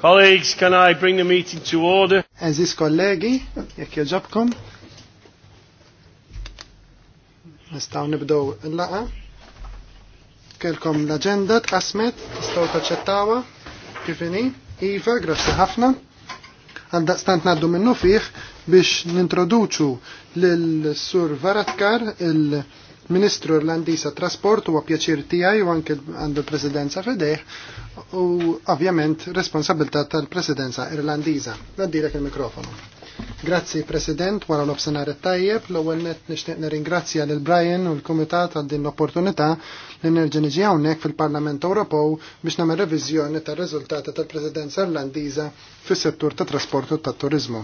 Colleagues, can I bring the meeting to order? Eżis kollegi, jekk joġobkom. Nistaw nibdow il-laqa. Kelkom l-agenda tqasmet, tistaw taċċettawa kifini. Iva, grafsi ħafna. stant naddu minnu fih biex nintroduċu l-sur Varatkar, il- Ministru irlandisa trasport huwa pjaċir tiegħi u anke għandu l-Presidenza f'idejh u ovvjament responsabilità tal-Presidenza Irlandiża. Nadilek il-mikrofonu. Grazzi President, wara l-obsenar tajjeb, l-ewwel net nixtieq nirringrazzja lil Brian u l-Kumitat għal din l-opportunità li nerġa' niġi hawnhekk fil-Parlament Ewropew biex nagħmel reviżjoni tar-riżultati tal-Presidenza Irlandiża fis-settur tat trasportu tat-turiżmu.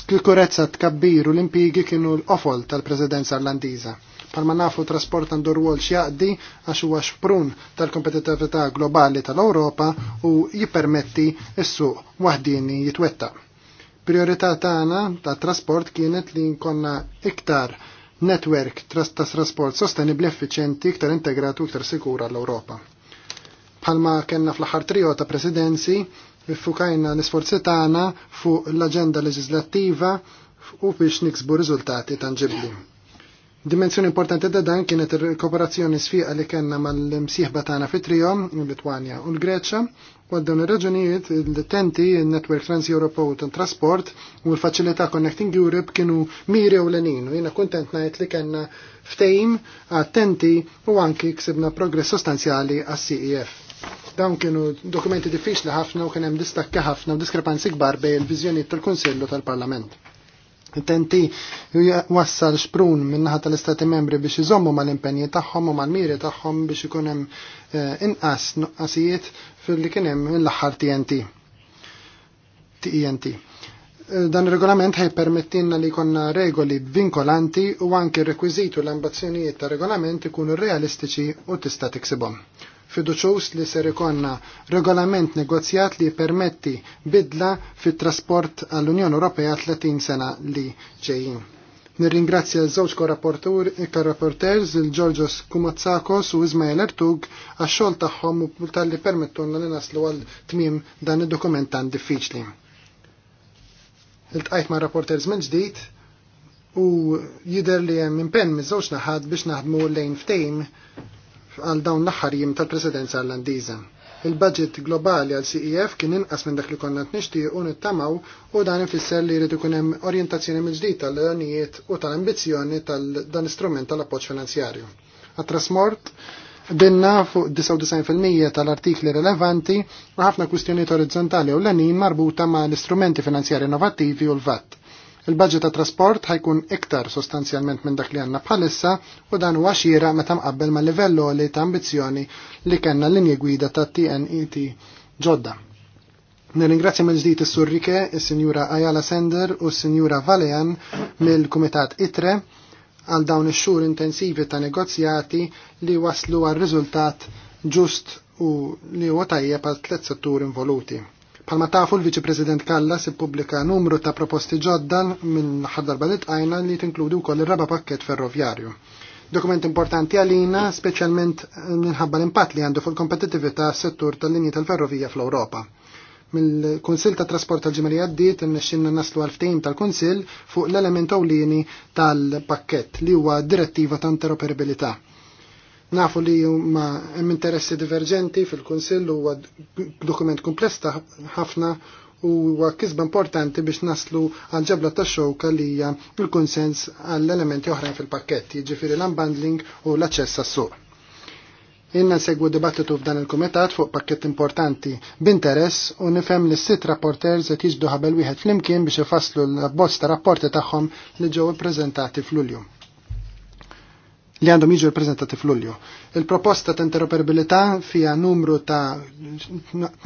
Sikurezza u l-impigi kienu l-qofol tal-Presidenza Irlandiża Palma nafu trasport għandu rwol x'jaqdi għax huwa xprun tal-kompetitività globali tal-Ewropa u jippermetti s-suq waħdini jitwetta. Priorità tagħna tat trasport kienet li nkonna iktar netwerk tas trasport sostenibli effiċenti, iktar integrat u iktar sikura l-Ewropa. Palma kellna fl-aħħar trio ta' presidenzi, fukajna l-isforzi tagħna fuq l-aġenda leġislattiva u biex niksbu riżultati tanġibli. Dimensjoni importanti da dan kienet il-kooperazzjoni sfiqa li kena mal-msieħba tagħna fit-trijom, il litwania u l-Greċa, u għaddawn ir-raġunijiet il-tenti, il-Network trans Europe u Transport, u l-Faċilità Connecting Europe kienu miri u l-enin. Jena kontent najt li kena ftejm attenti u anki ksibna progress sostanzjali għas-CEF. Dawn kienu dokumenti diffiċli ħafna u kien hemm distakka ħafna u diskrepanzi kbar bejn il-viżjonijiet tal-Kunsillu tal-Parlament. Tenti wassal xprun minnaħat tal-Istati membri biex iżommu mal-impenji tagħhom u mal-miri tagħhom biex ikun hemm eh, inqas nuqqasijiet fil-li kien hemm l-aħħar TNT. TNT. E eh, dan ir-regolament ħajpermettilna li jkollna regoli vinkolanti u anke rekwizitu rekwiżitu l ambazzjonijiet tar regolament ikunu realistiċi u tista' tiksibhom fiduċus li ser ikonna regolament negozjat li permetti bidla fit trasport għall-Unjoni Ewropea 30 sena li ġejjin. Nirringrazzja l-żewġ korrapporters il-Giorgios Kumazzakos u Ismael Ertug għax-xogħol tagħhom u tal-li permettuna li naslu għal tmiem dan id-dokument tan diffiċli. Il-tqajt ma' rapporters minn ġdid u jider li hemm impenn miż-żewġ naħad biex naħdmu lejn ftejm għal dawn l-aħħar jiem tal-Presidenza Irlandiża. Il-budget globali għal CEF kien inqas minn dak li konna nixtiequ nittamaw u dan ifisser li jrid ikun hemm orjentazzjoni mill-ġdid tal unijiet u tal-ambizzjoni tal-dan istrument tal-appoġġ finanzjarju. Għat-trasmort, dinna fuq 99% tal-artikli rilevanti u ħafna kwistjonijiet orizzontali u l-għanin marbuta ma' l-istrumenti finanzjari innovattivi u l-VAT. Il-budget ta' trasport ħajkun iktar sostanzjalment minn dak li għanna bħalissa u dan huwa xira meta mqabbel ma' livello li ta' ambizzjoni li kellna linji gwida ta' TNET e ġodda. Nirringrazzja mill ġdid is surrike is-Sinjura Ayala Sender u s-Sinjura Valean mill-Kumitat ITRE għal dawn ix-xhur intensivi ta' negozjati li waslu għal riżultat ġust u li huwa tajjeb għal tliet settur involuti. Palma tafu l-Viċi President si publika numru ta' proposti ġodda minn ħaddar balit għajna li tinkludu wkoll ir-raba pakket ferroviarju. Dokument importanti għalina, speċjalment minħabba l-impatt li għandu fuq kompetitività settur tal-linji tal-ferrovija fl-Ewropa. mill konsil ta' Trasport tal-ġimali għaddit imnexxinna naslu għal-ftehim tal konsil fuq l-element ewlieni tal-pakket li huwa direttiva ta' interoperabilità Nafu li ma hemm interessi diverġenti fil-Kunsill huwa dokument kumpless ħafna u huwa kisba importanti biex naslu għal ġebla ta' xoka li hija il-kunsens għall elementi oħrajn fil pakkett jiġifieri l-unbundling u l-aċċess għas-suq. Inna segwu dibattitu f'dan il-komitat fuq pakket importanti b'interess u nifhem li sitt rapporters qed jiġdu ħabel wieħed flimkien biex ifasslu l bosta rapporti tagħhom li ġew ippreżentati fl-ulju li għandhom jiġu rappresentati f'Lulju. Il-proposta ta' interoperabilità fija numru ta'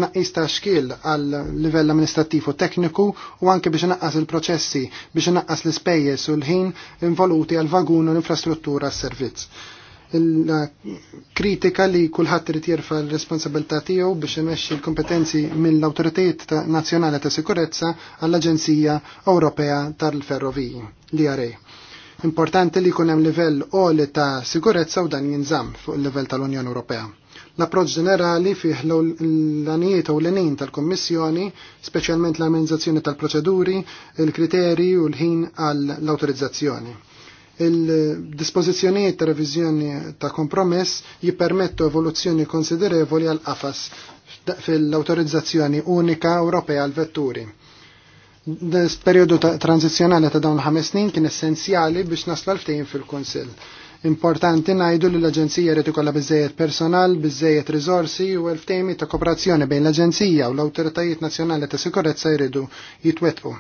naqis ta' xkil għal livell amministrativ u tekniku u anke biex naqqas il-proċessi biex naqqas l-ispejjeż u l-ħin involuti għal vagun u l-infrastruttura s-servizz. Il-kritika eh, li kulħadd irid jirfa l-responsabilità tiegħu biex imexxi l-kompetenzi mill-awtoritajiet nazzjonali ta' sikurezza għall-Aġenzija Ewropea tal-Ferroviji, l-IRA e. Importanti li jkun hemm livell li ta' sigurezza u dan jinżamm fuq il-livell tal-Unjoni Ewropea. L-approċ ġenerali fih l-anijiet u l-enin tal-Kommissjoni, speċjalment l-armonizzazzjoni tal-proċeduri, il-kriteri u l-ħin għall-autorizzazzjoni. Il-dispozizjoniet ta' revizjoni ta' kompromess jippermettu evoluzzjoni konsiderevoli għal-qafas fil-autorizzazzjoni unika Ewropea għal-vetturi periodu tranzizjonali ta' dawn ħames snin kien essenzjali biex naslu ftehim fil-Kunsill. Importanti ngħidu li l-Aġenzija jrid ikollha biżejjed personal, biżejjed riżorsi u l-ftejmi ta' kooperazzjoni bejn l-Aġenzija u l-Awtoritajiet Nazzjonali ta' Sikurezza jridu jitwetqu.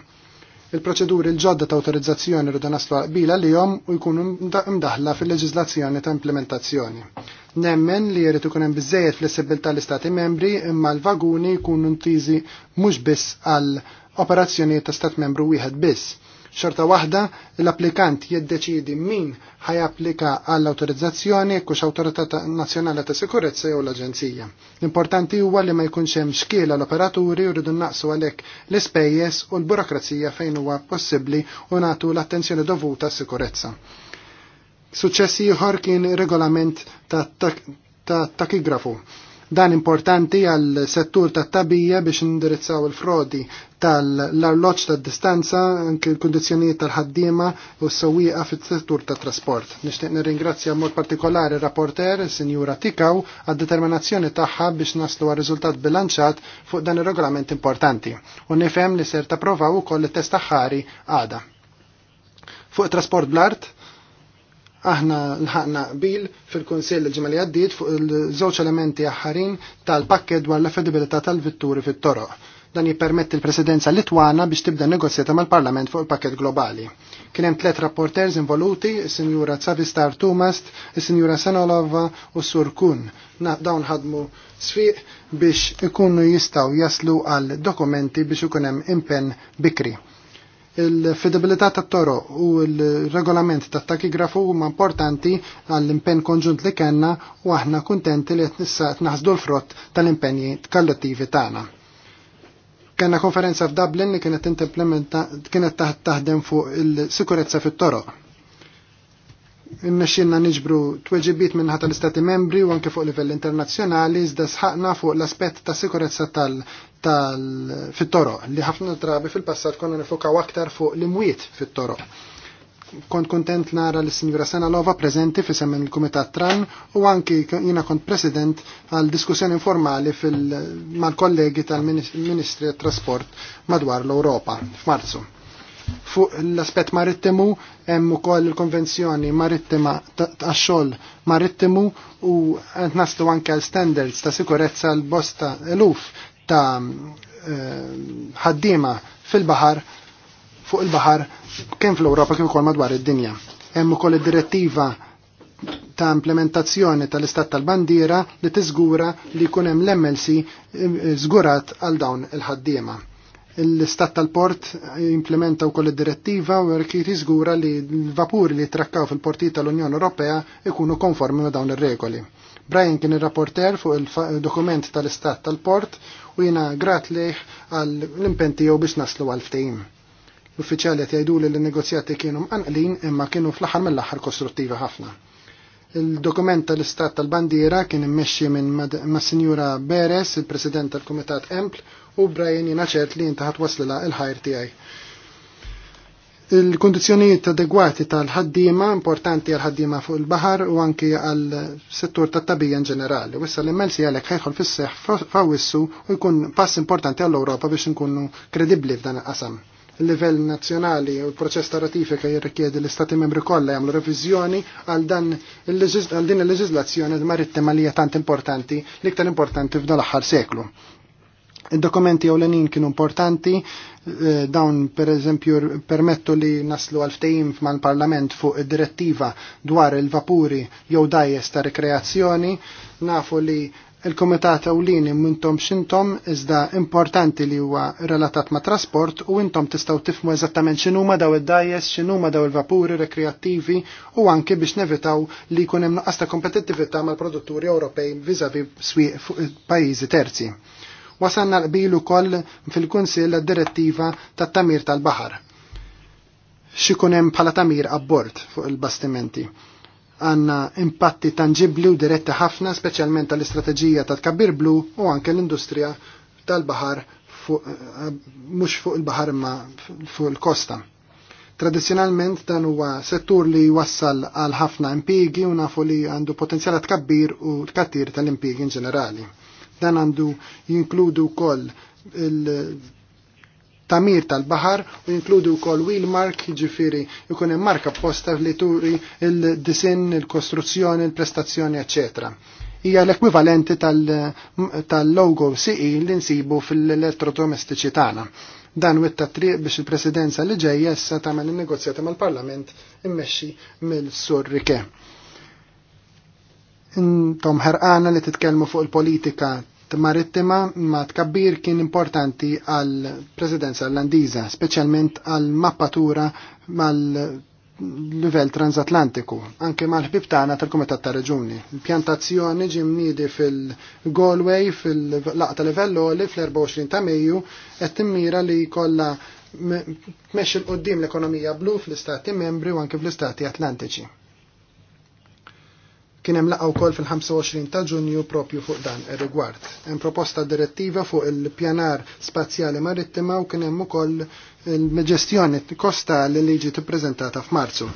Il-proċeduri l-ġodda ta' autorizzazzjoni rridu naslu qbila li jom u jkunu mdaħla fil-leġizlazzjoni ta' implementazzjoni. Nemmen li jrid ikun hemm biżejjed flessibilità l-Istati membri imma l-vaguni jkunu ntiżi mhux biss għal operazzjonijiet ta' stat membru wieħed biss. Xorta waħda, l-applikant jiddeċidi min ħajapplika għall autorizzazzjoni kux Autorità Nazzjonali ta' Sikurezza jew l-Aġenzija. L-importanti huwa li ma jkunx hemm xkiela l-operaturi u rridu naqsu għalhekk l-ispejjeż u l-burokrazija fejn huwa possibbli u nagħtu l-attenzjoni dovuta s-sikurezza. Suċċessi ieħor kien regolament ta' takigrafu. Ta Dan importanti għal settur tat tabija biex indirizzaw il-frodi tal-arloċ tad distanza anke l kondizjoniet tal-ħaddiema u s-sewwieqa fit-settur ta' trasport. Nixtieq nirringrazzja mod partikolari rapporter sinjura Tikaw għad determinazzjoni tagħha biex naslu għal riżultat bilanċat fuq dan ir-regolament importanti u nifhem li ser tapprovaw ukoll it-test aħħari għada. Fuq trasport bl-art, aħna l-ħakna qbil fil-Konsil ġemali għaddit fuq il-żewġ elementi aħħarin tal-pakket dwar l-affedibilità tal-vetturi fit-toroq. Dan jippermetti l-Presidenza Litwana biex tibda negozjata mal-Parlament fuq il-pakket globali. Kien hemm tliet rapporters involuti, is-Sinjura Tsavistar Tumast, is-Sinjura Senolova u Sur Kun. Dawn ħadmu sfiq biex ikunu jistaw jaslu għal dokumenti biex ikun hemm impenn bikri il fidabilità tat toro u il-regolament tat takigrafu huma importanti għall-impenn konġunt li kellna u aħna kuntenti li qed nissa naħsdu l-frott tal-impenji kollettivi tagħna. Kenna konferenza f'Dublin li kienet kienet taħdem fuq il-sikurezza fit-toroq. Innexxinna niġbru minn ħata tal-Istati membri u anke fuq livell internazzjonali iżda sħaqna fuq l-aspett ta' sikurezza tal tal fit-toroq li ħafna drabi fil-passat konna nifokaw aktar fuq l-imwiet fit toro Kont kontent nara li sinjura Senalova prezenti fi semmen il-Kumitat Tran u anki jina kont president għal diskussjoni informali mal-kollegi tal-Ministri Trasport madwar l-Europa f'Marzu. Fuq l-aspet marittimu hemm ukoll il-konvenzjoni marittima tax-xogħol marittimu u qed naslu anke għal standards ta' sikurezza l-bosta eluf ta' eh, ħaddiema fil-baħar fuq il-baħar kien fl-Ewropa kien kol madwar id-dinja. Hemm ukoll id-direttiva ta' implementazzjoni tal-istat tal-bandiera li tiżgura li jkun hemm l-MLC eh, żgurat għal dawn il-ħaddiema. L-istat tal-port implementa wkoll id-direttiva u rkiet jiżgura li l-vapuri li trakkaw fil porti tal-Unjoni Ewropea ikunu konformi ma' dawn ir-regoli. Brian kien ir-rapporter fuq il-dokument tal-istat tal-port u jina grat liħ għal l-impenti jew biex naslu għal ftejim. L-uffiċjali qed li l-negozjati kienu mqanqlin imma kienu fl-aħħar mill-aħħar kostruttivi ħafna. Il-dokument tal-istat tal-bandiera kien immexxi minn mas-Sinjura Beres, il-President tal-Kumitat Empl, u Brian jina ċert li jintaħat waslila il-ħajr tijaj. Il-kondizjonijiet adegwati tal-ħaddima importanti għal-ħaddima fuq il-bahar u anki għal-settur tat tabija in ġenerali. Wissa l-immensi għalek ħajħol fis fawissu u jkun pass importanti għall-Europa biex nkunu kredibli f'dan il-qasam. Il-livell nazzjonali u l-proċess ta' ratifika jirrikjedi l-Istati membri kollha jagħmlu reviżjoni għal għal din il-leġiżlazzjoni marittima li hija tant importanti, l-iktar importanti f'dan l-aħħar seklu il dokumenti ewlenin kienu importanti, eh, dawn per eżempju permettu li naslu għal-ftejim mal-parlament fuq direttiva dwar il-vapuri jew dajes ta' rekreazzjoni, nafu li il-komitat ewlini mintom xintom iżda importanti li huwa relatat ma' trasport u intom tistaw tifmu eżattament x'inhuma daw id-dajes, x'inhuma daw il-vapuri rekreattivi u anke biex nevitaw li jkun hemm nuqqas ta' kompetittività mal-produtturi Ewropej vizavi swieq fuq pajjiżi terzi. Wasanna qbilu koll fil-Kunsill direttiva tat tamir tal-bahar. Xikun hemm bħala tamir abbord fuq il-bastimenti. Għanna impatti tangibli u diretti ħafna, speċjalment tal-istrateġija ta' kabir blu u anke l-industrija tal-bahar eh, mhux fuq il-bahar ma fuq il-kosta. Tradizjonalment dan huwa settur li wassal għal ħafna impigi u nafu li għandu potenzjala tkabbir u tkattir tal-impigi in ġenerali. Dan għandu jinkludu wkoll il-tamir tal-baħar u jinkludu wkoll wheelmark, jiġifieri jkun hemm marka posta li turi il-disin, il-kostruzzjoni, il-prestazzjoni, ecc. Hija l-ekwivalenti tal-logo tal CE li nsibu fil-elettrodomestiċi tagħna dan witta triq biex il-presidenza li ġejja issa tagħmel in-negozjati mal-Parlament immexxi mill surrike intom ħerqana li titkellmu fuq il-politika marittima ma tkabbir kien importanti għal presidenza irlandiża, speċjalment għal mappatura mal livell transatlantiku, anke mal-ħbib tagħna tal-Kumitat ta' Reġuni. Pjantazzjoni mniedi fil-Galway fil-laqta livell oli fl-24 ta' Mejju qed timmira li jkollha tmexxi l qoddim l-ekonomija blu fl-istati membri u anke fl-istati atlantiċi. Kien hemm laqgħa wkoll fil-25 ta' Ġunju propju fuq dan ir-rigward. Hemm proposta direttiva fuq il-pjanar spazjali marittima u kien hemm ukoll il-ġestjoni kostali li ġiet ippreżentata f'Marzu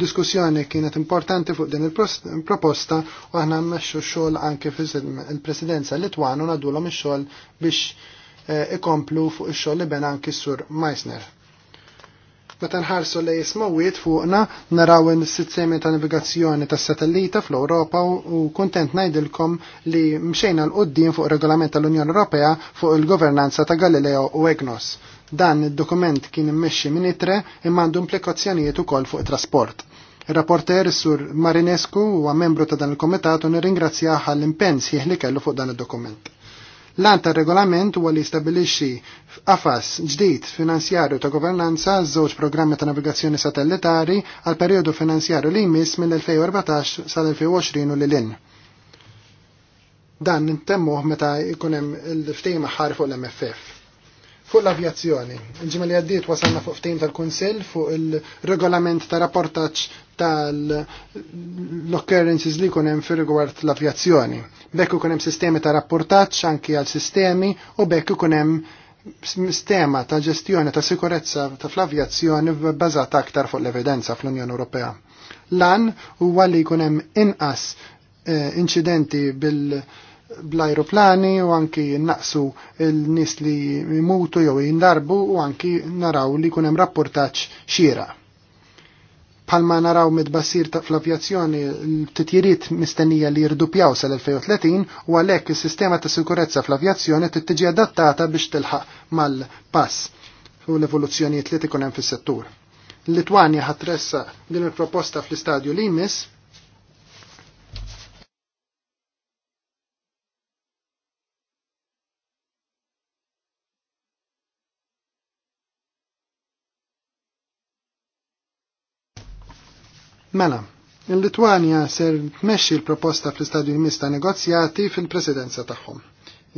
diskussjoni kienet importanti fuq din il-proposta u aħna mmexxu xogħol anke fil-presidenza Litwana u nadulhom ix-xogħol biex eh, ikomplu fuq ix-xogħol li ben anki sur Meissner. Meta nħarsu li jismawiet fuqna naraw il-sistemi ta' navigazzjoni tas satellita fl-Ewropa u kontent ngħidilkom li mxejna l-qoddim fuq regolament tal-Unjoni Ewropea fuq il-governanza ta' Galileo u Egnos. Dan id-dokument kien immexxi minn itre imma għandu implikazzjonijiet ukoll fuq trasport. Il-rapporter sur Marinescu huwa membru ta' dan il komitatu u nirringrazzjah għall-impenn li kellu fuq dan id-dokument. L-an ta' regolament huwa li stabilixxi għafas ġdid finanzjarju ta' governanza żewġ programmi ta' navigazzjoni satellitari għal perjodu finanzjarju li jmiss mill-2014 sal-2020 u l in Dan intemmuh meta jkun hemm il-ftehim ħar fuq l-MFF. Fuq l-avjazzjoni, il-ġimma li għaddiet wasalna fuq ftejn tal-Kunsill fuq il-regolament ta' rapportaċ tal-occurrences li kunem fi rigward l-avjazzjoni. Bekk ikun hemm sistemi ta' rapportaċ anki għal sistemi u bekk ikun hemm sistema ta' ġestjoni ta' sikurezza ta' fl-avjazzjoni bbażata aktar fuq l-evidenza fl-Unjoni Ewropea. Lan huwa li jkun hemm inqas eh, incidenti bil- bl-aeroplani u anki naqsu l-nis li mutu jew jindarbu u anki naraw li kunem rapportaċ xira. Palma naraw mid basir ta' fl-avjazzjoni l-titjiriet mistennija li jirdupjaw sal-2030 u għalhekk is-sistema ta' sikurezza fl-avjazzjoni t-tġi adattata biex tilħaq mal-pass u l-evoluzzjonijiet li tikun hemm fis-settur. L-Litwani ħatressa din il-proposta fl-istadju li jmiss Mela, il litwania ser tmexxi l-proposta fl-istadju mista negozjati fil-presidenza tagħhom.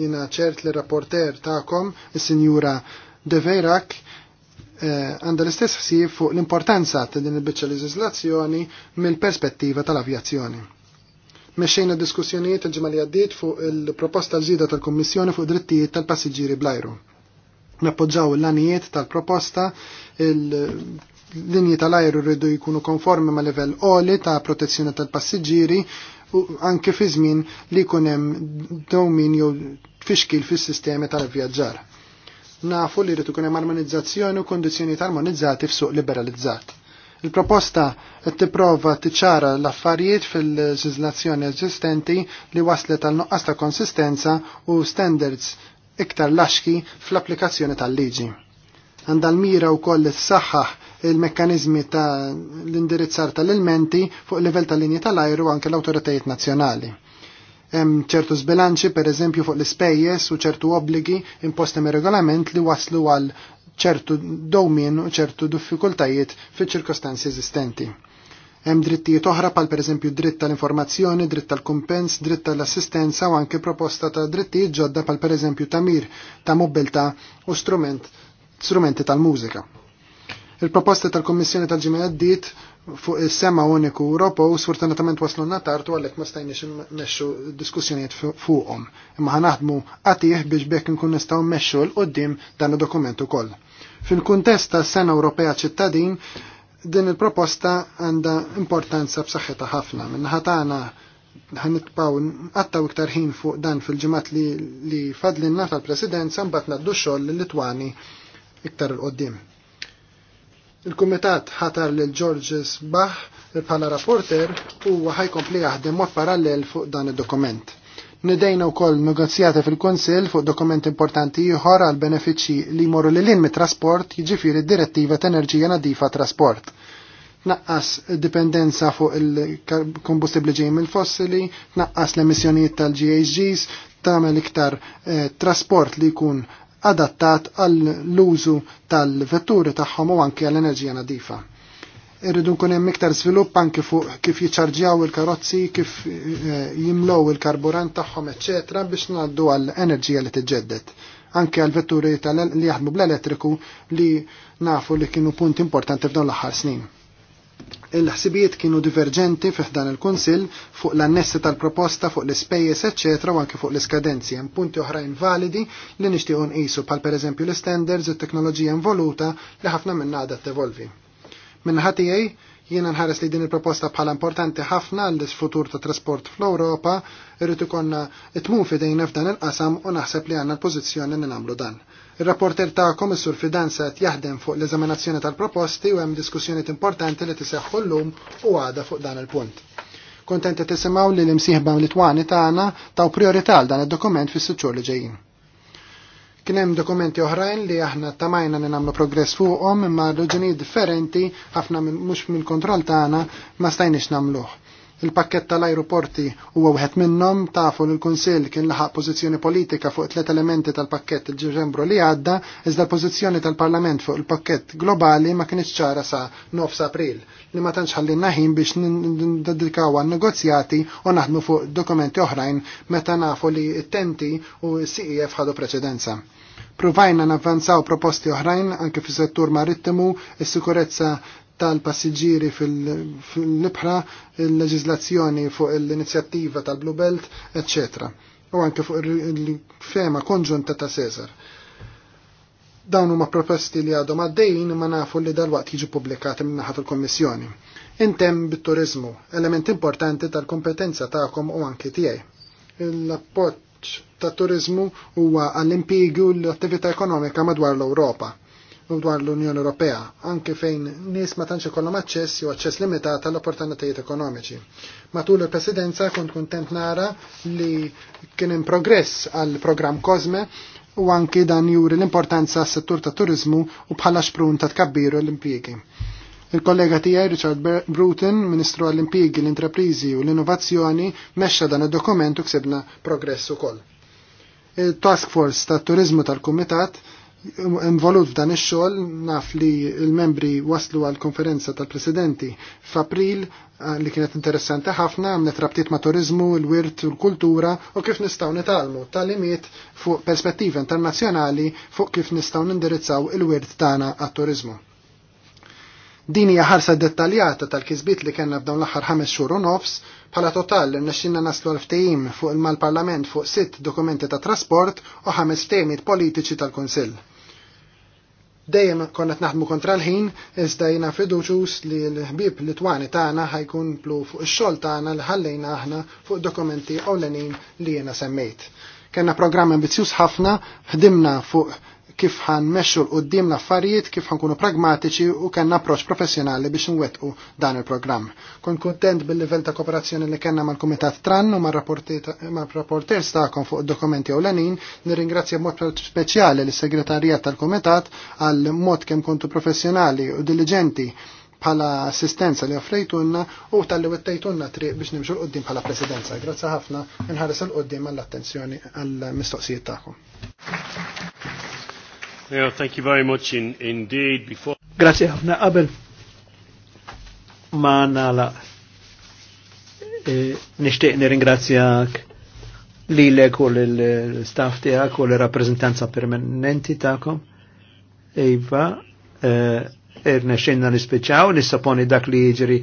Jina ċert li rapporter tagħkom, is-Sinjura De Veyrak, eh, għanda l-istess ħsieb fuq l-importanza ta' din il-biċċa leġiżlazzjoni mill-perspettiva tal-avjazzjoni. Mexxejna diskussjonijiet il-ġimgħa li għaddiet fuq il-proposta l-ġdida tal-Kummissjoni fuq drittijiet tal-passiġġieri blajru. Nappoġġaw l-lanijiet tal-proposta, il linji tal-ajru rridu jkunu konformi ma' livell oli ta' protezzjoni tal-passiġġieri anke fi żmien li jkun hemm dawmin jew fixkil fis-sistemi tal-vjaġġar. Nafu li rrid ikun hemm armonizzazzjoni u kondizzjoni armonizzati f'suq liberalizzat. Il-proposta qed tipprova tiċara l-affarijiet fil-leġiżlazzjoni eżistenti li waslet għal nuqqas ta' konsistenza u standards iktar laxki fl-applikazzjoni tal-liġi għandal mira u koll s-saxħaħ il-mekkanizmi ta' l-indirizzar tal-elementi fuq il-level tal-linji tal-ajru anke l-autoritajiet nazzjonali. Hemm ċertu sbilanċi pereżempju fuq l-ispejjeż u ċertu obbligi imposti mir-regolament li waslu għal ċertu domin u ċertu diffikultajiet fiċ-ċirkostanzi eżistenti. Hemm drittijiet oħra pal eżempju dritt tal-informazzjoni, dritt tal-kumpens, dritt tal-assistenza u anke proposta ta' drittijiet ġodda pal pereżempju tamir ta' mobilta u strument, strumenti tal-mużika. Il-proposta tal-Kommissjoni tal-ġimgħa għaddiet fuq is-sema uniku Ewropa u sfortunatament waslu natartu għalhekk ma stajniex n-meċu diskussjonijiet fuqhom. Imma ħanaħdmu għatiħ biex bekk nkun nistgħu mmexxu l qoddim dan id-dokument ukoll. Fil-kuntest tas-Sena Ewropea ċittadin, din il-proposta għandha importanza b'saħħitha ħafna. Minnaħa tagħna ħanitbaw nqattaw iktar ħin fuq dan fil-ġimat li, li fadlinna tal-presidenza mbagħad naddu xogħol l-Litwani iktar il-qoddim. Il-Kumitat ħatar lil Georges Bach bħala rapporter u ħajkompli jaħdem mod parallel fuq dan id-dokument. Nidejna wkoll negozjata fil-Konsil fuq dokument importanti ieħor għal benefiċċji li jmorru lil mit trasport jġifiri direttiva ta' enerġija nadifa trasport naqqas dipendenza fuq il-kombustibli ġej il fossili naqqas l-emissjonijiet tal-GHGs, tagħmel iktar eh, trasport li jkun adattat għall-użu tal-vetturi tagħhom u anke għall-enerġija nadifa irridu nkun hemm iktar żvilupp anke fuq kif jiċċarġjaw il-karozzi, kif eh, jimlow il-karburant tagħhom, eċetera, biex ngħaddu għall enerġija li tiġġedded. Anke għall vetturi li jaħdmu bl-elettriku li nafu li kienu punt importanti f'dawn l-aħħar snin. Il-ħsibijiet kienu diverġenti fiħdan il-Kunsill fuq l-annessi tal-proposta fuq l-ispejjeż eċċetra u anke fuq l-iskadenzi hemm punti oħrajn validi li nixtiequ nqisu bħal pereżempju l-standards u t-teknoloġija involuta li ħafna minn għadha tevolvi. Minnaħa tiegħi jiena nħares li din il-proposta bħala importanti ħafna għal futur ta' trasport fl-Ewropa, irrid ikonna tmum fidejna f'dan il-qasam u naħseb li għandna l-pożizzjoni li nagħmlu dan. Il-rapporter ta' komissur fidanza jaħdem fuq l-eżaminazzjoni tal-proposti u hemm diskussjoni importanti li tiseħħu llum u għada fuq dan il-punt. Kontenti tisimaw li l-imsieħba Litwani tagħna taw priorità għal dan id-dokument fis-sitxur li ġejjin. Kien hemm dokumenti oħrajn li aħna tamajna li nagħmlu progress fuqhom imma raġunijiet differenti ħafna mhux mill-kontroll tagħna ma stajniex nagħmluh Il-pakket tal-aeroporti huwa wieħed minnhom tafu l kunsill kien laħaq pożizzjoni politika fuq tliet elementi tal-pakket il-ġembru li għadda, iżda l-pożizzjoni tal-Parlament fuq il-pakket globali ma kienx ċara sa 9 April li ma tantx ħallinna naħin biex nindedikaw għan negozjati u naħdmu fuq dokumenti oħrajn meta nafu li t-tenti u s-CEF ħadu preċedenza. Provajna navvanzaw proposti oħrajn anke fi settur marittimu, is-sikurezza tal-passiġġieri fil-nibħra, il-leġizlazzjoni fuq l-inizjattiva tal-Blue Belt, etc. U anke fuq il-fema konġunta ta' Cesar. Dawn huma proposti li għadhom għaddejjin ma nafu li dal-waqt jiġu pubblikati minn naħat il-Kommissjoni. Intem bit-turizmu, element importanti tal-kompetenza tagħkom u anke tiegħi. L-appoġġ ta' turizmu huwa għall-impjiegi u l-attività ekonomika madwar l-Ewropa dwar l-Unjoni Ewropea, anke fejn nies ma tantx ikollhom aċċess jew aċċess limitat tal opportunitajiet ekonomiċi. Matul il-presidenza kont kuntent nara li kien hemm progress għal programm Kozme u anke dan juri l-importanza għas settur ta' turizmu u bħala xprun ta' tkabbiru l-impjiegi. Il-kollega tiegħi Richard Bruton, Ministru għall-Impjiegi, l-Intreprizi u l-Innovazzjoni, mexxa dan id-dokument u ksebna progress ukoll. Il-Task Force tat Turizmu tal-Kumitat involut f'dan ix-xogħol naf li l-membri waslu għal konferenza tal-presidenti f'April eh, li kienet interessanti ħafna għamlet rabtiet ma' turizmu, l-wirt u l-kultura u kif nistgħu nitalmu tal-imiet fuq perspettiva internazzjonali fuq kif nistgħu nindirizzaw il-wirt tagħna għat-turizmu. Din hija ħarsa dettaljata tal-kisbiet li kellna f'dawn l-aħħar ħames xhur u nofs, bħala total irnexxinna naslu ftehim fuq il-mal-Parlament fuq sitt dokumenti ta' trasport u ħames temiet politiċi tal-Kunsill. Dejjem konna naħdmu kontra l-ħin, iżda jina fiduċus li l-ħbib li twani tagħna ħajkun plu fuq ix-xogħol tagħna li ħallejna aħna fuq dokumenti ewlenin li jiena semmejt. Kenna programm ambizzjuż ħafna, ħdimna fuq kif ħan meċxu l-qoddim l-affarijiet, kif ħan kunu pragmatiċi u kanna approċ professjonali biex nwetqu dan il-programm. Kon kontent bil-level ta' kooperazzjoni li kanna mal-Komitat Tran u ma' rapporter stakom fuq dokumenti u l-anin, nirringrazzja mod speċjali l-segretarija tal-Komitat għal mod kem kontu professjonali u diligenti bħala assistenza li offrejtunna u tal-li wettajtunna triq biex nimxu l-qoddim bħala presidenza. Grazzi ħafna, nħares l-qoddim għall-attenzjoni għall-mistoqsijiet tagħkom. Yeah, thank you very much in, indeed. Before... Grazie ħafna qabel ma nala e, nishtiq nirringrazzjak li l u l-staff tijak u l-rappresentanza permanenti ta'kom. Iva, e, irna xinna nispiċaw, nissaponi dak li jiġri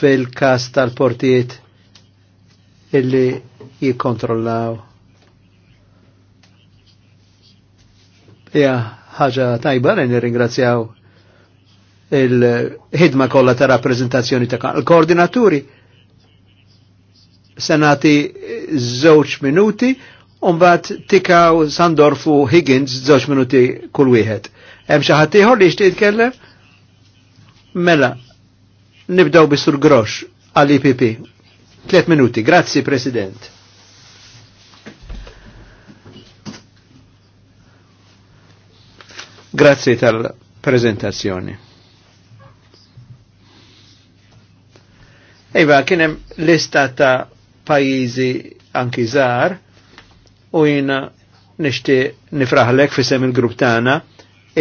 fil-kas tal portiet illi jikontrollaw Ja, ħaġa tajba li nirringrazzjaw il-ħidma kollha ta' rappreżentazzjoni ta' l-koordinaturi. Senati żewġ minuti u mbagħad tikaw Sandorfu Higgins żewġ minuti kull wieħed. Hemm xi ħadd ieħor li jixtieq jitkellem? Mela, nibdew bis-sur Grosh għall-IPP. Tliet minuti, grazzi President. Grazzi tal-prezentazzjoni. Iva, kienem lista ta' pajizi anki zar u jina nishti nifraħlek fissem il-grupp tana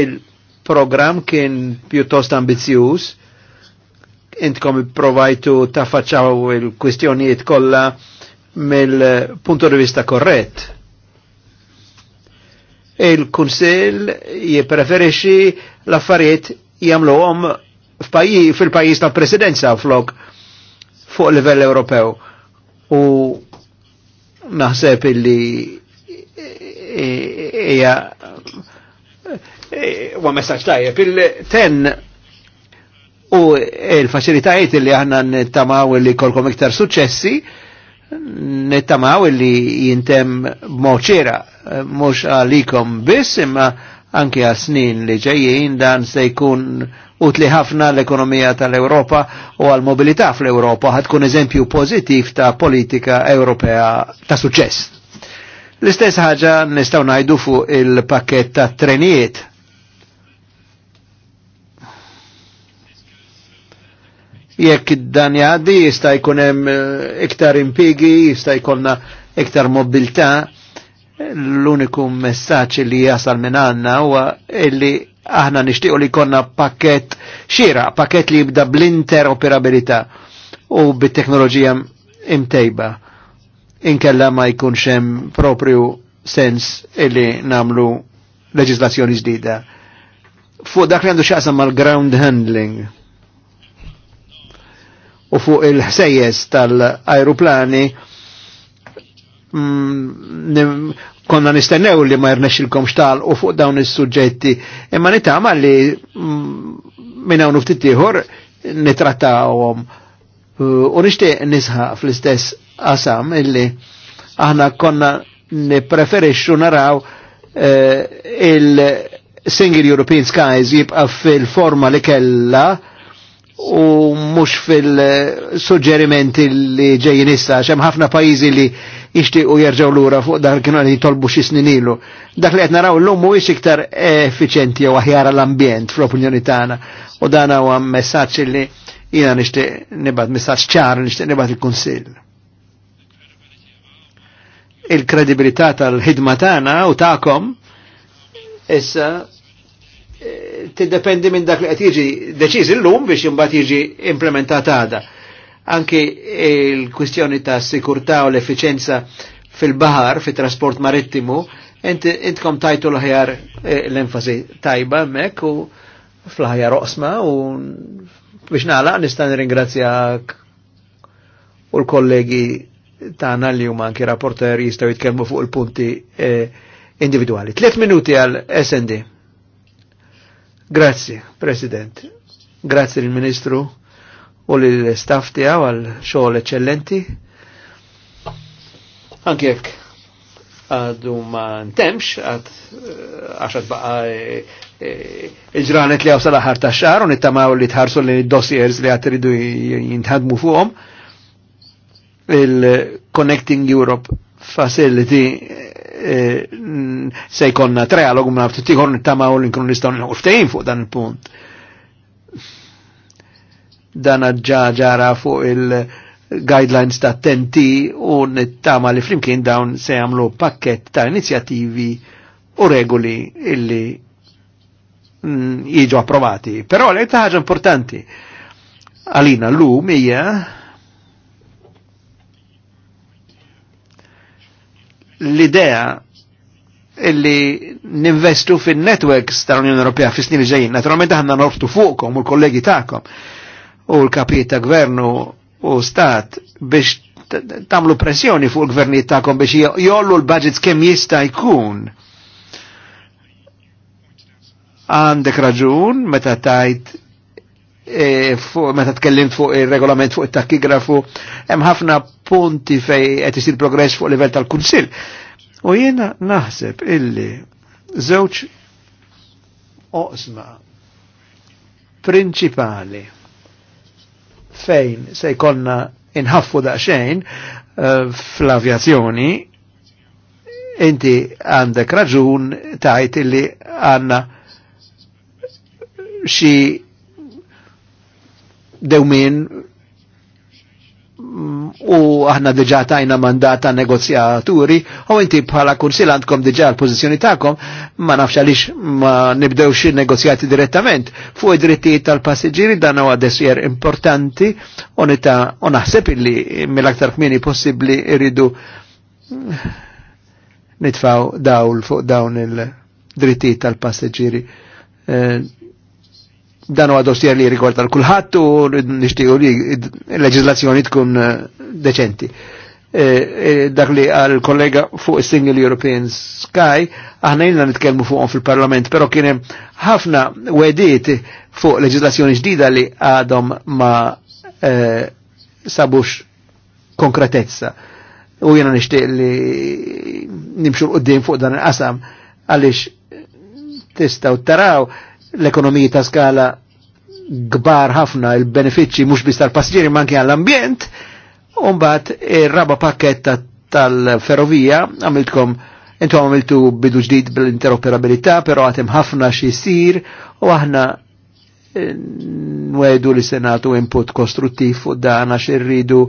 il-program kien pjuttost ambizjuż intkom provajtu tafaċaw il-kwistjonijiet kollha mill-punto di vista korrett il kunsel jippreferixxi l-affarijiet jagħmluhom fil-pajjiż tal-Presidenza flok fuq livell Ewropew. U naħseb illi hija huwa messaġġ tajjeb. Il-ten u l-faċilitajiet li aħna nittamaw li kolkom iktar suċċessi nittamaw illi jintem moċera, eh, mux għalikom biss imma anki għal snin li ġejjin dan se jkun utli ħafna l-ekonomija tal-Europa u għal mobilità fl-Europa ħatkun eżempju pozittiv ta' politika Ewropea ta' suċess. L-istess ħaġa nistaw najdu fuq il-pakket ta' trenijiet jekk dan jgħaddi jista' jkun hemm eh, iktar impigi, jista' jkollna iktar mobilità. L-uniku messaġġ li jasal minn għandna huwa illi aħna nixtiequ li jkollna pakket xira, pakket li jibda bl-interoperabilità u bit-teknoloġija imtejba. Inkella ma jkunx hemm propju sens illi namlu leġislazzjoni ġdida. Fuq dak li għandu xaqsam mal-ground handling u fuq il-ħsejjes tal-ajruplani mm, konna nistennew li ma jirnex il-kom xtal u fuq dawn is-suġġetti imma nitama li mm, minn hawn ftit ieħor nitrattawhom u nixtieq nisħa fl-istess qasam illi aħna konna nipreferixxu naraw eh, il-Single European Skies jibqa' fil-forma li kella u mux fil-suġġerimenti li ġejjin issa, xem ħafna pajizi li ixtiqu jerġaw lura fuq dak kienu li jitolbu xi snin ilu. Dak li qed naraw llum mhuwiex iktar effiċenti jew aħjar l-ambjent fl-opinjoni tagħna u dan huwa messaġġ li jiena nixtieq nibgħat messaġġ ċar nixtieq nibgħat il-Kunsill. Il-kredibilità tal-ħidma tagħna u tagħkom issa tiddependi minn dak li qed jiġi deċiż illum biex imbagħad jiġi implementat għada. Anki il-kwistjoni ta' sikurtà u l-effiċenza fil-bahar, fit-trasport marittimu, intkom tajtu l-ħjar eh, l-enfasi tajba mek u fl-ħjar oqsma u biex naħlaq nistan ringrazzjak u l-kollegi ta' li huma anki rapporter jistgħu jitkellmu fuq il-punti eh, individuali. Tliet minuti għal SND. Grazzi, President. Grazzi il ministru u l-staff tiegħu għal xogħol eċċellenti. Anke jekk għadu ma ntemx, għad eh, għaxad baqa eh, eh, il-ġranet li għaw sal-ħar ta' xar, un ittamaw li tħarsu li dossiers li għad ridu jintħadmu fuqom. Il-Connecting Europe Facility Eh, se jkonna trialogu ma naftu tiħor nittama u l-inkunu nistaw n fuq dan il-punt. Dan ġa ġara fuq il-guidelines ta' tenti u nittama li flimkien dawn se jamlu pakket ta' inizjativi u regoli illi mm, jieġu approvati. Però li ta' ħaġa importanti għalina l-lum hija l-idea illi ninvestu fin-networks tal-Unjoni Ewropea fis-snin li ġejjin. Naturalment aħna nortu fuqkom u l-kollegi tagħkom u l-kapijiet ta' gvernu u stat biex tamlu pressjoni fuq il-gvernijiet tagħkom biex jollu l-budgets kemm jista' jkun. Għandek raġun meta tajt E, meta tkellimt fuq il-regolament fuq it-takigrafu, hemm ħafna punti fej qed isir progress fuq livell tal-Kunsill. U jiena naħseb illi żewġ oqsma prinċipali fejn se jkollna inħaffu daqsxejn e, fl-avjazzjoni inti għandek raġun tajt illi għanna xi dewmin mm, u aħna diġa tajna mandata negozjaturi u inti bħala kursil għandkom diġa l-pozizjoni ta'kom ma nafx għalix ma nibdewx negozjati direttament fuq id-drittijiet tal-passiġġieri dan huwa desjer importanti u nita u naħseb illi mill-aktar kmieni possibbli irridu nitfaw dawl fuq dawn il-drittijiet tal-passiġġieri. Eh, dan huwa dossier li rigorda l-kulħadd u nixtiequ li l-leġiżlazzjoni tkun eh, deċenti. Eh, eh, dak li għal kollega fuq Single European Sky, aħna ilna nitkellmu fuqhom fil-Parlament, però kien hemm ħafna wediet fuq leġiżlazzjoni ġdida li għadhom ma sabux konkretezza. U jiena nixtieq li nimxu l-qoddim fuq dan il-qasam għaliex tistaw taraw l-ekonomiji ta' skala gbar ħafna il-benefiċċji mhux biss tal-passiġġieri ma anke għall-ambjent, u mbagħad ir-raba pakket tal-ferrovija għamiltkom intom għamiltu bidu ġdid bl-interoperabilità, però għatem ħafna xi jsir u aħna eh, nwedu li senatu input kostruttiv u dan għax irridu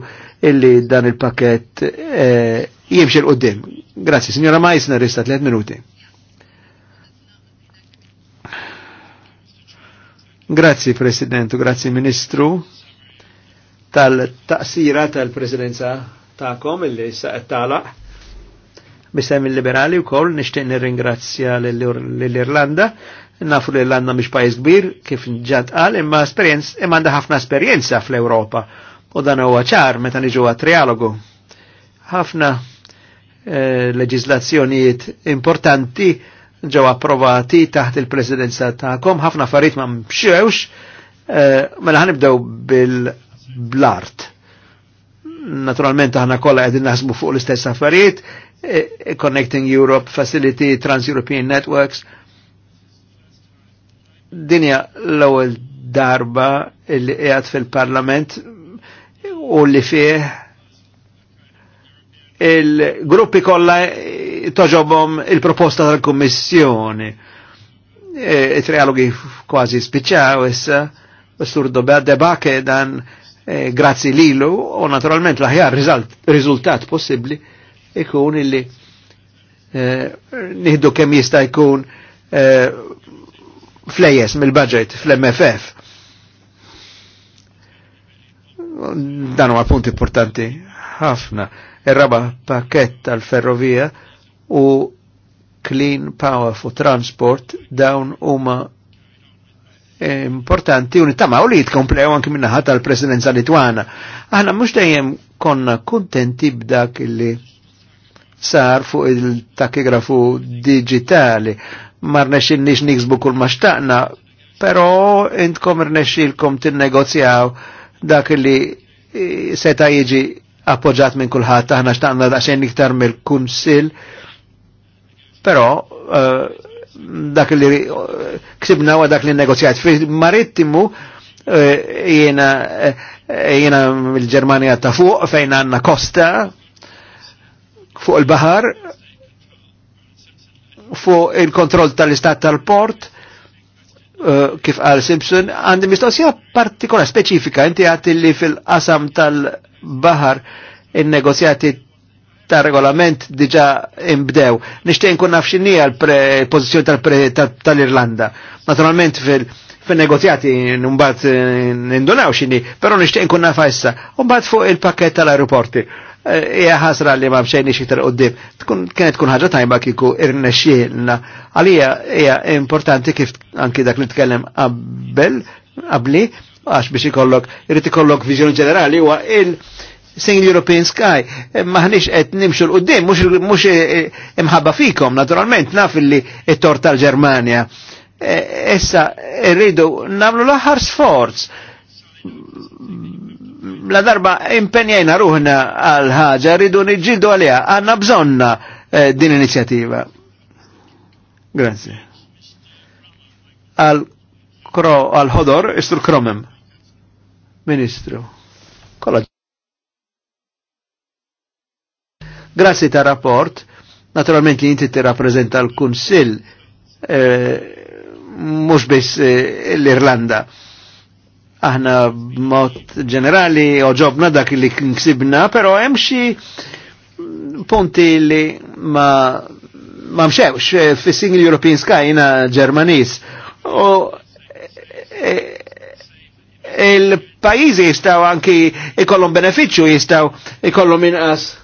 illi dan il-pakket eh, jimxil qoddim. Grazie, signora Majsner, rista 3 minuti. Grazzi Presidentu, grazzi Ministru tal-taqsira tal-Presidenza ta'kom il-li saqet talaq. Bisem il-liberali u koll nishtiq nirringrazzja l-Irlanda. Nafu l-Irlanda mhix pajjiż kbir kif ġad għal, imma esperienz, imma għandha ħafna esperjenza fl-Ewropa u dan huwa ċar meta niġu trialogu. Ħafna eh, leġislazzjonijiet importanti ġew approvati taħt il-presidenza tagħkom, ħafna affarijiet ma mxewx, eh, mela ħanibdew bil-blart. Naturalment aħna kollha qegħdin naħsbu fuq l-istess affarijiet, eh, Connecting Europe Facility, Trans-European Networks. Dinja l-ewwel darba li qiegħed fil-Parlament u li fih il-gruppi kolla eh, toġobom il-proposta tal-Kummissjoni. kommissjoni e, Trialogi kważi spiċaw issa, s-sur debake dan e, grazzi lilu u naturalment l-aħjar riżultat possibbli ikun illi e, nihdu kem jista' jkun flejes mill-budget fl-MFF. Dan huwa punt importanti ħafna il raba pakket tal-ferrovija u clean power for transport dawn huma importanti u u li jitkomplew anki minnaħat tal-presidenza Litwana. Aħna mux dajem konna kontenti b'dak li sar fuq il-takigrafu digitali. Mar nexin nix niksbu kull maċtaqna, pero intkom rnexilkom t negozjaw dak li eh, seta jiġi appoġġat minn kulħadd aħna xtaqna daqsxejn iktar mill-kunsill. Però eh, dak li ksibna wa dak li negozjat fi marittimu eh, jiena eh, jiena mill-Ġermanja ta' fuq fejn għandna kosta fuq il baħar fuq il-kontroll tal-istat tal-port kif għal Simpson għandi mistoqsija partikola speċifika inti għati li fil-qasam tal- Baħar bahar in-negozjati ta' regolament diġa imbdew. Nishtejn kun nafxinni għal-pozizjoni tal-Irlanda. Naturalment fil-negozjati numbat eh, nindunaw xinni, pero nishtejn kun nafajsa. Umbat fuq il-pakket tal-aeroporti. Eh, Ija ħasra li ma mxejni xiktar qoddim. Kienet tkun ħagġa tajba kiku irnexxielna. Għalija hija importanti kif anki dak nitkellem qabel, qabli, għax biex ikollok, irrit ikollok vizjoni ġenerali huwa il-Single European Sky. Eh, maħniex qed nimxu l-qudiem, mux eh, imħabba fikom, naturalment, naf li it tort tal-Ġermanja. Essa, eh, rridu nagħmlu l-aħħar sforz la darba impenjajna ruħna għal ħagġa rridu niġġieldu għalija, għanna bżonna din inizjativa. Grazie. Għal ħodor, istru kromem. Ministru. Kolla. Grazzi ta' rapport, naturalment li inti ti rappresenta l-Kunsill, eh, mux biss eh, l-Irlanda. Aħna b'mod ġenerali oġobna dak li nksibna, pero hemm xi punti li ma ma mxewx eh, fi Single European Sky jina Ġermanis. U il pajizi jistaw anki ikollhom beneficju jistaw ikollhom inqas.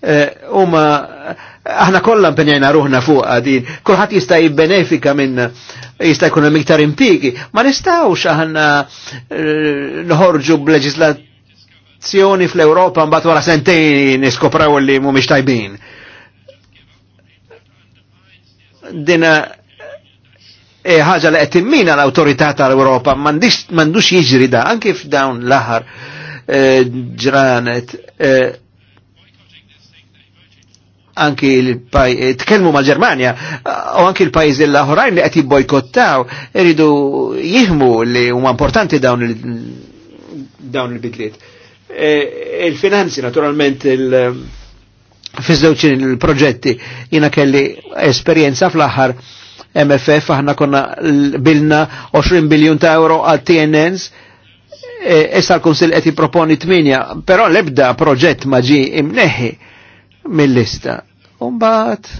Eh, Uma, aħna kollan penjajna ruħna fuq din, kulħadd jista' jibbenefika minna, jista' jkun miktar iktar impigi, ma nistawx aħna eh, nħorġu b'leġislazzjoni fl europa mbagħad wara sentejn niskopraw li mhumiex tajbin. Dina E, ħaġa li qed timmina l-awtorità tal-Ewropa m'għandux jiġri da anke f'dawn l-aħħar e, ġranet e, anki il-paj, tkellmu ma' Ġermanja, u anki il-pajzi l-oħrajn li qed jibbojkottaw, iridu jihmu li huma importanti dawn il-dawn il-bidliet. Il-finanzi, naturalment, il- fizzewċin il-proġetti, jina kelli esperienza fl-aħħar MFF aħna konna bilna 20 biljun ta' euro għal TNNs e, issa l-Kunsil qed jipproponi 8, però l-ebda proġett ma ġi imneħħi mill-lista. Umbagħad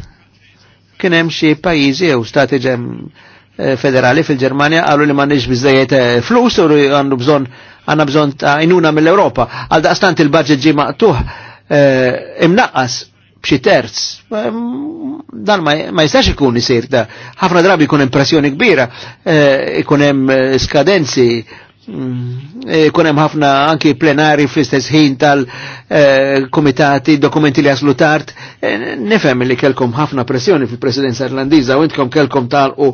kien hemm xi pajjiżi jew stati ġem e, federali fil-Ġermanja qalu li m'għandniex biżejjed e, flus u għandu bżonn għandna bżonn ta' inuna mill-Ewropa. Għal daqstant il-budget ġi maqtuħ imnaqqas b'xi terz. Dan ma jistax ikun jisir da. Ħafna drabi jkun hemm pressjoni kbira, eh, ikun hemm eh, skadenzi, mm, eh, ikun hemm ħafna anki plenari fl-istess ħin tal-komitati, dokumenti li jaslu tard. Nifhem li kelkom ħafna pressjoni fil-Presidenza Irlandiża u intkom kelkom tal u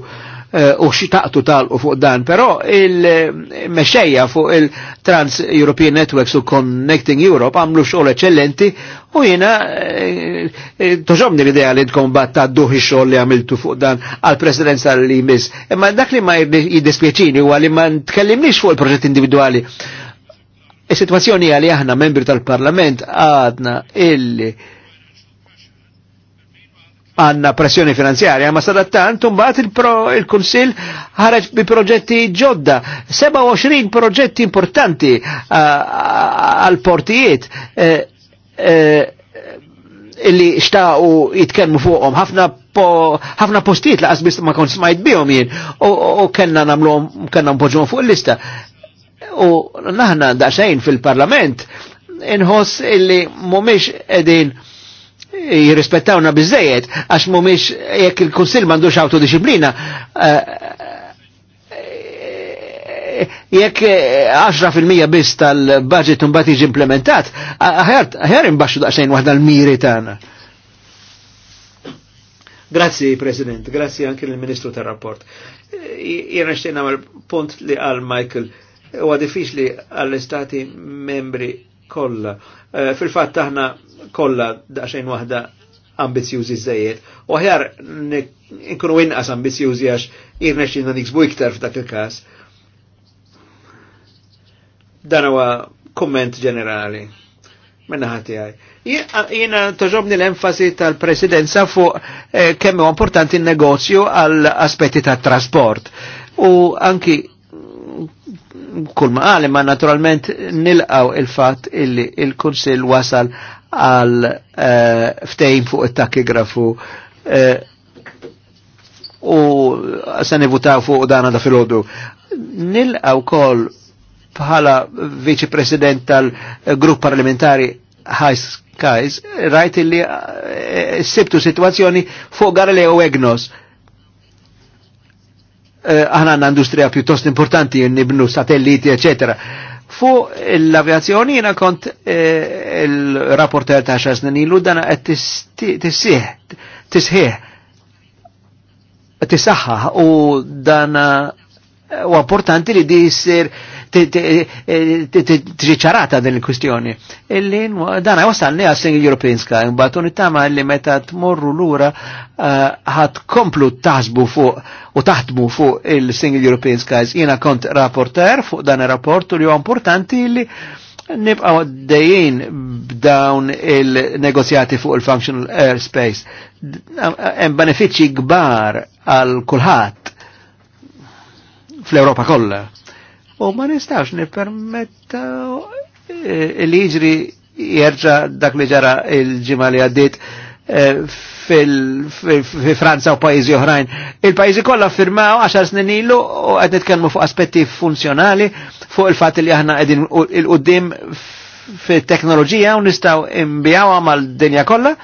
Eh, u xitaqtu talqu fuq dan, però il-mexxejja eh, fuq il-Trans European Networks u Connecting Europe għamlu xogħol eċċellenti u jiena eh, toġobni l-idea li tkun batta duħi xogħol li għamiltu fuq dan għal-presidenza li jmiss. Imma dak li ma jiddispjaċini huwa li ma tkellimniex fuq il-proġett individwali. Is-sitwazzjoni għalli aħna membri tal-Parlament għadna illi għanna pressjoni finanzjarja, ma sadat tant mbagħad il-Kunsill ħareġ bi proġetti ġodda, 27 proġetti importanti uh, għal portijiet uh, uh, illi xtaqu jitkellmu fuqhom ħafna ħafna postijiet laqas biss ma kont smajt bihom jien u kellna nagħmluhom kellna npoġġuhom fuq il-lista. U naħna daqsxejn fil-Parlament inħoss illi mhumiex qegħdin jirrispettawna bizzejiet, għax mumiex jekk il-Kunsil mandux autodisciplina, eh, eh, jekk 10% eh, biss tal-budget un jiġi implementat, ħjar imbaxxu daqsxejn waħda l-miri tagħna. Grazzi, President, grazzi anke l-Ministru tar-rapport. Jena xtejna mal-punt li għal Michael, huwa diffiċli għall-Istati membri kollha. Fil-fatt aħna kolla daċxajn waħda ambizjużi żejjed. U ħjar, nkunu inqas ambizjużi għax irnexxilna niksbu iktar f'dak il-każ. Dan huwa komment ġenerali. Minna ħati għaj. Jena toġobni l-enfasi tal-presidenza fuq eh, kemm u importanti il-negozju għal aspetti ta' trasport. U anki kull ma' ma naturalment nilqaw il-fat il-Kunsil wasal għal eh, ftejn fuq it-takigrafu eh, u se nivutaw fuq dana da filodu. Nil Nilqaw kol bħala viċi president tal-grupp parlamentari High Kajs, rajt li eh, sibtu situazzjoni fuq Galileo Egnos. Aħna għanna industrija piuttost importanti, nibnu satelliti, eccetera Fuq l-avjazzjoni jina kont eh, il-rapporter ta' xar snin ilu dana qed tisih, tisħih, tisaħħaħ u dana u importanti li di jissir ċarata din il kustjoni Illi dana wasalni għal sing European Sky, mbagħad tama li meta l lura eh, ħad komplu taħsbu fuq u taħdmu fuq il-Single European Skies. Jiena kont rapporter fuq dan ir-rapport u li huwa importanti li nibqa' għaddejjien b'dawn il-negozjati fuq il-functional airspace. Hemm benefiċċji kbar għal kulħadd fl-Europa kollha u ma nistax nipermetta li jiġri jerġa dak li ġara il-ġimma li għaddit fil-Franza u pajizi oħrajn. Il-pajizi kollha firmaw 10 snin ilu u qed nitkellmu fuq aspetti funzjonali fuq il fat li aħna qegħdin il-qudiem fit-teknoloġija u nistgħu imbijawha mal-dinja kollha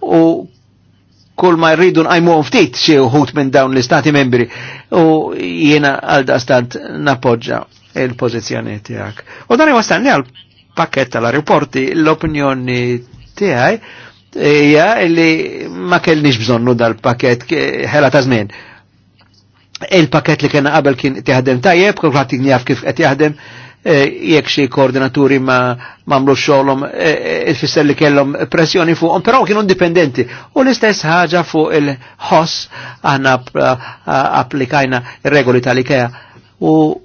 u kull ma jridu nqajmu ftit xi wħud minn dawn l-istati membri u jiena għal stant nappoġġa il-pożizzjoni tiegħek. U dan iwastanni għal pakket tal-aeroporti l-opinjoni tiegħi hija illi ma kellix bżonnu dal-pakket ħela ta' żmien. Il-pakket li kena qabel kien tiħdem tajjeb, kull ħadd jaf kif qed jaħdem Eh, jekk xi koordinaturi ma mamlu xogħolhom ifisser eh, eh, li kellhom pressjoni fuqhom, però kienu indipendenti. U l-istess ħaġa fuq il-ħoss aħna applikajna regoli tal-IKEA. U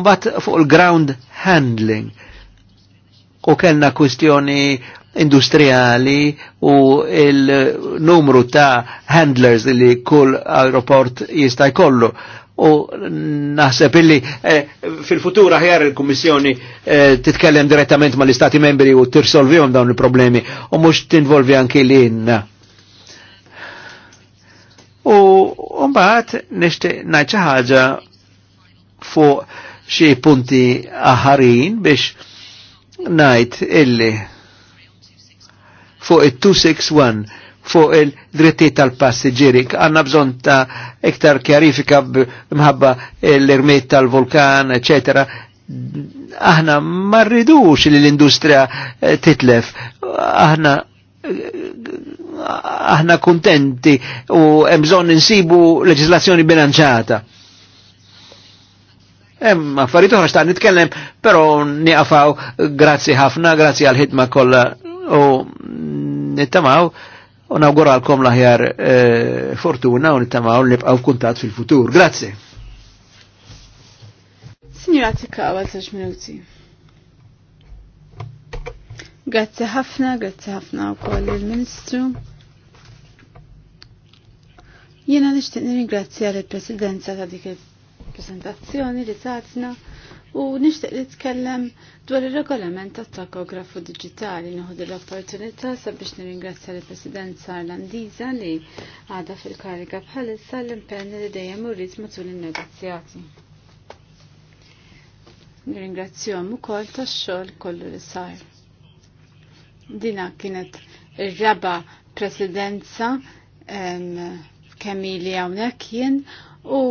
mbagħad fuq il-ground handling u kellna kwistjoni industriali u il-numru ta' handlers li kull aeroport jista' jkollu u naħseb illi eh, fil-futur aħjar il-Kummissjoni eh, titkellem direttament ma l-Istati membri u tirsolvihom dawn il-problemi u mhux tinvolvi anki l U mbagħad nixtieq ngħid xi ħaġa fuq xi punti aħarin biex ngħid illi fuq it-261 fuq il-drittijiet tal-passiġġieri. Għandna bżonn ta' iktar kjarifika mħabba l-irmiet tal-vulkan, eċetera. Aħna ma rridux li l-industrija eh, titlef. Aħna eh, aħna kontenti u hemm bżonn insibu leġislazzjoni bilanċata. Hemm affarijiet oħra xtaq nitkellem, però niqafaw grazzi ħafna, grazzi għal-ħidma kollha u nittamaw u nawguralkom laħjar eh, fortuna u nittamaw li bqaw kuntat fil-futur. Grazie. Signora Tikawa, zaġ minuti. Grazie ħafna, grazie ħafna u koll il-Ministru. Jena nishtiq nirringrazzja l-Presidenza ta' dik il-presentazzjoni li tatna u nixtieq tkellem dwar ir-regolament tat-takografu digitali nieħu l-opportunità sabiex nirringrazzja l presidenza Irlandiża li għadha fil-kariga bħalissa l-impenn li dejjem urrit matul in-negozjati. Nirringrazzjahom ukoll tax-xogħol kollu li sar. Dina kienet ir-raba presidenza kemmili hawnhekk jien u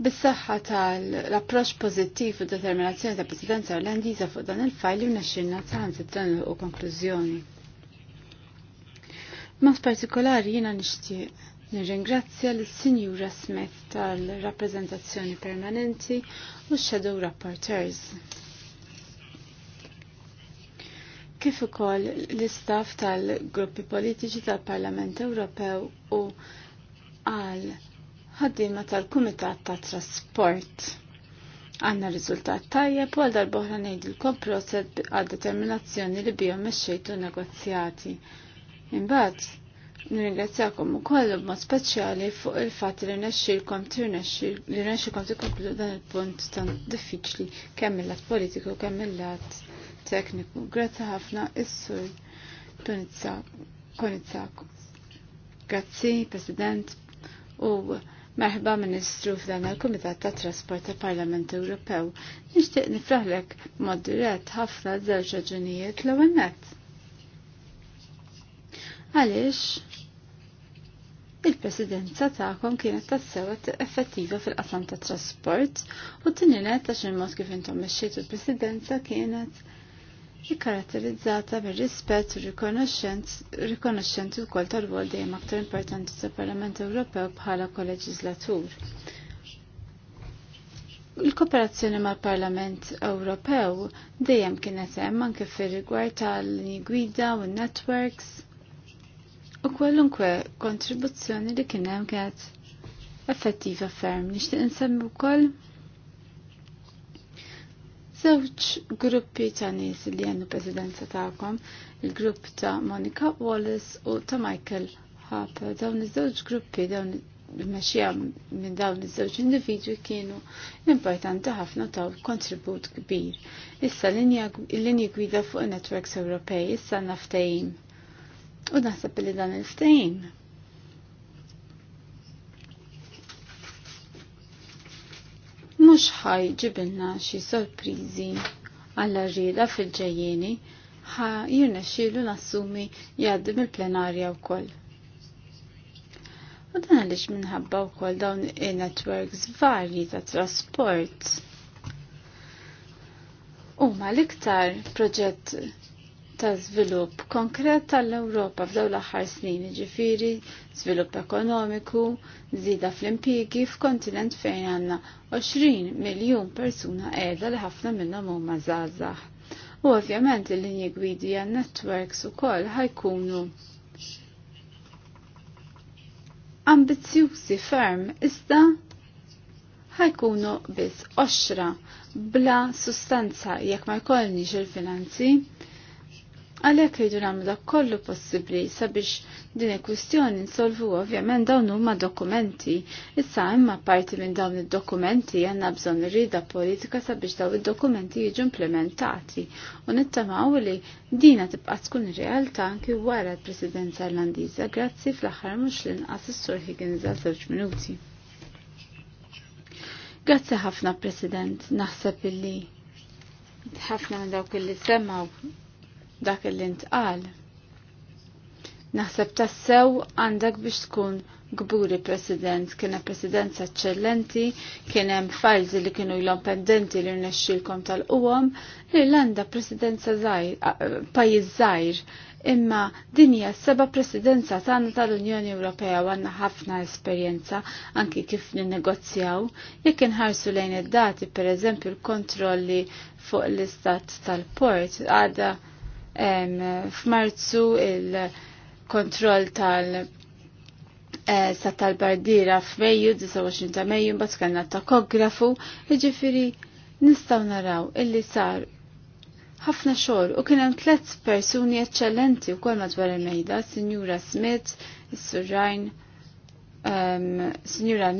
Bis-saħħa tal-approċ pozittiv u determinazzjoni ta' presidenza Irlandiża fuq dan il-fajl jinaxxilna tanzi dan u konklużjoni. Mas partikolari jiena nixtieq nirringrazzja l sinjura Smith tal-rappreżentazzjoni permanenti u shadow rapporteurs. Kif ukoll l-istaff tal-gruppi politiċi tal-Parlament Ewropew u għal ħaddima tal-Kumitat ta' Trasport. Għanna riżultat tajjeb u għal darbohra ngħidilkom proset għal determinazzjoni li bihom xejtu negozjati. Imbagħad nirringrazzjakom ukoll b'mod speċjali fuq il-fatt li nexxilkom li nexxilkom tikomplu dan il-punt tan diffiċli kemm il-lat politiku kemm il-lat tekniku. Grazzi ħafna is-sur Konizzaku. Grazzi, President, u Merħba Ministru f'dan il-Kumitat ta' Trasport ta' Parlament Ewropew. Nixtieq nifraħlek moddiret ħafna żewġ raġunijiet l-ewwel nett. Għaliex il-presidenza tagħkom kienet tassewa effettiva fil-qasam ta' trasport u t għax il-mod kif intom mexxiet il-presidenza kienet ikkaratterizzata bir rispett u rikonoxxenti wkoll tal-rwol dejjem aktar importanti tal-Parlament Ewropew bħala koleġislatur. Il-kooperazzjoni mal-Parlament Ewropew dejjem kienet hemm anke fir-rigward tal-gwida u networks u kwalunkwe kontribuzzjoni li kien hemm kienet effettiva ferm. Nixtieq insemmi wkoll żewġ gruppi ta' nies li għandu presidenza tagħkom, il-grupp ta' Monica Wallace u ta' Michael Harper. Dawn iż-żewġ gruppi dawn il-mexxija minn dawn iż-żewġ individwi kienu importanti ħafna ta' kontribut kbir. Issa l linja gwida fuq in networks Ewropej issa naftajim. U naħseb li dan il-ftajim mhux ħaj ġibilna xi sorpriżi għall rieda fil-ġejjeni ħa jirna xilu nassumi jaddim il-plenarja u koll. U dan għalix minħabba u koll dawn il-networks varji ta' trasport. U ma l-iktar proġett ta' żvilupp konkret tal-Ewropa f'daw l-aħħar snin, ġifiri, żvilupp ekonomiku, żida fl-impjiegi f'kontinent fejn għanna 20 miljun persuna qiegħda li ħafna minnhom huma żgħażagħ. U ovvjament il-linji gwidi għan networks koll ħajkunu ambizzjużi ferm iżda ħajkunu biss oxra bla sustanza jekk ma jkollniex il-finanzi Għalhekk rridu nagħmlu dak kollu possibbli sabiex din il-kwistjoni nsolvu ovvjament dawn huma dokumenti. Issa imma parti minn dawn id-dokumenti għandna bżonn rida politika sabiex dawn id-dokumenti jiġu implementati u nittamaw li dina tibqa' tkun realtà anki wara l-Presidenza Irlandiża grazzi fl-aħħar mhux l-inqas is-Sur Higgins għal żewġ minuti. Grazzi ħafna President, naħseb illi ħafna minn dawk illi semmaw dak l-intqal. Naħseb tassew għandak biex tkun gburi president, kiena president eccellenti, kien hemm li kienu jlom pendenti li rnexxilkom tal-qwom, l-Irlanda presidenza zaħir, pajjiż zaħir, imma dinja seba presidenza tagħna tal-Unjoni Ewropea u għandna ħafna esperjenza anki kif ninnegozjaw, jekk inħarsu lejn id-dati pereżempju l-kontrolli fuq l-istat tal-port għada F'Marzu il-kontroll tal- eh, sa tal-bardira f'Mejju, 29 ta' Mejju, kanna ta' takografu, jiġifieri nistgħu naraw illi sar ħafna xogħol u kien hemm tliet persuni eċċellenti wkoll madwar il-mejda, Sinjura Smith, is-Surrajn um, Signora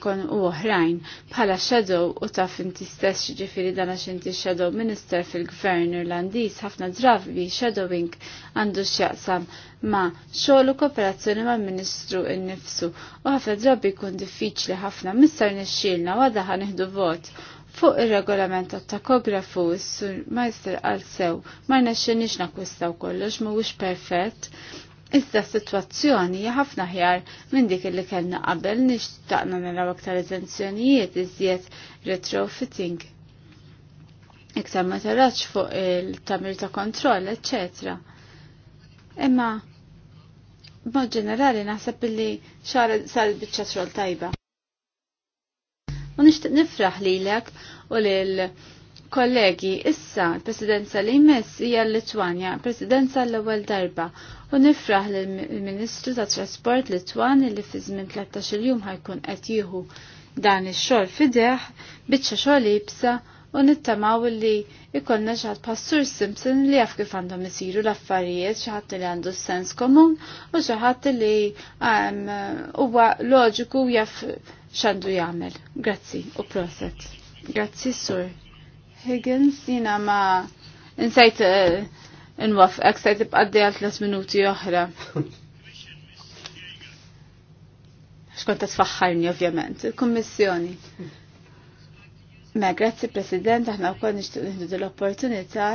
kon u oħrajn bħala shadow u taf inti stess ġifiri dana xinti shadow minister fil-gvern irlandiż ħafna drabi shadowing għandu x'jaqsam ma xogħol u kooperazzjoni ma' ministru il-nifsu u ħafna drabi jkun diffiċli ħafna mister nixxielna ħan iħdu vot fuq ir-regolament ta' takografu s-sur majster għal sew ma rnexxinix nakwistaw kollox mhuwiex perfett Issa situazzjoni hija ħafna ħjar minn dik li kellna qabel nixtaqna naraw aktar eżenzjonijiet iżjed retrofitting. Iktar ma tarax fuq il-tamir ta' kontroll, eccetera. Imma b'mod ġenerali naħseb billi xar sal biċċa xogħol tajba. U nixtieq nifraħ lilek u l kollegi issa l-presidenza li jmiss hija l-Litwanja, presidenza l-ewwel darba U nifraħ l-Ministru ta' Trasport twan li fi żmien 13 jum ħajkun qed jieħu dan ix-xogħol fideħ biċċa xogħol ibsa u nittamaw li ikollna xi ħadd Pastur Simpson li jaf kif għandhom isiru l-affarijiet, xi ħadd li għandu sens komun u xi ħadd li ehm, huwa loġiku jaf x'għandu jagħmel. Grazzi u proset. Grazzi Sur. Higgins jiena ma insajt eh, nwafqek se tibqa' għal tliet minuti oħra. ta' tfaħħarni ovvjament. Il-Kummissjoni. Ma mela, grazzi President, aħna wkoll nixtieq nieħdu l-opportunità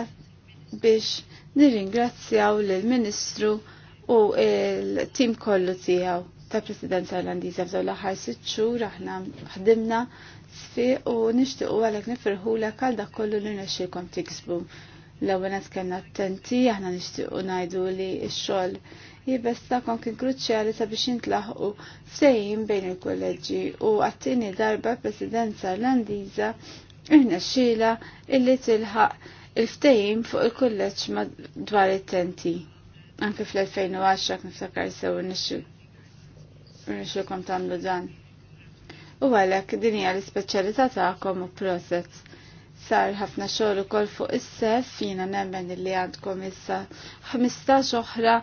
biex nirringrazzjaw lill-Ministru u l-tim kollu tiegħu ta' presidenza irlandiża f'daw l-aħħar sitt xhur aħna ħdimna sfiq u nixtiequ għalhekk nifirħulek għal dak kollu li nexxielkom tiksbu L-ewwel t attenti aħna nixtiequ ngħidu li x-xogħol jibestakom kien kruċjali sabiex jintlaħqu sejjin bejn il kolleġi u għattini darba presidenza irlandiża irnexxiela illi tilħaq il-ftejim fuq il-kulleġġ dwar it-tenti. Anke fl-2010 niftakar sew irnexxilkom tagħmlu dan. U għalhekk din hija l-ispeċjalità tagħkom u proċess Sar ħafna xogħol ukoll fuq is-sef fina nemmen li għandkom issa 15 oħra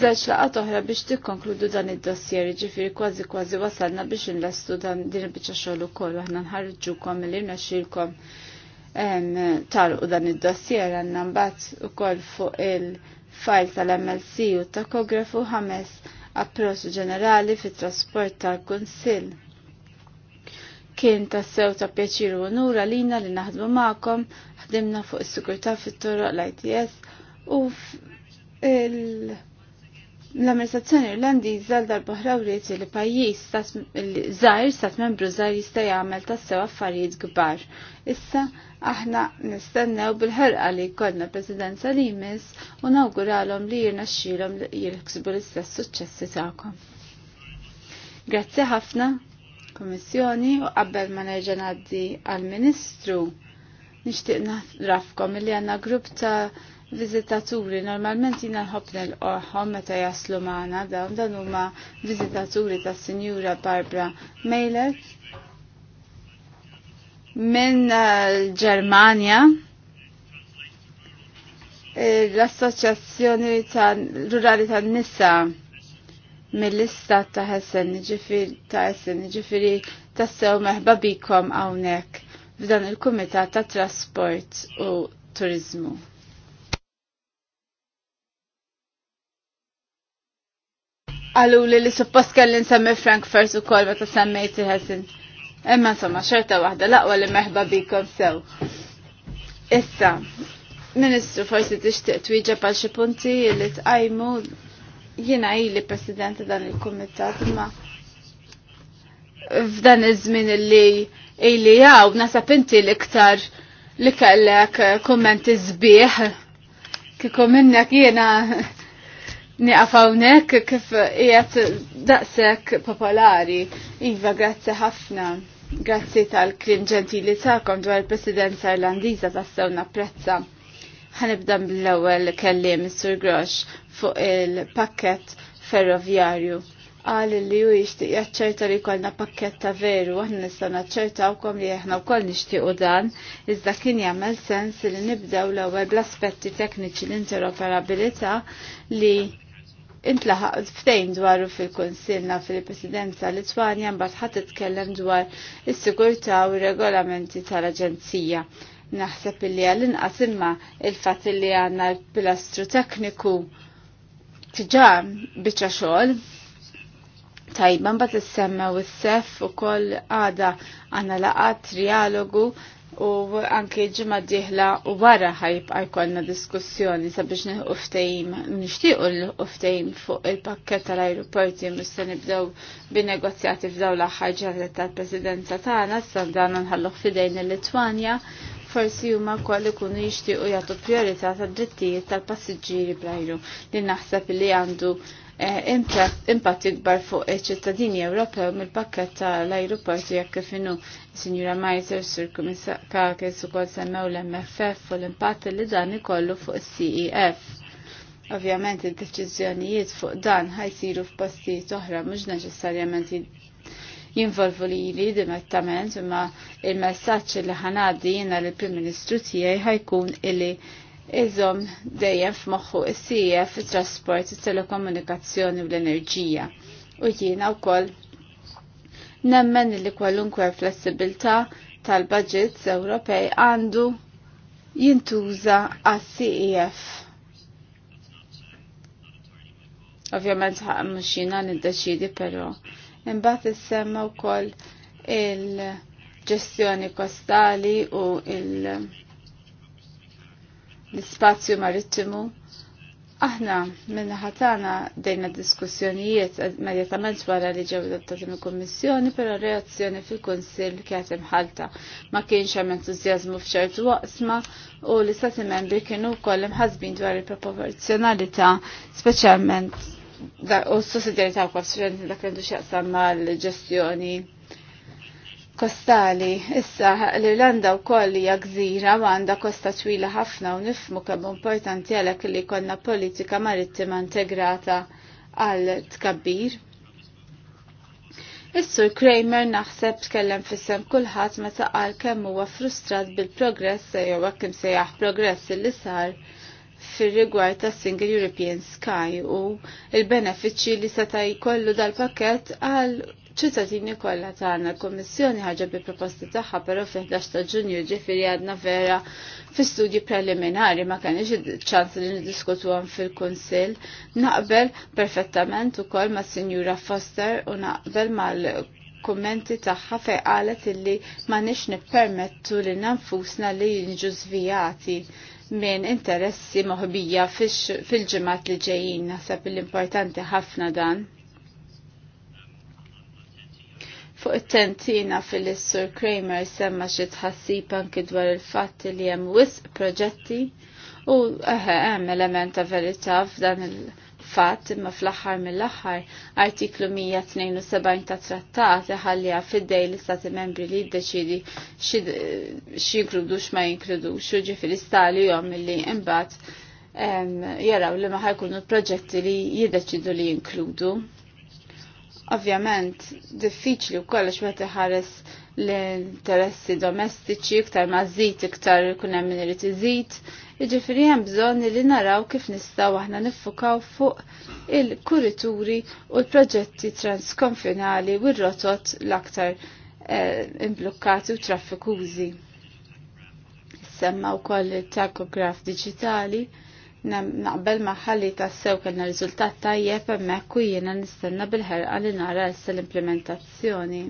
żewġ laqat oħra biex tikkonkludu dan id-dossier, ġifieri kważi kważi wasalna biex inlestu dan din biċċa xogħol ukoll aħna nħarġukom li rnexxilkom talqu dan id-dossier għandna mbagħad ukoll fuq il-fajl tal-MLC u takografu ħames approċċ ġenerali fit-trasport tal-Kunsill Kien tassew ta' pjaċir u onura lina li naħdmu ma'kom, ħdimna fuq is-sigurtà fit-toroq l-ITS u l-amministrazzjoni irlandiża l darbohra wriet li pajjiż żgħir sat membru żgħir jista' jagħmel tassew affarijiet kbar. Issa aħna nistennew bil-ħerqa li jkollna presidenza li jmiss u nawguralhom li li jirksbu l-istess suċċessi tagħkom. Grazzi ħafna Kommissjoni u qabel ma nerġa' ngħaddi għall-Ministru nixtieq nafkom li għandna grupp ta' viżitaturi normalment jina nħobb l meta jaslu magħna dawn dan huma viżitaturi ta' Sinjura Barbara Mejlet minn l-Ġermanja eh, eh, l-Assoċjazzjoni Rurali tan-Nisa mill-istat ta' ħessen ġifiri ta' ħessen ġifiri tassew meħba bikom għawnek f'dan il-Kumitat ta' Trasport u Turizmu. Għallu li li suppost kelli nsemmi Frankfurt u kol meta semmejt il ħessen Imma insomma xorta waħda laqwa li meħba bikom sew. Issa, Ministru forsi tixtieq twieġeb għal xi punti li tqajmu jiena ili president dan il-kumitat imma f'dan iż-żmien li ili jaw nasab inti l-iktar li kellek kummenti sbieħ kieku minnek jiena niqaf hawnhekk kif qiegħed daqshekk popolari. Iva, grazzi ħafna. Grazzi tal-klim ġentili tagħkom dwar il-Presidenza Irlandiża tassew napprezza. Ħanibda mill-ewwel kellim Mr. Grosh fuq il-pakket ferroviarju. Qal li hu jixtieq jaċċerta li jkollna pakket ta' veru, aħna nista' naċċertawkom li aħna wkoll nixtiequ dan, iżda kien jagħmel sens li nibdew l-ewwel bl-aspetti tekniċi l-interoperabilità li intlaħaq ftejn dwaru fil-Konsilna fil-Presidenza Litwanja mbagħad ħadd itkellem dwar is-sigurtà u regolamenti tal-Aġenzija. Naħseb illi għall-inqas imma il-fatt illi għandna l-pilastru tekniku tiġa biċċa xogħol. Tajba mbagħad issemma u s-sef ukoll għada għandna laqat trialogu u anke ġimma diħla u wara ħajbqa' jkollna diskussjoni sabiex neħu ftehim nixtiequ l-ftehim fuq il-pakket tal-ajruporti mista nibdew bin f'daw l-aħħar ġarret tal-presidenza tagħna sa dan nħalluh f'idejn il-Litwanja forsi huma wkoll ikunu jixtiequ jagħtu priorità tad-drittijiet tal-passiġġieri brajru li naħseb li għandu eh, impatt ikbar fuq iċ-ċittadini Ewropew mill-pakket tal-ajruportu jekk kif inhu Sinjura Majser sur Kakis ukoll semmew l-MFF u l-impatt li dan ikollu fuq is-CEF. Ovvjament id-deċiżjonijiet fuq dan ħajsiru f'postijiet oħra mhux neċessarjament jinvolvu li li dimettament imma il-messaċ li ħanaddi jena l-Prim Ministru tijaj ħajkun illi iżom dejjem f'moħħu s-sija fit-trasport, telekomunikazzjoni u l-enerġija. U jiena wkoll nemmen li kwalunkwe flessibilta tal-budgets Ewropej għandu jintuża għas-CEF. Ovvjament mhux nid-deċidi, però Imbagħad issemma wkoll il-ġestjoni kostali u l-ispazju marittimu. Aħna minna ħatana dejna diskussjonijiet immedjatament wara li ġew din il kummissjoni però reazzjoni fil-Kunsill kienet imħalta. Ma kienx hemm entużjażmu f'ċertu waqsma u l-Istati membri kienu wkoll imħasbin dwar il-proporzjonalità speċjalment u s-sussidjarità u kwafsurenti dak rendu xieqsam mal-ġestjoni kostali. Issa l-Irlanda u koll hija gżira u għandha kosta twila ħafna u nifmu kemm importanti għalhekk li konna politika marittima integrata għal tkabbir. Is-Sur Kramer naħseb tkellem fissem kulħadd meta qal kemm huwa frustrat bil-progress jew hekk imsejjaħ progress li sar fil-rigward ta' Single European Sky u il-benefiċi li seta' jkollu dal-pakket għal ċittadini kollha tagħna l-Kummissjoni ħaġa bi proposti tagħha però fi 11 ta' Ġunju ġifieri għadna vera fi studji preliminari ma kienx ċans li niddiskutuhom fil-Kunsill. Naqbel perfettament ukoll ma' Sinjura Foster u naqbel mal kummenti tagħha fej qalet illi ma nix nippermettu li nanfusna li jinġu zvijati minn interessi moħbija fil-ġemat li ġejjin naħseb l-importanti ħafna dan. Fuq it-tentina fil-Sur Kramer semma xi tħassib anki dwar il-fatt li hemm wisq proġetti u eħe hemm element ta' verità f'dan il- fatt imma fl-aħħar mill-aħħar artiklu 172 ta' trattat iħallija fid-dej li stati membri li jiddeċidi x'jinkludux ma jinkludux u ġifieri stali jom li imbagħad jaraw li ma ħajkunu proġetti li jiddeċidu li jinkludu. Ovvjament, diffiċli u kollox meta ħares l-interessi domestiċi, iktar ma' zit, iktar kunem hemm min irid iżid. Jiġifieri hemm bżonn li naraw kif nistgħu aħna niffukaw fuq il-kurituri u l-proġetti transkonfinali u r-rotot l-aktar eh, imblukkati u traffikużi. Semma wkoll il-takograf digitali, naqbel maħalli tassew kena rizultat tajjeb emmek u jiena nistenna bil-ħerqa li nara issa l-implementazzjoni.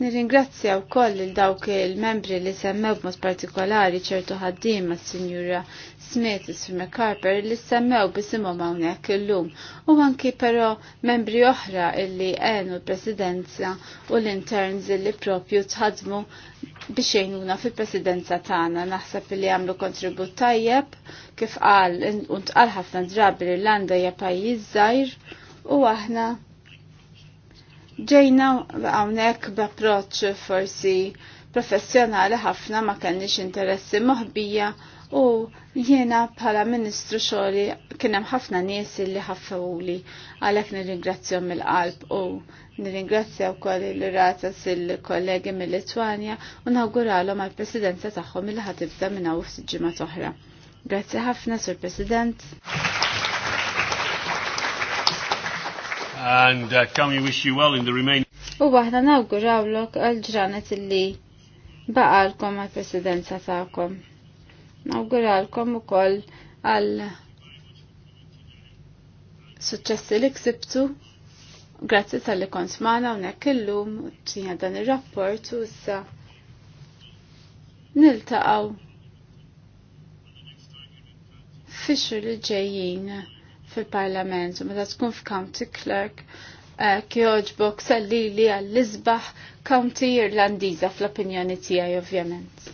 Nirringrazzja wkoll il dawk il-membri li semmew b'mod partikolari ċertu ħaddim ma' sinjura Smith is-Sur McCarper li semmew bisimhom hawnhekk illum u anki però membri oħra illi għenu l-Presidenza u l-interns illi propju tħadmu biex jgħinuna fil-Presidenza tagħna naħseb li għamlu kontribut tajjeb kif qal u tqal ħafna drabi l-Irlanda hija pajjiż żgħir u aħna Ġejna hawnhekk b'approċċ forsi professjonali ħafna ma kellniex interessi moħbija u jiena bħala ministru xogħli kien hemm ħafna nies li ħaffawli għalhekk nirringrazzjahom mill-qalb u nirringrazzja wkoll il-rata sil-kollegi mill-Litwanja u nawguralhom għall-presidenza tagħhom li ħatibda minn hawn ġimgħa oħra. Grazzi ħafna, Sur President and uh, can we wish you well in the remaining. U waħda nawgurawlok għal-ġranet li baqalkom għal-presidenza ta'kom. Nawguralkom u koll għal suċċessi li ksibtu. Grazzi tal-li kont maħna unek illum u dan il-rapport u issa niltaqaw fisċu li ġejjina fil-parlament u meta tkun f'county clerk eh, kjoġbok sallili għall-izbaħ county irlandiza fl-opinjoni tiegħi ovvjament.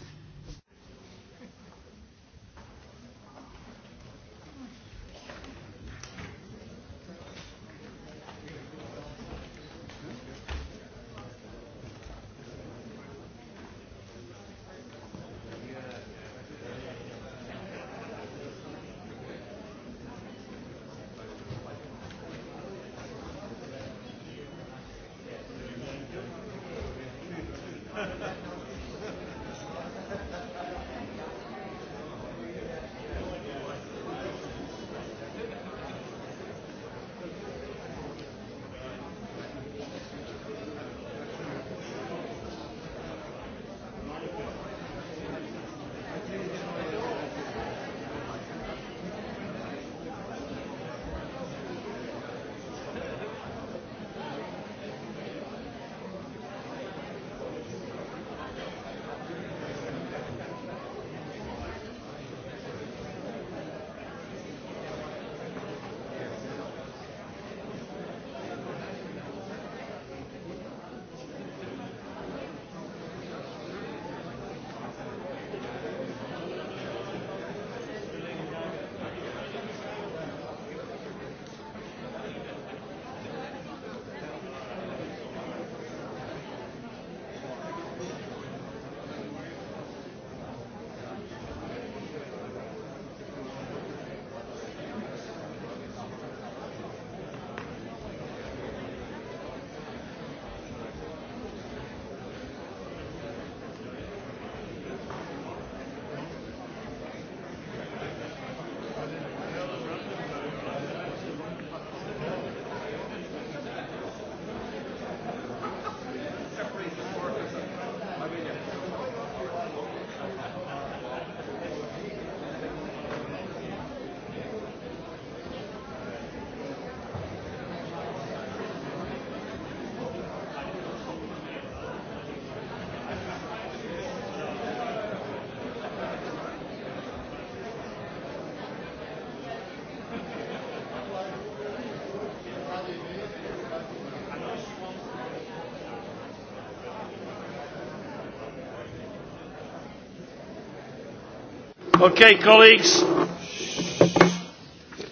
Okay, colleagues,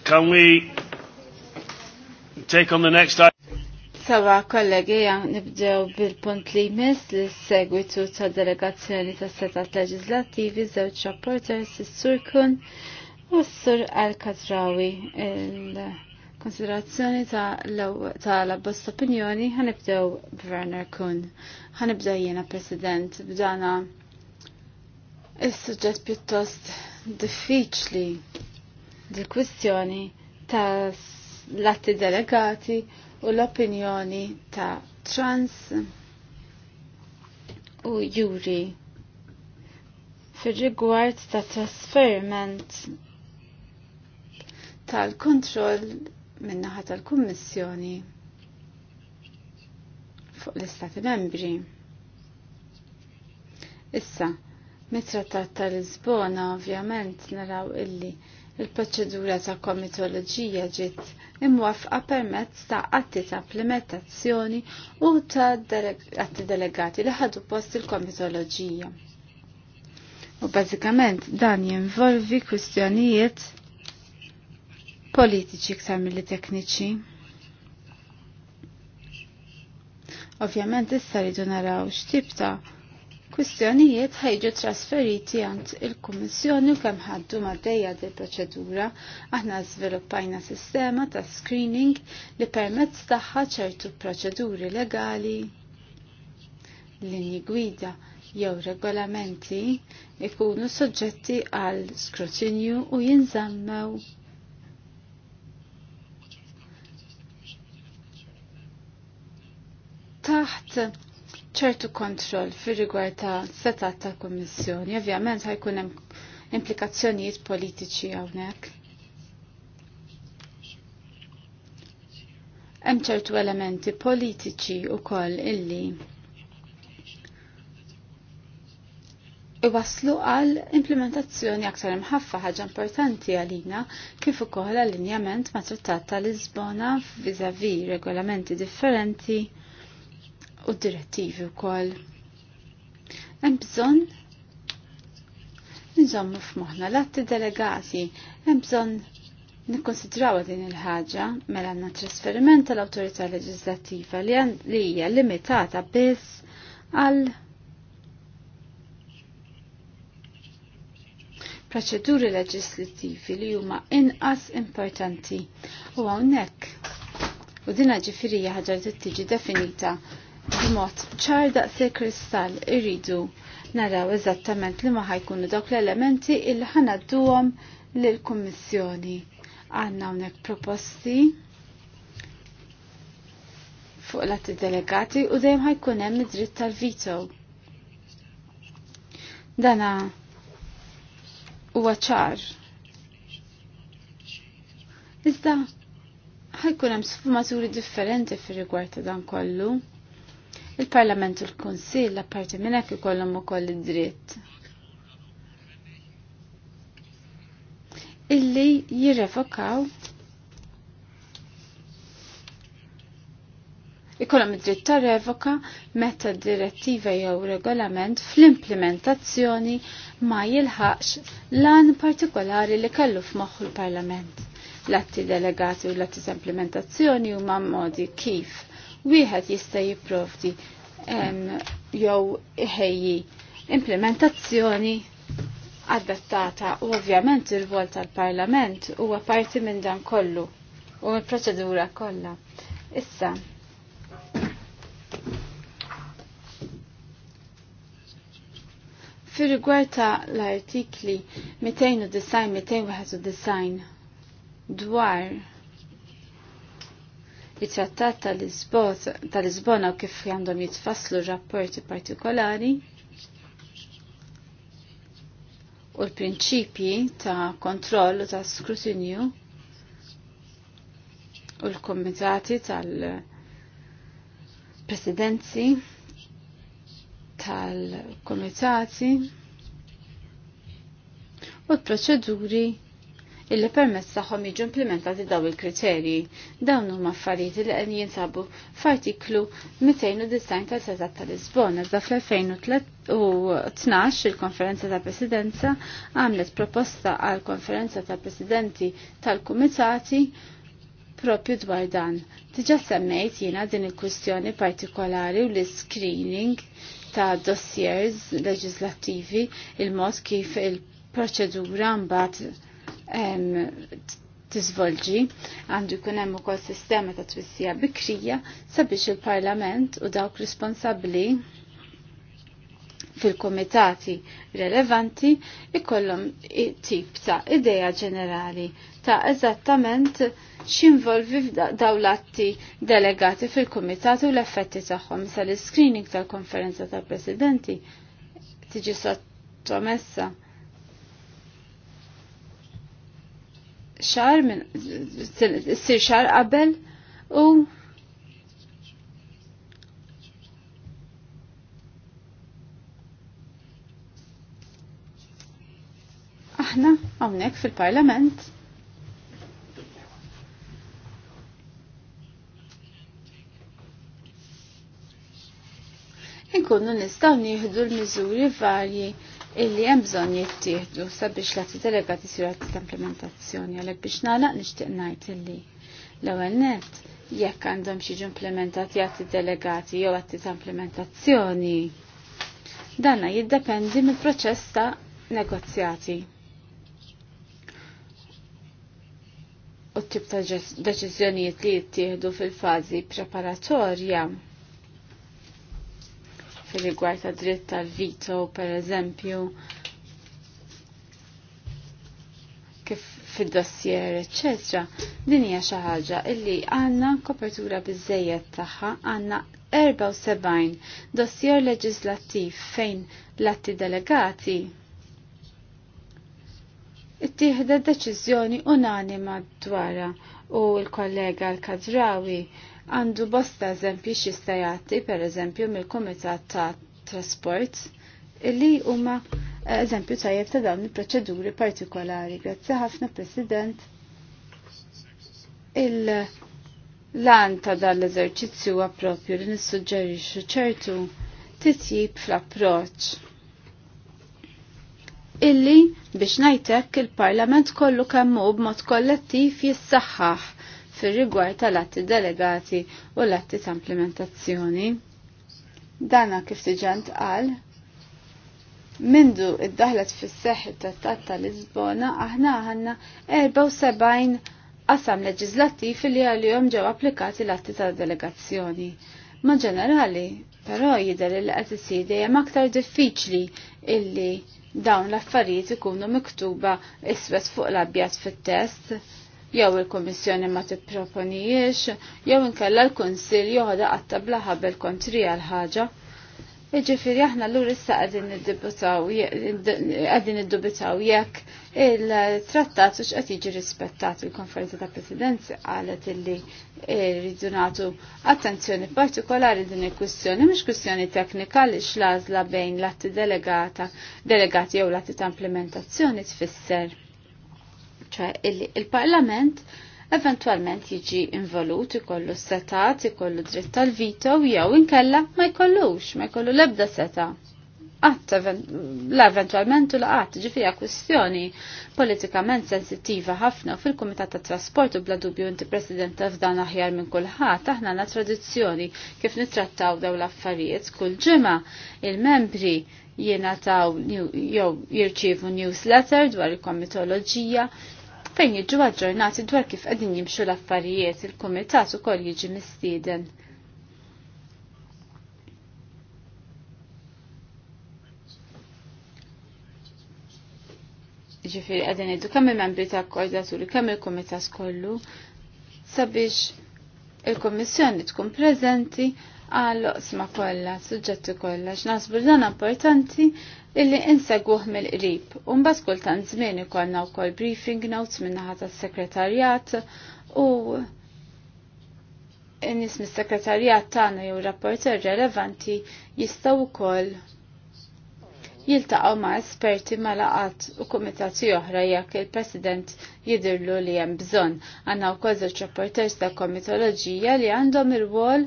can we take on the next item? Sawa kollegi, nibdew bil-punt li jmiss li segwitu ta' delegazzjoni ta' setat leġislattivi żewġ rapporter, sissur sur Kun u s-Sur Al-Katrawi. Il-konsiderazzjoni ta' la bost opinjoni ħanibdew Werner Kun. nibdew jiena President b'dana Is-suġġett pjuttost diffiċli di kwistjoni ta' l-atti delegati u l-opinjoni ta' trans u juri fil-rigward ta' trasferiment tal-kontroll minnaħa tal-Kummissjoni fuq l-Istati Membri. Issa, mit-trattat tal-Lisbona ovvjament naraw illi il-proċedura ta' komitoloġija ġiet imwafqa permezz ta' atti ta' implementazzjoni u ta' atti delegati li ħadu post il-komitoloġija. U bażikament dan jinvolvi kwistjonijiet politiċi ktar mill tekniċi. Ovvjament issa rridu naraw x'tib ta' kwistjonijiet ħajġu trasferiti għand il-Kummissjoni u kemm ħaddu maddejja di proċedura aħna żviluppajna sistema ta' screening li permezz tagħha ċertu proċeduri legali linji gwida jew regolamenti ikunu soġġetti għal skrutinju u jinżammew taħt ċertu kontroll fir rigward ta' setat ta' kommissjoni. Ovvjament ħajkun hemm implikazzjonijiet politiċi hawnhekk. Hemm ċertu elementi politiċi wkoll illi iwaslu għal implementazzjoni aktar imħaffa ħaġa importanti għalina kif ukoll allinjament ma' trattat ta' Lisbona viżavi regolamenti differenti u direttivi u kol. Hemm bżon nżommu f'moħħna l-atti delegati, hemm bżonn nikkonsidraw din il-ħaġa mela għandna trasferiment tal-awtorità leġislattiva li hija limitata biss għal proċeduri leġislattivi li huma inqas importanti u hawnhekk u din ġifiri ħaġa li tiġi definita b'mod ċar daqsi kristall irridu naraw eżattament li ma ħajkunu dawk l-elementi illi ħanadduhom lill-Kummissjoni. Għandna hawnhekk proposti fuq l delegati u dejjem ħajkun hemm id-dritt tal-vito. Dana huwa ċar. Iżda ħajkun hemm sfumaturi differenti fir-rigward ta' dan kollu il-Parlament u l-Konsil apparti minn hekk ikollhom ukoll id-dritt. Illi jirrevokaw ikollhom id-dritt ta' revoka meta direttiva jew regolament fl-implementazzjoni ma jilħaqx lan partikolari li kellu f'moħħu l-Parlament. L-atti delegati u l-atti implementazzjoni huma modi kif wieħed jista' jipprovdi jew iħejji implementazzjoni adattata u ovvjament il-vol tal-Parlament huwa parti minn dan kollu u mill-proċedura kollha. Issa, fir rigward ta' l-artikli 209-291 dwar it-trattat tal-Lisbona u kif għandhom jitfasslu rapporti partikolari u l-prinċipji ta' kontroll u ta' skrutinju u l-komitati tal-presidenzi tal-komitati u l-proċeduri illi permess tagħhom jiġu implementati daw il-kriterji. Dawn huma affarijiet li qed jinsabu f'artiklu 209 tal-Setat tal-Lisbona iżda fl-2012 il-Konferenza ta' Presidenza għamlet proposta għal Konferenza ta' Presidenti tal-Kumitati propju dwar dan. Diġa semmejt jiena din il-kwistjoni partikolari u l-screening ta' dossiers leġislattivi il-mod kif il-proċedura mbagħad tiżvolġi għandu jkun hemm ukoll sistema ta' twissija bikrija sabiex il-Parlament u dawk responsabbli fil-komitati relevanti ikollhom tip ta' idea ġenerali ta' eżattament x'involvi dawlatti delegati fil-komitati u l-effetti tagħhom sa l-screening tal-konferenza tal-presidenti tiġi sottomessa. xar minn sir xar qabel u aħna hawnhekk fil-Parlament inkunu nistgħu nieħdu l-miżuri varji illi hemm bżonn jittieħdu sabiex l-atti delegati siru għatti ta' implementazzjoni għalhekk biex nagħlaq nixtieq ngħid illi l-ewwel nett jekk għandhom xi implementati għatti delegati jew għatti ta' implementazzjoni. Danna jiddependi mill-proċess ta' negozjati. U t-tip ta' deċiżjonijiet li jittieħdu fil-fażi preparatorja fil-rigward ta' dritt tal-vito, per eżempju, kif fid-dossier, eccetera, din hija xi ħaġa illi għandna kopertura biżejjed tagħha għandna 74 dossier leġislattiv fejn l-atti delegati ittieħda deċiżjoni unanima dwarha u l-kollega l-Kadrawi Għandu bosta eżempji xistajati, per eżempju, mill-Komitat ta' Trasport, illi huma eh, eżempju tajjeb ta' dawn il-proċeduri partikolari. Grazzi ħafna, President. Il-lan ta' dan l-eżerċizzju huwa li nissuġġerixxu ċertu titjib fl-approċċ illi biex najtek il-parlament kollu kemmu b'mod kollettiv jissaħħaħ fir-rigward tal-atti delegati u l-atti ta' implementazzjoni. Dana kif diġà għal, mindu id-daħlet fis-seħħ tat-tat ta' lisbona aħna għandna 74 qasam leġislattiv li għalihom ġew applikati l-atti ta' delegazzjoni. Ma ġenerali, però jidher li qed isir dejjem aktar diffiċli illi dawn l-affarijiet ikunu miktuba iswed fuq l-abjad fit-test jew il-Kummissjoni ma tipproponijiex, jew inkella l-Kunsill joħda qatta bla ħabel kontri għal ħaġa Iġifiri aħna l-lur issa għadin id-dubitaw jekk il-trattat u xqed jiġi rispettat il-konferenza ta' presidenzi għalet illi rridu nagħtu attenzjoni partikolari din il-kwistjoni mhux kwistjoni teknika li xlażla bejn l-atti delegata delegati jew l-atti ta' implementazzjoni tfisser ċe il-Parlament eventualment jiġi involut, ikollu setat, ikollu dritt tal-vito, jew inkella ma jkollux, ma jkollu lebda seta. Għatta, la eventualment u la ġifija kustjoni politikament sensitiva ħafna fil-Komitat ta' Trasport u bla dubju inti president f'dan aħjar minn kulħadd aħna na tradizzjoni kif nittrattaw daw l-affarijiet kull ġimgħa il-membri jiena taw jew jirċievu newsletter dwar il-komitoloġija fejn jiġu aġġornati dwar kif qegħdin jimxu l-affarijiet il-kumitat ukoll jiġi mistieden. Ġifieri qegħdin ngħidu kemm il-membri ta' koordinaturi kemm il-kumitat kollu sabiex il kummissjoni tkun preżenti għal oqsma kollha, suġġetti kollha, x'naħsbu dan importanti illi inseguh mill-qrib. U mbagħad kultant żmien ikollna wkoll briefing notes min-naħa tas-sekretarjat u n-nis mis-sekretarjat tagħna jew rapporter relevanti jistgħu wkoll jiltaqgħu ma' esperti ma' laqat u kumitati oħra jekk il-President jidirlu li hemm bżonn. Għandna wkoll żewġ rapporters ta' komitoloġija li għandhom il wol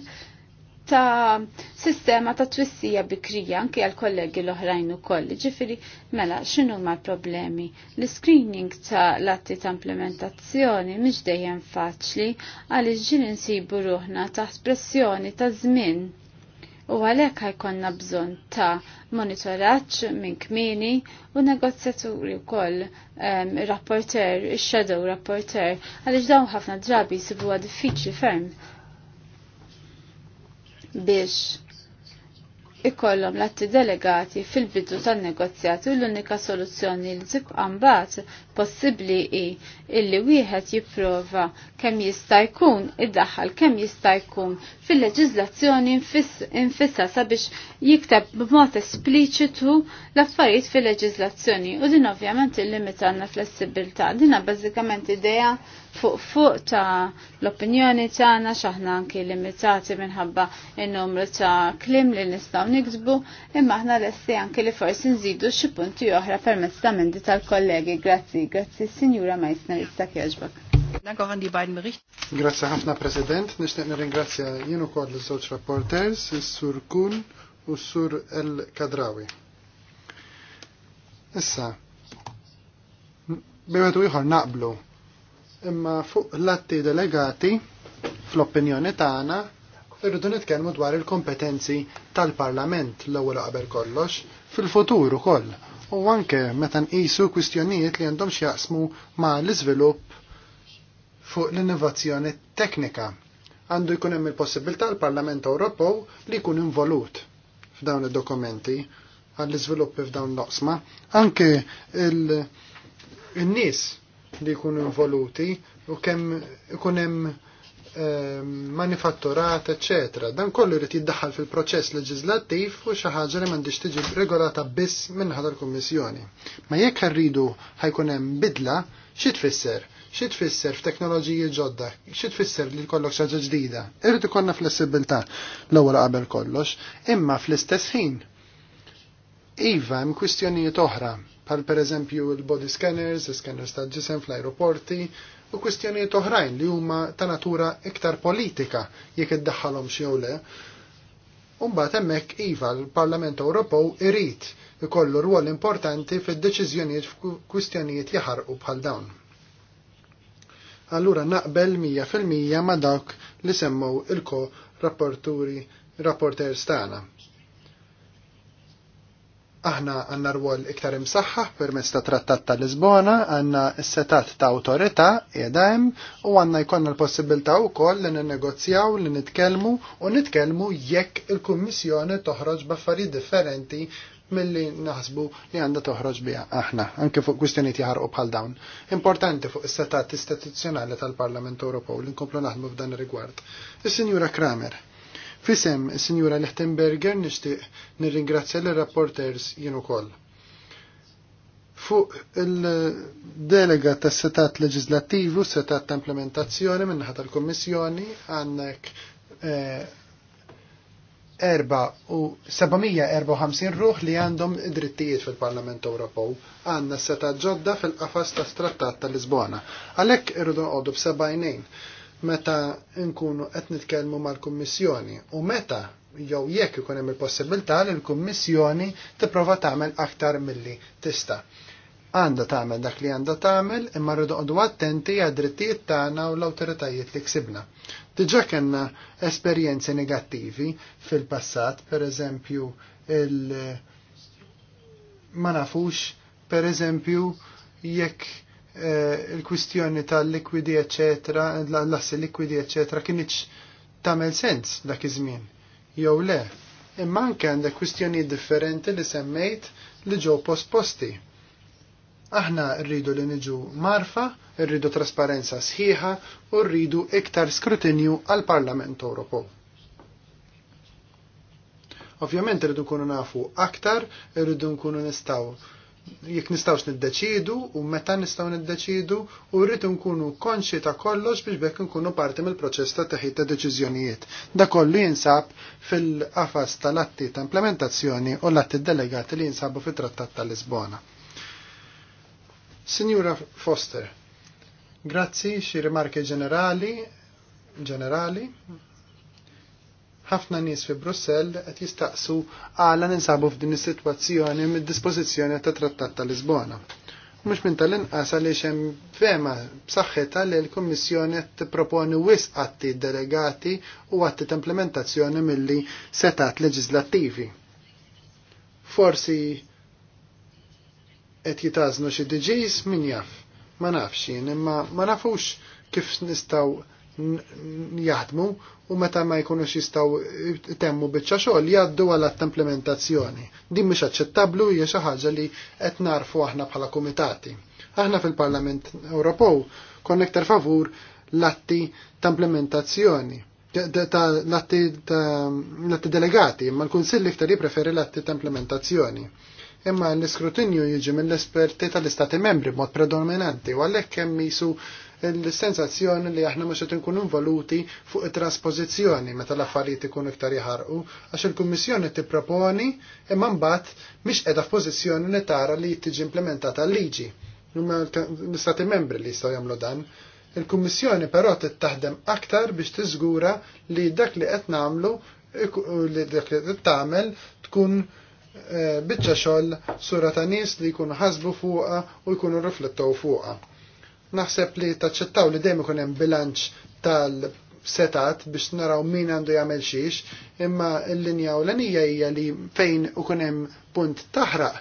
ta' sistema ta' twissija bikrija anke għal kollegi l-oħrajn u kolli. Ġifiri, mela, xinu ma' problemi? L-screening ta' latti ta' implementazzjoni mhix dejjem faċli għaliex iġġin insibu ruħna ta' espressjoni ta' żmien. U għalhekk ħajkonna bżonn ta' monitoraġġ minn kmini u negozjaturi wkoll um, rapporter, ix-shadow rapporter, għaliex dawn ħafna drabi għad diffiċli ferm biex ikollhom l-atti delegati fil-bidu tan-negozjati u l-unika soluzzjoni li tibqa' għambat possibbli hi illi wieħed jipprova kemm jista' jkun iddaħħal kemm jista' jkun fil-leġiżlazzjoni infissa sabiex jikteb b'mod espliċitu l-affarijiet fil-leġiżlazzjoni u din ovvjament il-limitanna flessibilità. Dina bażikament idea fuq fuq ta' l-opinjoni tagħna x'aħna anki limitati minħabba n-numru ta' klim li nistgħu niksbu imma aħna l-essi anke li forsi nżidu xi punti oħra permezz ta' mendi tal-kollegi. Grazzi, grazzi Sinjura Meissner istak jaġbak. Danke għandi bajn Grazzi ħafna President, nixtieq nirringrazzja jien ukoll iż-żewġ rapporters, is-Sur Kun u s-Sur El Kadrawi. Issa, bimetu ieħor naqblu imma fuq l-atti delegati fl-opinjoni tagħna irridu nitkellmu dwar il-kompetenzi tal-Parlament l-ewwel qabel kollox fil-futur ukoll u anke meta nqisu kwistjonijiet li għandhom x'jaqsmu ma' l-iżvilupp fuq l-innovazzjoni teknika. Għandu jkun hemm il-possibilità l-Parlament Ewropew li jkun involut f'dawn id-dokumenti għall-iżvilupp f'dawn l-oqsma. Anke il-nies li jkunu involuti u kemm ikun hemm Ehm, manifatturat, ecc. Dan kollu jrid jiddaħħal fil-proċess leġislattiv u xi ħaġa li m'għandix tiġi regolata biss minn tal-Kummissjoni. Ma jekk rridu ħajkun hemm bidla, xi tfisser? Xi tfisser f'teknoloġiji ġodda? Xi tfisser li jkollok xi ġdida? Irid ikollna flessibilità l-ewwel qabel kollox, imma fl-istess ħin. Iva hemm kwistjonijiet oħra, bħal pereżempju l-body scanners, scanners tal-ġisem fl-ajruporti, u kwistjonijiet oħrajn li huma ta' natura iktar politika jekk iddaħħalhom jew le. Umbagħad hemmhekk iva l-Parlament Ewropew irid ikollu rwol importanti fid-deċiżjonijiet f'kwistjonijiet jaħarqu bħal dawn. Allura naqbel 100% ma' dawk li semmew il-ko rapporturi rapporter stana. Aħna għanna rwol iktar imsaħħa permezz ta' trattat ta' Lisbona, għanna s-setat ta' autorita jedajem u għanna jkonna l-possibilta' u koll li n-negozjaw, li nitkelmu u nitkelmu jekk il-Kummissjoni toħroġ baffari differenti mill-li naħsbu li għanda toħroġ bija aħna, anke fuq kwistjoniet u bħal dawn. Importanti fuq is-setat istituzzjonali tal-Parlament Ewropew li nkomplu naħdmu f'dan ir-rigward. Is-Sinjura Kramer. Fisem, Sinjura Lechtenberger, nixtieq nirringrazzja l rapporters jien ukoll. Fuq il-delega tas setat leġislattivu, setat ta' implementazzjoni minnaħat tal-Kommissjoni għandek eh, 754 ruħ li għandhom drittijiet fil-Parlament Ewropew għandna seta ġodda fil-qafas ta' trattat ta' Lisbona. Għalhekk irridu għodu b'sebajnejn meta nkunu qed nitkellmu mal-Kummissjoni u meta jew jekk ikun hemm il-possibilità li l-Kummissjoni tipprova tagħmel aktar milli tista'. Għandha tagħmel dak li għandha tagħmel imma rridu qogħdu attenti għad drittijiet tagħna u l-awtoritajiet li ksibna. Diġà kellna esperjenzi negattivi fil-passat, pereżempju il ma nafux pereżempju jekk Eh, il-kwistjoni tal-likwidi, eccetera, l-assi likwidi, eccetera, kienieċ tamel sens dak iż-żmien. Jew le, imma anke għandek kwistjoni differenti li semmejt li ġew postposti. Aħna rridu li niġu marfa, rridu trasparenza sħiħa u rridu iktar skrutinju għal Parlament Ewropew. Ovvjament rridu nkunu nafu aktar, rridu nkunu nistaw jekk nistawx niddeċidu u meta nistaw niddeċidu u rritu nkunu konxi ta' kollox biex bekk nkunu parti mill-proċess ta' teħid ta' deċiżjonijiet. Da kollu jinsab fil-qafas tal-atti ta' implementazzjoni u l-atti delegati li jinsabu fit-Trattat ta' Lisbona. Signora Foster, grazzi xi rimarki ġenerali ġenerali ħafna nies fi Brussell qed jistaqsu għala ninsabu f'din is-sitwazzjoni mid-dispożizzjoni ta' Trattat ta' Lisbona. Mhux minn tal-inqas għaliex hemm fema b'saħħitha li l-Kummissjoni qed tipproponi wisq atti delegati u atti ta' implementazzjoni milli setat leġislattivi. Forsi qed jitażnu xi diġis min jaf, ma nafx jien, imma ma nafux kif nistgħu jaħdmu u meta ma jkunux jistgħu temmu biċċa xogħol jgħaddu għal implementazzjoni. Din mhix aċċettablu hija xi ħaġa li qed narfu aħna bħala kumitati. Aħna fil-Parlament Ewropew konna iktar favur l-atti ta' implementazzjoni l-atti delegati, imma l-Kunsill iktar jipreferi l-atti ta' implementazzjoni imma l-iskrutinju jiġi mill-esperti tal-istati membri mod predominanti, u għalhekk hemm jisu il-sensazzjoni li aħna mhux qed inkunu involuti fuq it-traspożizzjoni meta l-affarijiet ikunu iktar jħarqu għax il-Kummissjoni tipproponi imma mbagħad mhix qiegħda f'pożizzjoni li tara li tiġi implementata l-liġi. L-Istati membri li jistgħu jagħmlu dan. Il-Kummissjoni però tittaħdem aktar biex tiżgura li dak li qed nagħmlu li dak li qed tagħmel tkun eh, biċċa xoll sura ta' nis li jkunu ħasbu fuqa u jkunu riflettaw fuqa. Naħseb li taċċettaw li dejjem ikun hemm bilanċ tal-setat biex naraw min għandu jagħmel xiex, imma l-linja u l-anija hija li fejn ikun hemm punt taħraq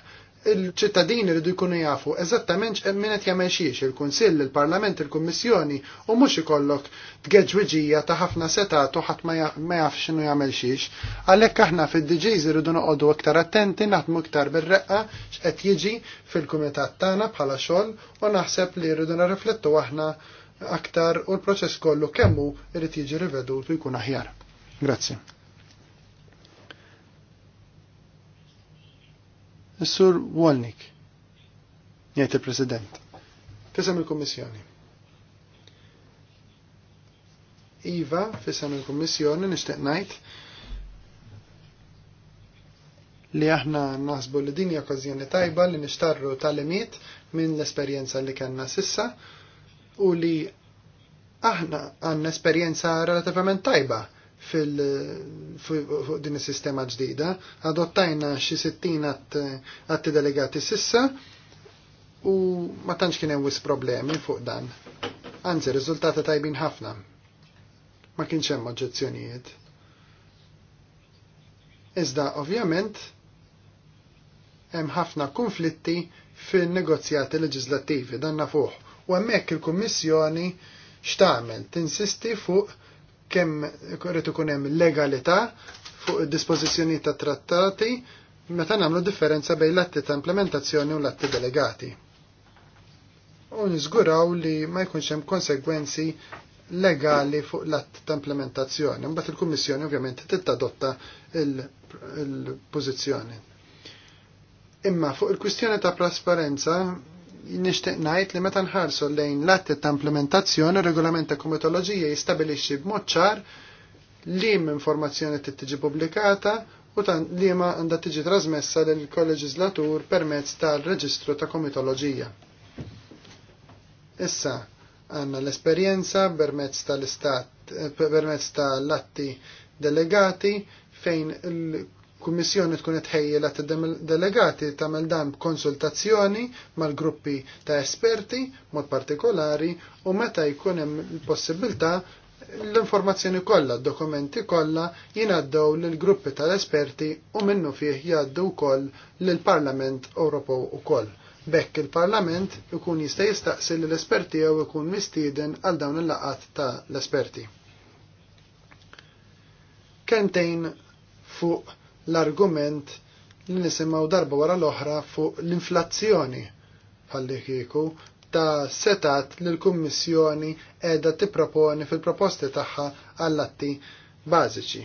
il-ċittadini rridu jkunu jafu eżattament min qed xiex il-Kunsill, il-Parlament, il-Kummissjoni u mhux ikollok tgeġwiġija ta' ħafna setat u ħadd ma jaf xinu jamel xiex. Għalhekk aħna fid-DJs ridu noqogħdu aktar attenti naħdmu iktar bir-reqqa x'qed jiġi fil-kumitat tagħna bħala xogħol u naħseb li rridu nirriflettu aħna aktar u l-proċess kollu kemmu irid jiġi rivedu u jkun aħjar. Grazzi. Is-sur Wolnik, jgħid il-President, fisem il-Kommissjoni. Iva, fissem il-Kommissjoni, nixtieq ngħid li aħna naħsbu li din hija okkażjoni tajba li nixtarru tal-imiet minn l-esperjenza li kellna sissa u li aħna għandna esperjenza relativament tajba fuq din is-sistema ġdida. Adottajna xi sittin għatti delegati sissa u ma tantx kien hemm wis problemi fuq dan. Anzi, riżultati tajbin ħafna. Ma kienx hemm oġġezzjonijiet. Iżda ovvjament hemm ħafna konflitti fin-negozjati leġislattivi dan nafuh. U hemmhekk il-Kummissjoni x'tagħmel tinsisti fuq kemm rrid ikun hemm legalità fuq id-dispożizzjoni ta' trattati meta nagħmlu differenza bejn l-atti ta' implementazzjoni u l-atti delegati. U niżguraw li ma jkunx hemm konsegwenzi legali fuq l-att ta' implementazzjoni. Mbagħad il-Kummissjoni ovvjament tittadotta il-pożizzjoni. Imma fuq il-kwistjoni ta' trasparenza nixtieq ngħid li meta nħarsu lejn l-atti ta' implementazzjoni regolament ta' komitoloġija jistabilixxi b'mod ċar lim informazzjoni trid tiġi pubblikata u tan liema għandha tiġi trasmessa lill kolleġislatur permezz tal-reġistru ta' komitoloġija. Issa għandna l-esperjenza permezz tal-istat eh, permezz tal-atti delegati fejn il kummissjoni tkun qed ħejjela delegati tagħmel dan konsultazzjoni mal-gruppi ta' esperti mod partikolari u meta jkun hemm il-possibilità l-informazzjoni kollha, d-dokumenti kollha jingħaddew lill gruppi tal-esperti u minnu fih jgħaddu wkoll lill-Parlament Ewropew ukoll. Bekk il-Parlament ikun jista' jistaqsi lill esperti jew ikun mistieden għal dawn il-laqat tal esperti Kentejn fuq l-argument li nisimaw darba wara l-oħra fuq l-inflazzjoni bħalli kieku ta' setat li l-Kummissjoni edha tipproponi fil-proposti tagħha għall-atti bażiċi.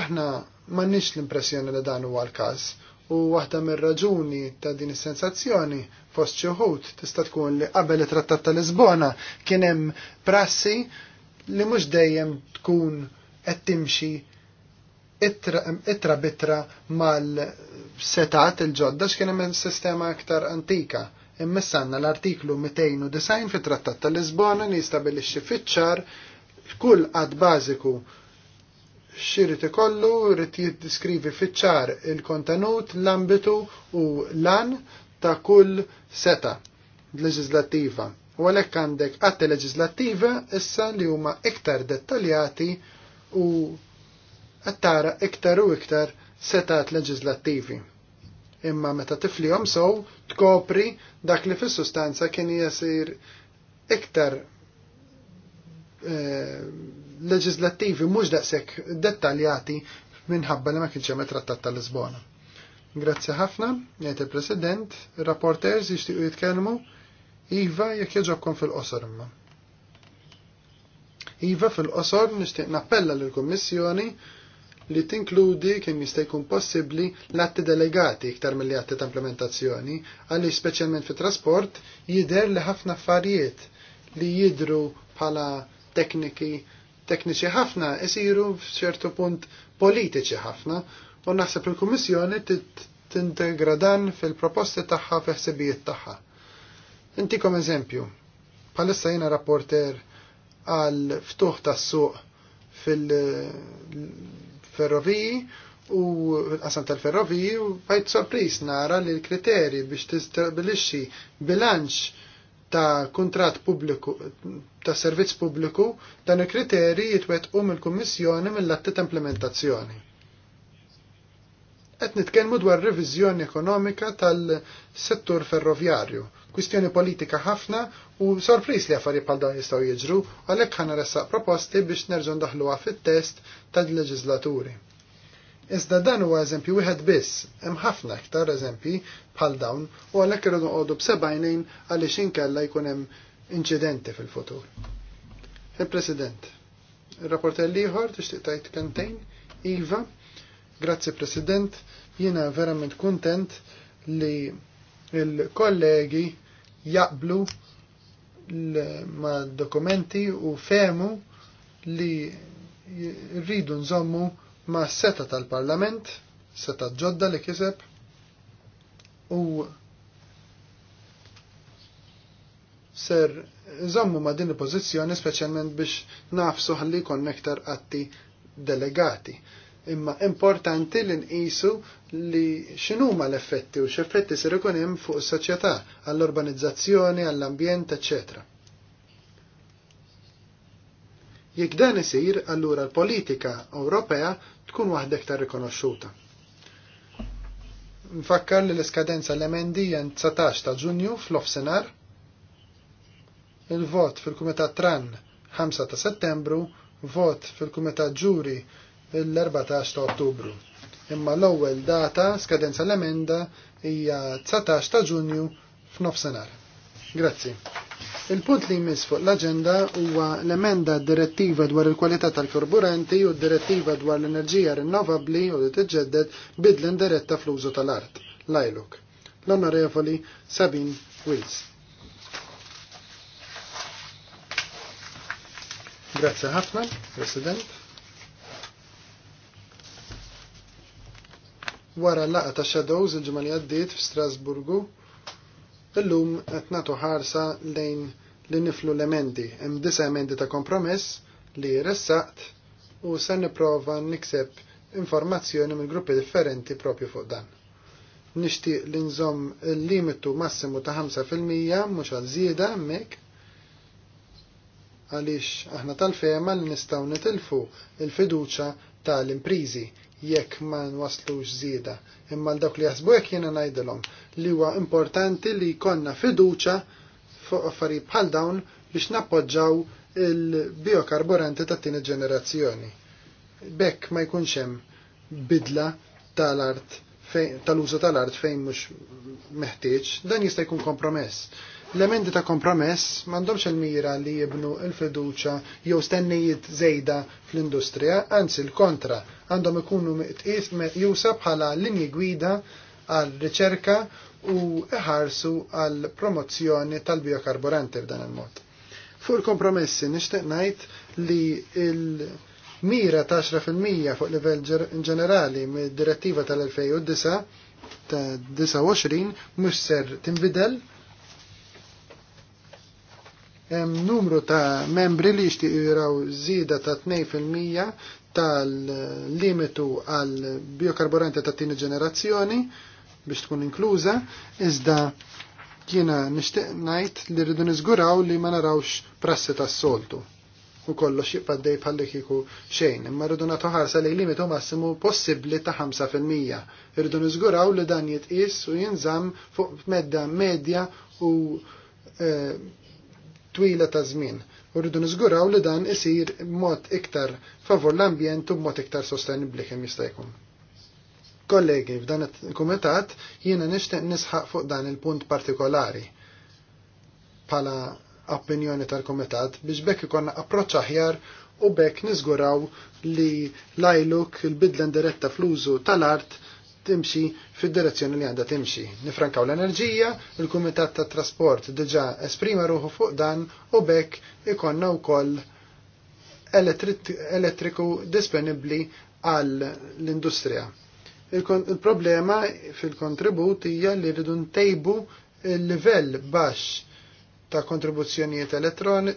Aħna m'għandniex l-impressjoni li dan huwa l-każ u waħda mir-raġuni ta' din is-sensazzjoni fost xi wħud tista' tkun li qabel it-Trattat ta' Lisbona kien hemm prassi li mhux dejjem tkun qed timxi itra bitra mal-setat il-ġodda x'kien hemm sistema aktar antika. Immissanna l-artiklu 290 fit-Trattat tal-Lisbona li jistabilixxi fiċ-ċar kull qatt bażiku xirrit ikollu, rrit jiddiskrivi fiċ-ċar il-kontenut, l-ambitu u l-an ta' kull seta leġislattiva. U għalhekk għandek atti leġislattiva issa li huma iktar dettaljati u għattara tara iktar u iktar setat leġislattivi. Imma meta tiflihom sow tkopri dak li fis-sustanza kien jasir iktar eh, leġislattivi mhux daqshekk dettaljati minħabba li ma kienx hemm trattat tal-Lisbona. Grazzi ħafna, jgħid il-President, rapporters jixtiequ jitkellmu, Iva jekk jogħġobkom fil-qosor imma. Iva fil-qosor nixtieq nappella lill-Kummissjoni li tinkludi kemm jista' jkun possibbli l-atti delegati iktar mill atti ta' implementazzjoni, għaliex speċjalment fi trasport jidher li ħafna affarijiet li jidru bħala tekniki tekniċi ħafna isiru f'ċertu punt politiċi ħafna u naħseb il-Kummissjoni tintegra dan fil-proposti tagħha f'ħsibijiet tagħha. Intikom eżempju, bħalissa jiena rapporter għal ftuħ tas-suq fil ferroviji u qasam tal-ferroviji u bajt sorpris nara li l-kriteri biex tistabilixxi bilanċ ta' kontrat pubbliku ta' servizz pubbliku dan il-kriteri u mill-Kummissjoni mill-atti ta' implementazzjoni. Qed nitkellmu dwar revizjoni ekonomika tal-settur ferroviarju kwistjoni politika ħafna u sorpris li affarijiet bħal dawn jistgħu jiġru għalhekk ħana ressaq proposti biex nerġgħu ndaħluha fit-test tal-leġislaturi. Iżda dan huwa eżempju wieħed biss, hemm ħafna iktar eżempji bħal dawn u għalhekk irridu nqogħdu b'sebgħinejn għaliex inkella jkun hemm inċidenti fil-futur. Il-President, il-rapporter liħor tixtieq tajt kantejn, Iva, grazzi President, jiena verament kuntent li il-kollegi jaqblu ma dokumenti u femu li rridu nżommu ma seta tal-parlament, seta ġodda li kiseb u ser nżommu ma din il-pozizjoni specialment biex nafsu ħalli konnektar atti delegati imma importanti li nqisu li x'inhuma l-effetti u x'effetti ser ikun hemm fuq is-soċjetà, għall-urbanizzazzjoni, għall-ambjent, ecc. Jekk dan isir, allura l-politika Ewropea tkun waħdek ta' rikonoxxuta. Nfakkar li l-iskadenza l jen 19 ta' Ġunju fl-Ofsenar, il-vot fil-Kumitat Tran 5 ta' Settembru, vot fil kumetat Ġuri l-14 ta' Ottubru. Imma l-ewwel data skadenza l-emenda hija 19 ta' Ġunju f'nofsinhar. Grazzi. Il-punt li jmiss fuq l-agenda huwa l-emenda direttiva dwar il-kwalità tal-karburanti u d-direttiva dwar l-enerġija rinnovabbli u li tiġġedded bidlen diretta fl-użu tal-art, l-ajluk. L-Onorevoli Sabin Wills. Grazie ħafna, President. Wara l-laqa ta' Shadows il-ġimgħa li għaddiet f'Strasburgu, illum qed nagħtu ħarsa lejn li niflu l-emendi. Hemm disa emendi ta' kompromess li ressaqt u se nipprova nikseb informazzjoni minn gruppi differenti propju fuq dan. Nixtieq li nżomm il-limitu massimu ta' 5% mhux għal żieda hemmhekk għaliex aħna tal-fema li nistgħu nitilfu il-fiduċa tal-imprizi jekk ma nwaslux żieda. Imma l dawk li jaħsbu hekk jiena ngħidilhom li huwa importanti li jkollna fiduċa fuq affarijiet bħal dawn biex nappoġġaw il-biokarburanti ta' tieni ġenerazzjoni. Bekk ma jkunx hemm bidla tal-art tal-użu tal-art fejn mhux meħtieġ, dan jista' jkun kompromess L-emendi ta' kompromess m'għandhomx il-mira li jibnu il-fiduċa jew stennijiet żejda fl-industrija, anzi l-kontra, għandhom ikunu jusa bħala linji gwida għal riċerka u iħarsu għal promozzjoni tal-biokarburanti f'dan il-mod. Fuq il-kompromessi nixtieq ngħid li il- mira ta' 10% fuq livell ġenerali mid-direttiva tal-2009 ta' 29 mhux ser tinbidel Hemm numru ta' membri li jixtieq jiraw żieda ta' 2% tal-limitu għal biokarburanti ta' tieni ġenerazzjoni biex tkun inkluża, iżda kiena nixtieq ngħid li rridu niżguraw li ma narawx prassi tas-soltu u kollox jibqaddej bħalli kieku xejn, imma rridu nagħtu ħarsa li limitu massimu possibbli ta' 5%. Irridu niżguraw li dan jitqies u jinżamm fuq medda medja u eh, twila ta' żmien u rridu niżguraw li dan isir b'mod iktar favor l-ambjent u b'mod iktar sostenibbli kemm jista' jkun. Kollegi, f'dan il-kumitat jiena nixtieq nisħaq fuq dan il-punt partikolari pala opinjoni tal-kumitat biex bekk ikonna approċċ aħjar u bekk niżguraw li lajluk il-bidlen diretta fl-użu tal-art timxi fid-direzzjoni li għandha timxi. Nifrankaw l-enerġija, il-Kumitat tat Trasport diġà esprima ruħu fuq dan u bekk ikonna wkoll elettriku disponibbli għal l-industrija. Il-problema fil-kontribut hija li rridu ntejbu il-livell baxx ta' kontribuzzjonijiet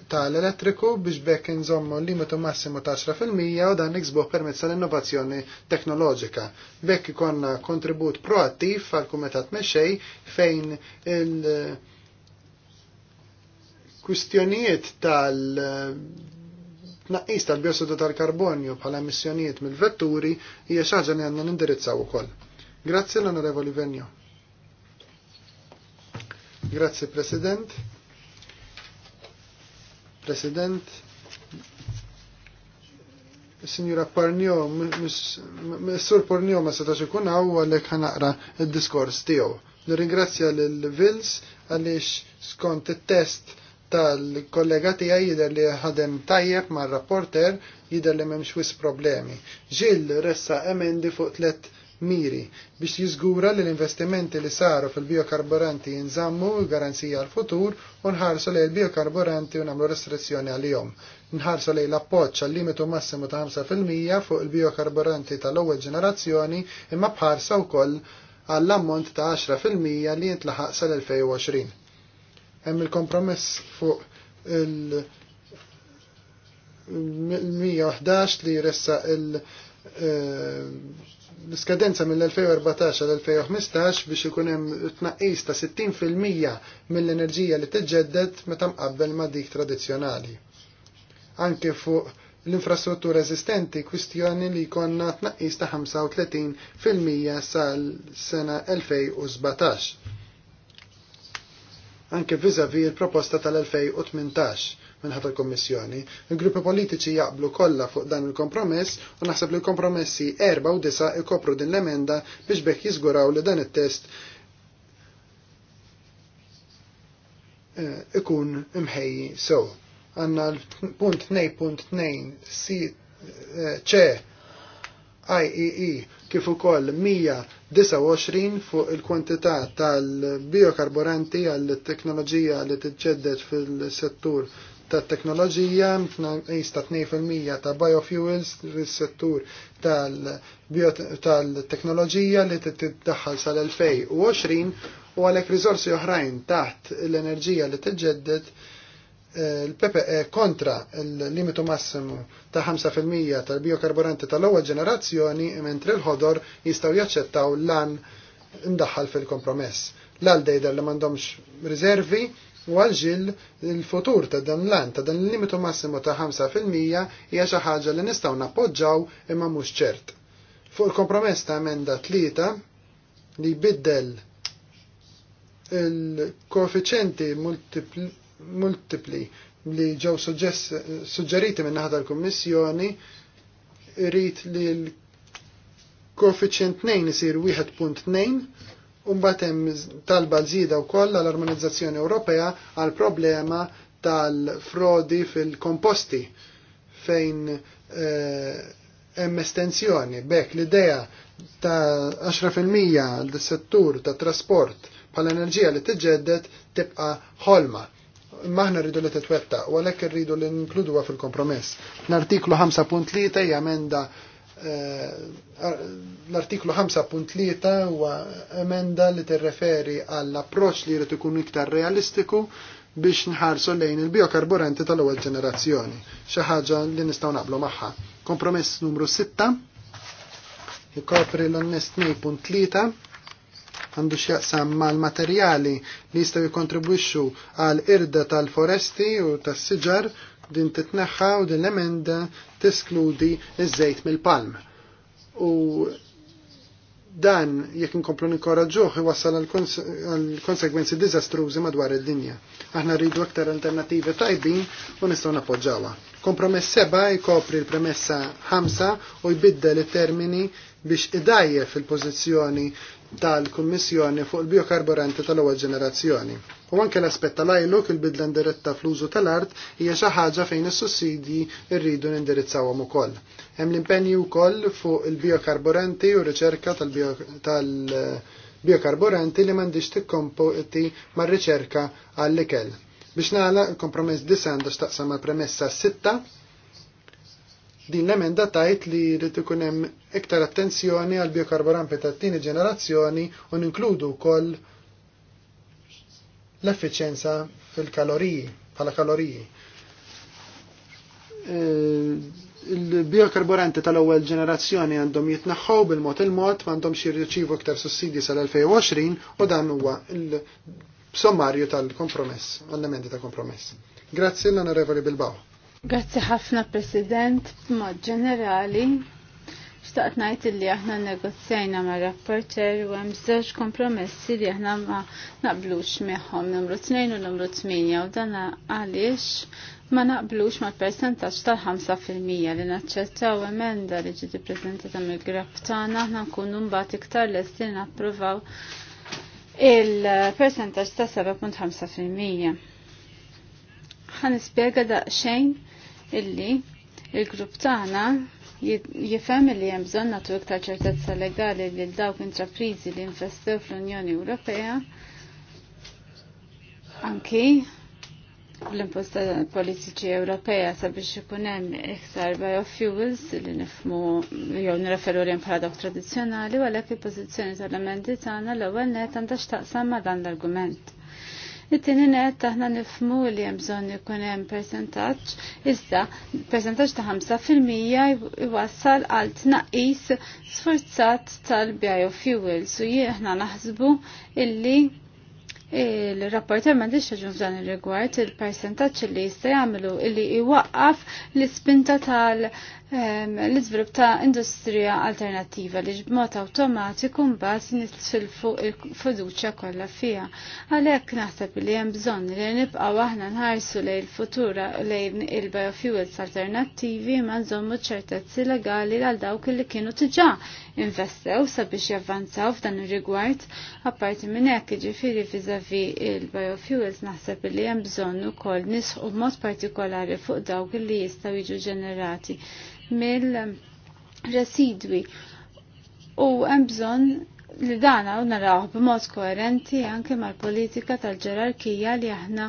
tal-elettriku biex bekk nżommu limitu massimu ta' 10% u dan iksbuħ permezz tal-innovazzjoni teknoloġika. Bekk ikonna kontribut proattiv għal kumetat mexej fejn il- kwistjonijiet tal- tnaqqis tal-biossidu tal-karbonju bħala emissjonijiet mill-vetturi hija xi ħaġa li għandna nindirizzaw ukoll. Grazzi l-Onorevoli Venjo. Grazzi President. President. Signora Parnio, Messur Parnio ma setax ikun għaw għalek ħanaqra il-diskors tiegħu. Nirringrazzja l-Vils għaliex skont il-test tal-kollega tiegħi jidher li ħadem tajjeb mar-rapporter jidher li m'hemmx wis problemi. Ġil ressa emendi fuq tliet miri biex jiżgura li l-investimenti li saru fil-biokarburanti jinżammu garanzija għal futur u nħarsu li l biokarburanti u nagħmlu restrizzjoni għalihom. Nħarsu li l-appoġġ għal limitu massimu ta' 5% fuq il-biokarburanti tal-ewwel ġenerazzjoni imma bħarsa wkoll għall-ammont ta' 10% li jintlaħaq sal-2020. Hemm il-kompromess fuq il- 111 li jressa il- eh, l-skadenza mill-2014 l-2015 biex ikun hemm tnaqqis ta' 60% mill-enerġija li tiġġedded meta mqabbel ma' dik tradizzjonali. Anke fuq l-infrastruttura eżistenti kwistjoni li jkollna tnaqqis ta' 35% sal-sena 2017. Anke viżavi l-proposta tal-2018 minħat il-Kommissjoni. Il-gruppi politiċi jaqblu kollha fuq dan il-kompromess u naħseb li l-kompromessi erba' u disa ikopru din l-emenda biex bekk jiżguraw li dan it-test eh, ikun imħejji so. Għanna l-punt 2.2 C eh, IEE e, kif ukoll 129 fuq il-kwantità tal-biokarburanti għall teknoloġija li tiġġedded fil-settur ta' teknoloġija tnaqis ta' 2% ta' biofuels fis-settur tal-teknoloġija li t-tiddaħal sal-2020 u għalhekk rizorsi oħrajn taħt l-enerġija li t-ġeddet eh, l-PPE kontra l-limitu massimu ta' 5% tal-biokarburanti tal-ewwel ġenerazzjoni mentri l-ħodor jistgħu jaċċettaw lan ndaħħal fil-kompromess. L-għaldejder li m'għandhomx riservi U għalġil il-futur ta' dan l-an ta' dan il-limitu massimo ta' 5% hija xi ħaġa li nistgħu nappoġġaw imma mhux ċert. Fuq il-kompromess ta' emenda tlieta li biddel il-koeffiċenti multipli li ġew suġġeriti minn naħa tal-Kummissjoni rrit li l-koeffiċjent 2 isir 1.2 Umbat hemm talba u wkoll għall armonizzazzjoni Ewropea għal problema tal-frodi fil-komposti fejn eh, hemm estensjoni. Bekk l-idea ta' 10% l settur ta' trasport l enerġija li t-ġeddet tibqa' ħolma maħna rridu li t-twetta, u għalek rridu li nkluduwa fil-kompromess. L-artiklu 5.3 jamenda Eh, l-artiklu 5.3 huwa emenda li tirreferi għall-approċċ li jrid ikun iktar realistiku biex nħarsu lejn il-biokarburanti tal-ewwel ġenerazzjoni. Xi ħaġa li nistgħu naqblu magħha. Kompromess numru 6 Jikopri l onest 2.3 għandu x'jaqsam mal-materjali li jistgħu jikkontribwixxu għal irda tal-foresti u tas-siġar din titneħħa u din l-emenda tiskludi iż-żejt mill-palm. U dan jekk inkomplu ninkoraġġuh iwassal għal konsegwenzi diżastrużi madwar id-dinja. Aħna rridu aktar alternativi tajbin u nistgħu nappoġġawha. Kompromess seba jkopri l-premessa ħamsa u jbiddel it-termini biex idajje fil-pożizzjoni tal-Kummissjoni fuq il-biokarburanti tal-ewwel ġenerazzjoni. U anke l-aspett tal-ajluk il-bidla indiretta fl-użu tal-art hija xi ħaġa fejn is-sussidji rridu nindirizzawhom ukoll. Hemm l-impenji wkoll fuq il-biokarburanti u riċerka tal-biokarburanti li m'għandix tikkompoti mar-riċerka għall-ikel. Biex nagħlaq il-kompromess disandu taqsam mal-premessa sitta Din l-emenda tajt li rrid ikun hemm iktar attenzjoni għal biokarburanti ta' tieni ġenerazzjoni u ninkludu wkoll l-effiċenza fil-kaloriji, bħala kaloriji. E, il-biokarburanti tal-ewwel ġenerazzjoni għandhom jitnaħħu bil-mod il-mod m'għandhomx jirċivu iktar sussidji sal-2020 u dan huwa l-sommarju tal-kompromess, għall-emendi ta' kompromess. Grazzi l-Onorevoli Bilbao. Grazzi ħafna President, b'mod ġenerali, xtaqt najt li aħna negozzajna ma' rapporter u hemm żewġ kompromessi li aħna ma naqblux miegħhom numru 2 u numru 8 u dana għaliex ma naqblux ma' percentax tal-5% li naċċettaw emenda li ġiet ippreżentata mill grab tagħna aħna nkunu mbagħad iktar lesti napprovaw il percentax ta' 7.5%. Ħanispjega daqsxejn illi il-grupp tagħna jifhem li hemm bżonn nagħtu iktar ċertezza legali lil dawk intraprizi li investew fl-Unjoni Ewropea anki l-imposta politiċi Ewropea sabiex ikun hemm iktar biofuels li nifmu jew nireferu li bħala dawk tradizzjonali u għalhekk il-pożizzjoni tal-emendi tagħna l-ewwel net għandha x'taqsam ma' dan l-argument. It-tieni net aħna nifmu li hemm bżonn ikun hemm percentaġġ, iżda percentaġġ ta' 5% iwassal għal tnaqqis sforzat tal-biofuels u jieħna naħsbu illi Il-rapporter ma diċa ġunżan il-rigward il-percentaċ li jista' jagħmlu li iwaqqaf l-ispinta tal- l-izvilup ta' industrija alternativa li ġbmot awtomatiku mbaħt nitilfu il-fiduċja kollha fiha. Għalhekk naħseb li hemm bżonn li nibqgħu aħna nħarsu lejn il-futura lejn il-biofuels alternattivi ma nżommu ċertezzi legali għal dawk li kienu diġà investew sabiex javvanzaw f'dan ir-rigward. Apparti minn hekk jiġifieri viżavi il-biofuels naħseb li hemm bżonn ukoll nisħu mod partikolari fuq dawk li jistgħu jiġu ġenerati mill-residwi. U hemm bżonn li dana u naraw b'mod koerenti anke mal-politika tal-ġerarkija li aħna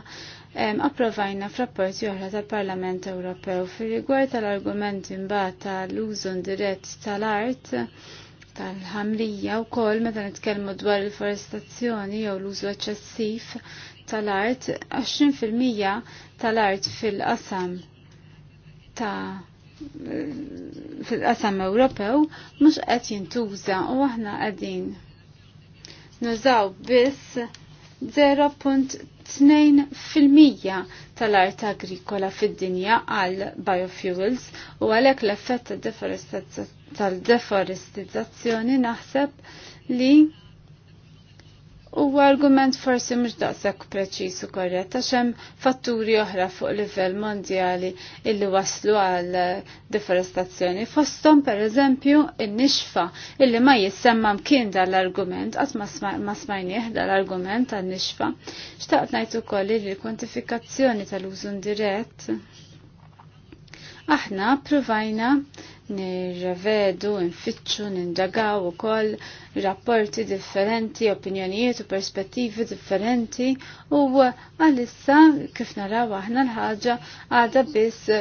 approvajna f'rapporti oħra tal-Parlament Ewropew fil rigward tal-argument imbagħad tal-użu indirett tal-art tal-ħamrija u kol meta nitkellmu dwar il-forestazzjoni jew l-użu eċċessiv tal-art 20% tal-art fil-qasam ta' fil-qasam Ewropew mhux qed jintuża u aħna qegħdin nużaw biss 0.2% tal-art agrikola fid-dinja għal biofuels u għalhekk l-effett tal-deforestizzazzjoni naħseb li U argument forsi mhux daqshekk preċiż u korrett hemm fatturi oħra fuq livell mondjali illi waslu għal eh, deforestazzjoni. Fosthom pereżempju in-nixfa illi ma jissemmam kien dal-argument qatt ma smajnieh dal-argument għal nixfa Xtaqt ngħid ukoll li l-kwantifikazzjoni tal-użu dirett. aħna provajna nirrevedu, nfittxu, nindagaw u koll rapporti differenti, opinjonijiet u perspettivi differenti u għalissa kif naraw aħna l-ħagġa għada biss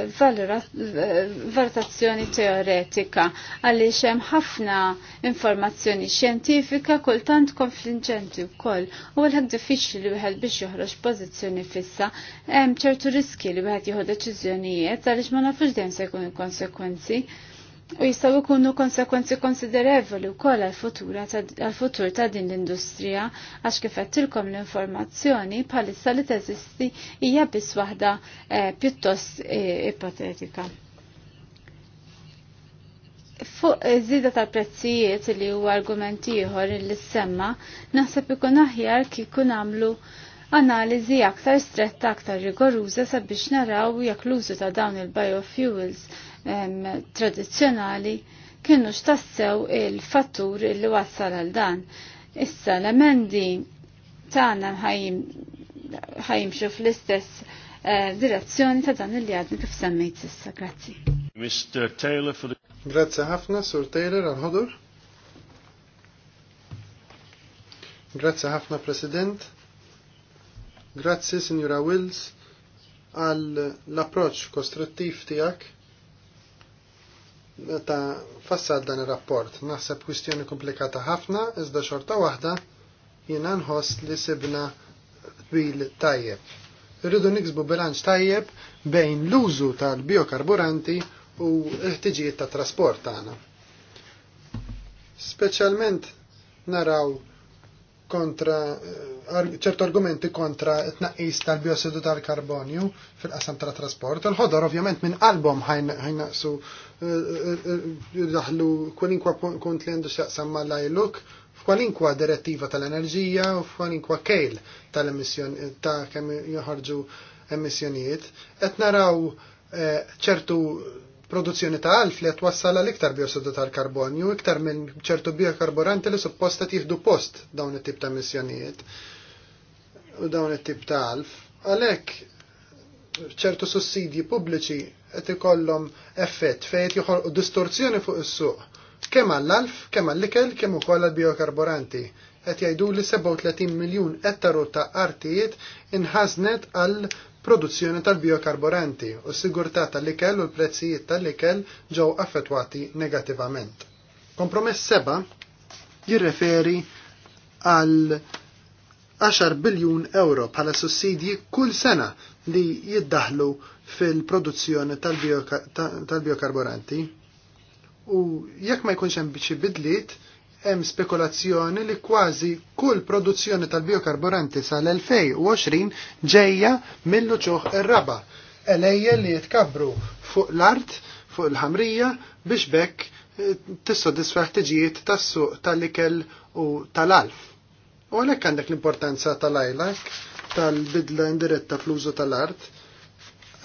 valutazzjoni teoretika għalli xem ħafna informazzjoni xjentifika kultant konfliġenti u koll u għalħak diffiċli li wieħed biex joħroġ pożizzjoni fissa hemm ċertu riski li wieħed jieħu deċiżjonijiet għaliex ma nafux dejjem se jkun il-konsekwenzi u jistaw ikunu konsekwenzi konsiderevoli u koll għal-futur ta' din l-industrija għax tilkom l-informazzjoni bħalissa li teżisti hija biss waħda eh, pjuttost eh, ipotetika. Fuq eh, iż-żieda tal-prezzijiet li huwa argument ieħor li semma, naħseb ikun aħjar kieku għamlu analiżi aktar stretta aktar rigoruża sabiex naraw jekk l-użu ta' dawn il-biofuels tradizzjonali kienu xtassew il-fattur li wassal għal dan. Issa l-emendi tagħna ħajimxu fl-istess eh, direzzjoni ta' dan il-li għadni kif semmejt issa. Grazzi. Mr. Taylor for the... Grazzi ħafna, Sur Taylor, għal-ħodur. Grazzi ħafna, President. Grazzi, Signora Wills, għall l-approċ kostruttiv tijak meta fassal dan ir-rapport. Naħseb kwistjoni komplikata ħafna, iżda xorta waħda jiena nħoss li sibna twil tajjeb. Irridu niksbu bilanċ tajjeb bejn l-użu tal-biokarburanti u l-ħtiġijiet ta' trasport tagħna. Speċjalment naraw kontra eh, ċertu argumenti kontra t-naqis tal biosidu tal-karbonju fil-qasam tal trasport. Il-ħodor ovvjament minn qalbhom ħajnaqsu eh, eh, daħlu kwalinkwa kont li għandu xaqsam ma lajluk f'kwalinkwa direttiva tal-enerġija u f'kwalinkwa kejl tal-emissjoni ta' kemm joħarġu emissjonijiet. Qed naraw ċertu produzzjoni ta' għalf li għatwassal għal iktar biossidu tal-karbonju, iktar minn ċertu biokarburanti li supposta tiħdu post dawn it-tip ta' missjonijiet u dawn it-tip ta' għalf. Għalek ċertu sussidji pubbliċi qed ikollhom effett fejn joħolqu distorzjoni fuq is-suq. Kemm għall-alf, kemm għall-ikel, kemm ukoll għall-biokarburanti. Qed jgħidu li 37 miljun ettaru ta' artijiet inħaznet għal produzzjoni tal-biokarburanti u s-sigurtà tal-ikel u l-prezzijiet tal-ikel ġew affettwati negativament. Kompromess seba jirreferi għal 10 biljun euro bħala sussidji kull sena li jiddaħlu fil-produzzjoni tal-biokarburanti. -bio, u jekk ma jkunx hemm bidliet, hemm spekulazzjoni li kważi kull produzzjoni tal-biokarburanti sal-2020 ġejja mill-luċuħ ir-raba, elejja li jitkabru fuq l-art, fuq il-ħamrija biex bekk eh, tissodisfa ħtiġijiet tas-suq tal-ikel u tal-alf. U għalhekk għandek l-importanza tal-ajlak tal-bidla indiretta fl-użu tal-art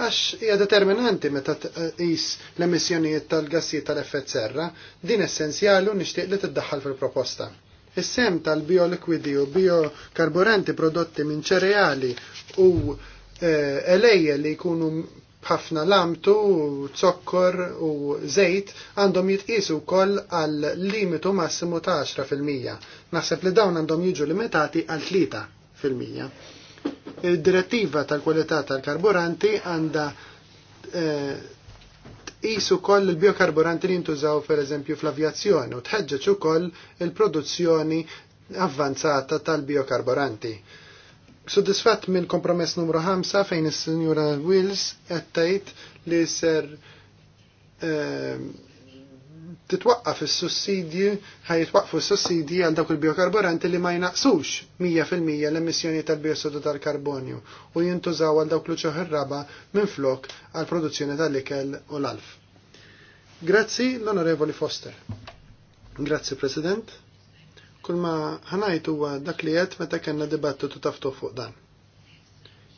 għax hija determinanti meta tqis l-emissjonijiet tal-gassijiet tal-effett serra, din essenzjali u nixtieq li tiddaħħal fil-proposta. Is-sem tal-bioliquidi u biokarburanti prodotti minn ċereali u eh, elejje li jkunu b'ħafna lamtu, zokkor u żejt għandhom jitqisu wkoll għal limitu massimu ta' 10%. fil-mija. Naħseb li dawn għandhom jiġu limitati għal 3%. Il-direttiva tal-kwalità tal-karburanti għandha eh, tqis koll il-biokarburanti li jintużaw eżempju fl-avjazzjoni u tħeġġeġ ukoll il-produzzjoni avvanzata tal-biokarburanti. Sudisfatt minn kompromess numru 5 fejn is-Sinjura Wills qed tgħid li ser eh, titwaqqaf is-sussidji ħaj jitwaqqfu s-sussidji għal dawk il-biokarburanti li ma jnaqsux 100% l-emissjoni tal-biossidu tal-karbonju u jintużaw għal dawk l raba minn flok għal produzzjoni tal-ikel u l-alf. Grazzi l-Onorevoli Foster. Grazzi President. Kull ma ħanajt huwa dak li qed meta kellna dibattitu taftu fuq dan.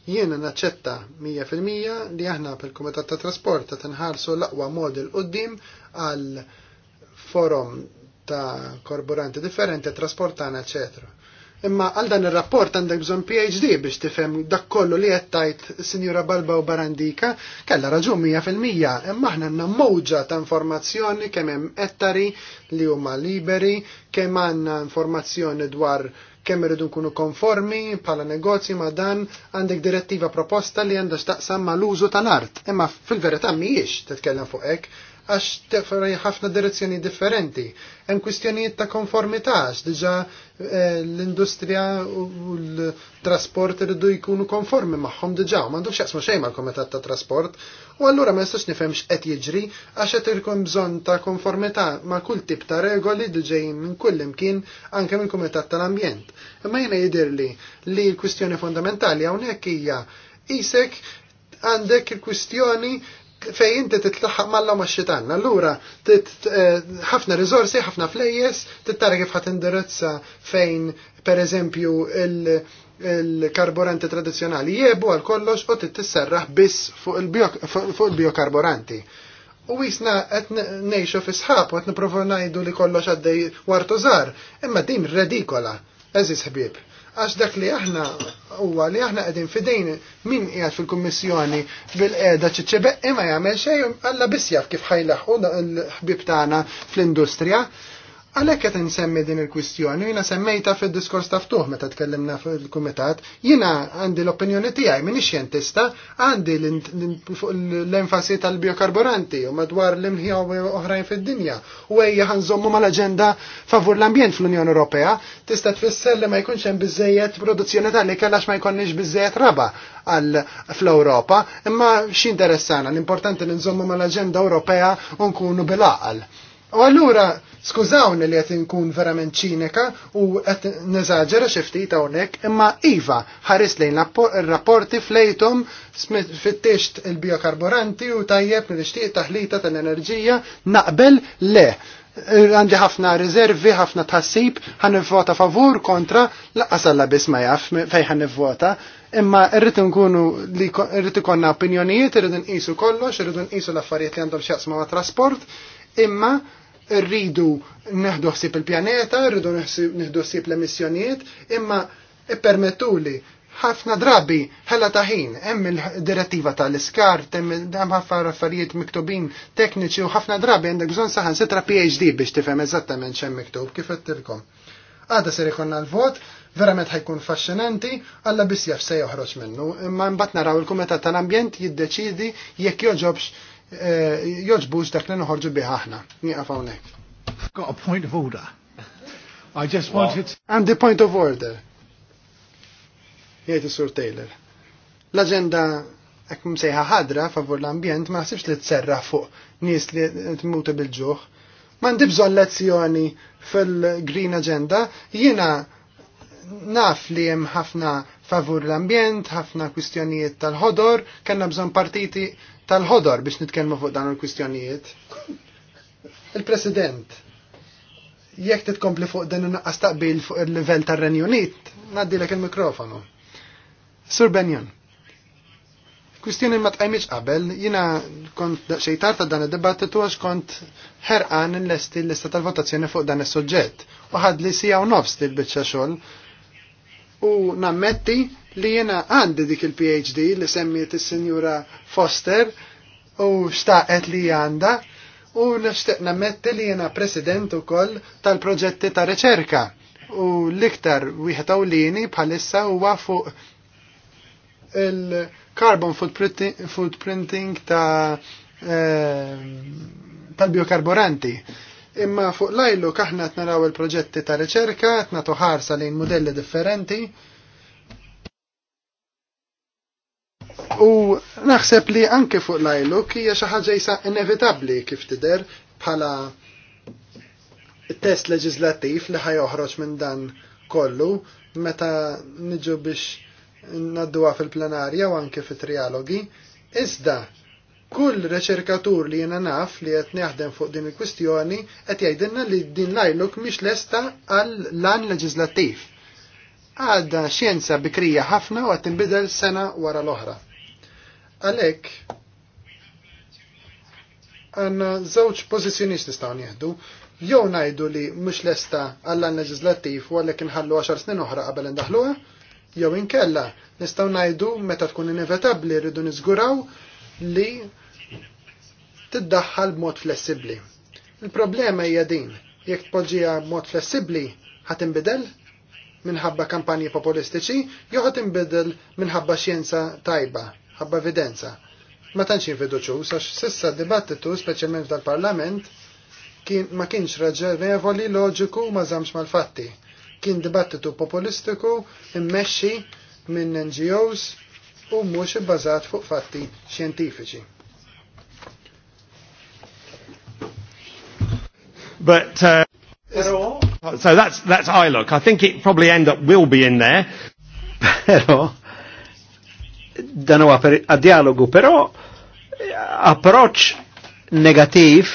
Jiena naċċetta 100% li aħna per kumitat ta' Trasport ta' tinħarsu l-aqwa model qoddim għal forum ta' korburanti differenti, trasportana, eccetera. Imma għal dan il-rapport għandek bżon PhD biex tifhem dak kollu li qed tajt Sinjura Balba u Barandika, kellha raġun 100%, fil-mija, imma aħna għandna mowġa ta' informazzjoni kemm hemm ettari li huma liberi, kemm għandna informazzjoni dwar kemm irridu nkunu konformi bħala negozji ma' dan għandek direttiva proposta li għandha x'taqsam mal użu tal-art. Imma fil-verità mhijiex titkellem fuq hekk, għax tefra ħafna direzzjoni differenti. Hemm kwistjonijiet ta' konformità diġa eh, l-industrija u l-trasport irridu jkunu konformi magħhom diġà u m'għandux jaqsmu xejn mal-Komitat ta' Trasport u allura ma jistax nifhem x'qed jiġri għax qed irkun bżonn ta' konformità ma' kull tip ta' regoli diġejjin minn kull imkien anke minn Kumitat tal-Ambjent. Imma jiena jidhirli li l-kwistjoni fondamentali hawnhekk hija isek għandek il-kwistjoni fej inti titlaħħaq malla ma xitan Allura, eh, ħafna rizorsi, ħafna flejjes, tittara kif ħat indirizza fejn, per eżempju, il-karburanti tradizjonali jiebu għal kollox u tittisserraħ biss fuq il-biokarburanti. U jisna għet neħxu fisħab u għet niprofu najdu li kollox għaddej wartu imma din redikola, eżis ħbib għax dak li aħna huwa li aħna qegħdin fidejn min qiegħed fil-kummissjoni bil-qiegħda ċiċċebeq imma jagħmel xejn alla biss jaf kif ħajlaħ l-ħbib tagħna fl-industrija Għalhekk qed insemmi din il-kwistjoni, jiena semmejta fid-diskors taftuħ meta tkellimna fil-kumitat, jiena għandi l-opinjoni tiegħi minni xientista, għandi l-enfasi tal-biokarburanti u madwar l-imħija oħrajn fid-dinja. U ejja ħanżommu mal-aġenda favur l-ambjent fl-Unjoni Ewropea, tista' tfisser li ma jkunx hemm biżejjed produzzjoni tal li għax ma jkollniex biżejjed raba għal fl-Ewropa, imma x'interessana l-importanti li nżommu mal-aġenda Ewropea u nkunu bil-aqal. U allura Skużawni li qed nkun verament ċinika u għet nezaġera xi ftit hawnhekk, imma iva ħares lejn rapporti flejtom fittext il-biokarburanti u tajjeb nil-ixtiq taħlita tal-enerġija naqbel le għandi ħafna rezervi, ħafna tħassib, ħan nivvota favur kontra, laqqas alla bisma jaf fej ħan nivvota, imma irrit nkunu li irrit ikonna opinjonijiet, irrit nqisu kollox, irrit nqisu l-affarijiet li għandhom xjaqsma ma' trasport, imma rridu neħdu il-pjaneta, rridu neħdu ħsieb l-emissjonijiet, imma ippermettuli ħafna drabi ħella taħin, hemm il-direttiva tal-iskart, hemm ħafna raffarijiet miktubin tekniċi u ħafna drabi għandek bżonn saħan sitra PhD biex tifhem eżattament x'hemm miktub kif qedtilkom. Għada ser ikonna l-vot, verament ħajkun fascinanti, alla biss jaf se joħroġ minnu, imma mbagħad naraw il-Kumitat tal-Ambjent jiddeċidi jekk joġobx Eh, joġbux dak li noħorġu bih aħna. Nieqaf hawnhekk. Got a point of order. I just wanted And the point of order. Jieti sur Taylor. l agenda hekk msejħa ħadra favur l-ambjent ma naħsibx li tserraħ fuq nies li tmuta bil-ġuħ. Ma ndibżon lezzjoni fil-Green Agenda, jiena naf li hemm ħafna favur l-ambjent, ħafna kwistjonijiet tal-ħodor, kellna bżonn partiti tal-ħodor biex nitkellmu fuq dan il-kwistjonijiet. Il-President, jekk titkompli fuq din inqas taqbil fuq il-livell tar-Renju Unit, ngħaddilek il-mikrofonu. Sur Benjon. Kwistjoni ma tqajmitx qabel, jiena kont xejtar ta' dan id-dibattitu għax kont ħerqan l-lesti l-lista tal-votazzjoni fuq dan is-suġġett u li sija u nofs il l-biċċa xogħol u nammetti li jena għandi dik il-PhD li semmiet il-Sinjura Foster u xtaqet li għanda u nishtiq nammetti li jena president u koll tal-proġetti ta' riċerka u liktar wieħed awlini bħalissa huwa fuq il-carbon footprinting ta' eh, tal-biokarburanti imma fuq lajlu kaħna qed naraw il-proġetti ta' riċerka, qed nagħtu ħarsa lejn modelli differenti. U naħseb li anke fuq lajlu hija xi ħaġa inevitabbli kif tidher bħala test leġislattiv li ħaj uħroċ minn dan kollu meta niġu biex nadduha fil-plenarja u anke fit-trialogi. Iżda Kull reċerkatur li jena naf li qed neħdem fuq din il-kwistjoni qed jgħidilna li din lajluk mish lesta għal lan leġislattiv. Għadda xjenza bikrija ħafna u għattin bidel sena wara l-oħra. Għalhekk għanna żewġ pożizzjonijiet nistgħu nieħdu jew ngħidu li mish lesta għall lan leġislattiv u għalhekk inħallu 10 snin oħra qabel indaħluha, jew inkella nistgħu ngħidu meta tkun inevitabbli rridu niżguraw li tiddaħħal b'mod flessibbli. Il-problema hija din, jekk tpoġġiha b'mod flessibbli ħadd inbidel minħabba kampanji populistiċi, jew ħadd inbidel minħabba xjenza tajba, ħabba evidenza. Ma tantx jinfiduċu, sax sissa dibattitu speċjalment tal-Parlament kien ma kienx raġevoli loġiku ma żamx mal-fatti. Kien dibattitu populistiku immexxi minn NGOs u mhux ibbażat fuq fatti xjentifiċi. But uh, so that's that's I look I think it probably end up will be in there. Pero dan per a dialogu, però eh, approċ negativ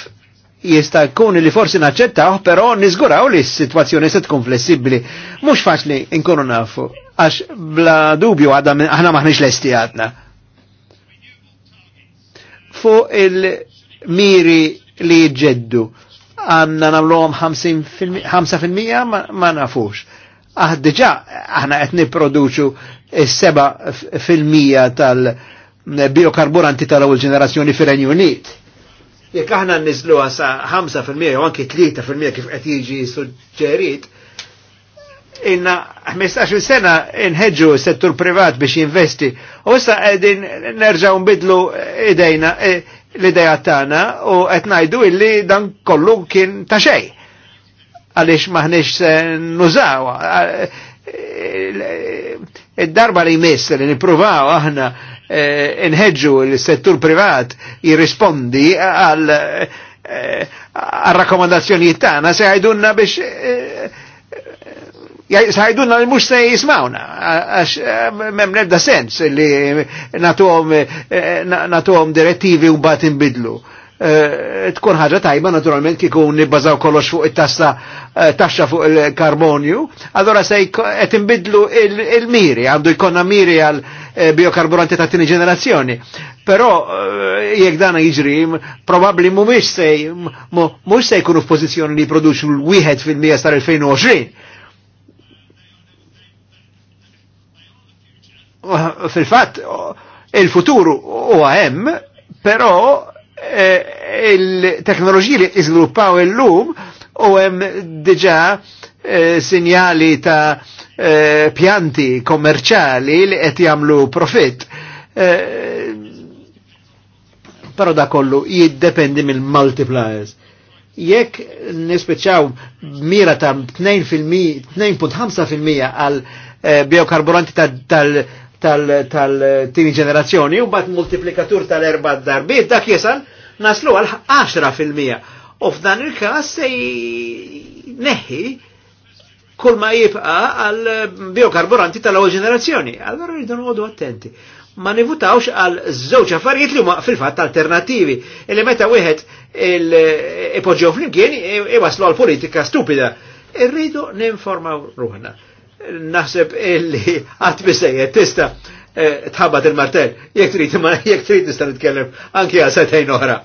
jista' jkun li forsi naċċettaw, però niżguraw li s-sitwazzjoni se tkun flessibbli. Mhux faċli nkunu nafu, għax bla dubju għadha aħna maħniex lesti għadna. Fuq il-miri li jġeddu għanna namluħom 5% ma nafux. Aħ ah, diġa, aħna qed niproduċu is-7% tal-biokarburanti eh, tal-ewwel ġenerazzjoni fil renju Unit. Jekk aħna nniżlu għasa 5% jew anki 3% kif qed jiġi suġġerit, inna 15 sena inħedġu s-settur privat biex jinvesti u issa qegħdin nerġaw nbidlu idejna eh, l-ideja tagħna u qed ngħidu illi dan kollu kien ta' xej. Għaliex maħniex nużaw. Id-darba li jmiss li nippruvaw aħna eh, nħeġġu l-settur privat jirrispondi għal eh, għal rakkomandazzjonijiet tagħna se jgħidulna biex eh, sajduna li mux se jismawna, għax eh, mem nebda sens li natuħom eh, direttivi u bat imbidlu. Eh, tkun ħagġa tajba naturalment kikun nibbazaw kollox fuq it-tassa taxxa fuq il-karbonju, għadora se qed imbidlu il-miri, għandu jkollna miri għal biokarburanti ta' tini ġenerazzjoni. Però jekk dana jiġri, probabbli mhumiex se mhux se jkunu pozizjoni li produċu l-wieħed fil-mija sar 2020 fil-fatt il-futuru u għem, però eh, il-teknoloġiji li il illum u hemm diġà eh, sinjali ta' eh, pjanti kommerċali li qed jagħmlu profitt. Però da kollu jiddependi mill-multipliers. Jekk nispeċaw mira ta' 2.5% għal biokarburanti tal-, tal tal-tini ġenerazzjoni u bat multiplikatur tal-erba darbiet dak jesan naslu għal 10%. fil-mija. U f'dan il-kas se neħi kull ma jibqa għal biokarburanti tal-ewwel ġenerazzjoni. Allora rridu nħodu attenti. Ma nivutawx għal żewġ affarijiet li huma fil-fatt alternattivi li meta wieħed ipoġġew flimkien iwaslu għal politika stupida. Irridu ninformaw ruħna naħseb illi għat bisejja tista eh, tħabat il martel jek trid ma jek trid nista' nitkellem anki għal setejn oħra.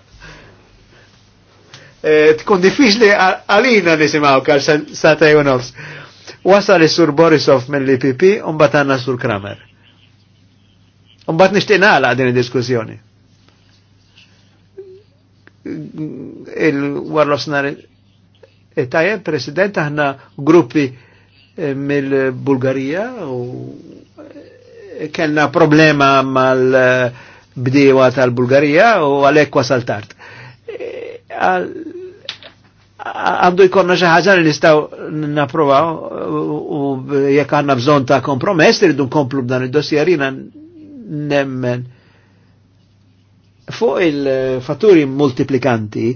Eh, tkun diffiċli għalina nisimgħu għal satej u nofs. Wasal is-sur Borisov mill-IPP u mbagħad għandna sur Kramer. U mbagħad nixtieq nagħlaq din id-diskussjoni. Il-warlos nar eh, tajjeb, President, aħna gruppi Eh, mill-Bulgarija u eh, kellna problema mal-bdiewa tal-Bulgarija u għalhekk wasal tard. Eh, għandu jkollna xi ħaġa li nistgħu napprovaw u jekk għandna bżonn ta' kompromess irridu nkomplu b'dan id-dossier nemmen fuq il-fatturi multiplikanti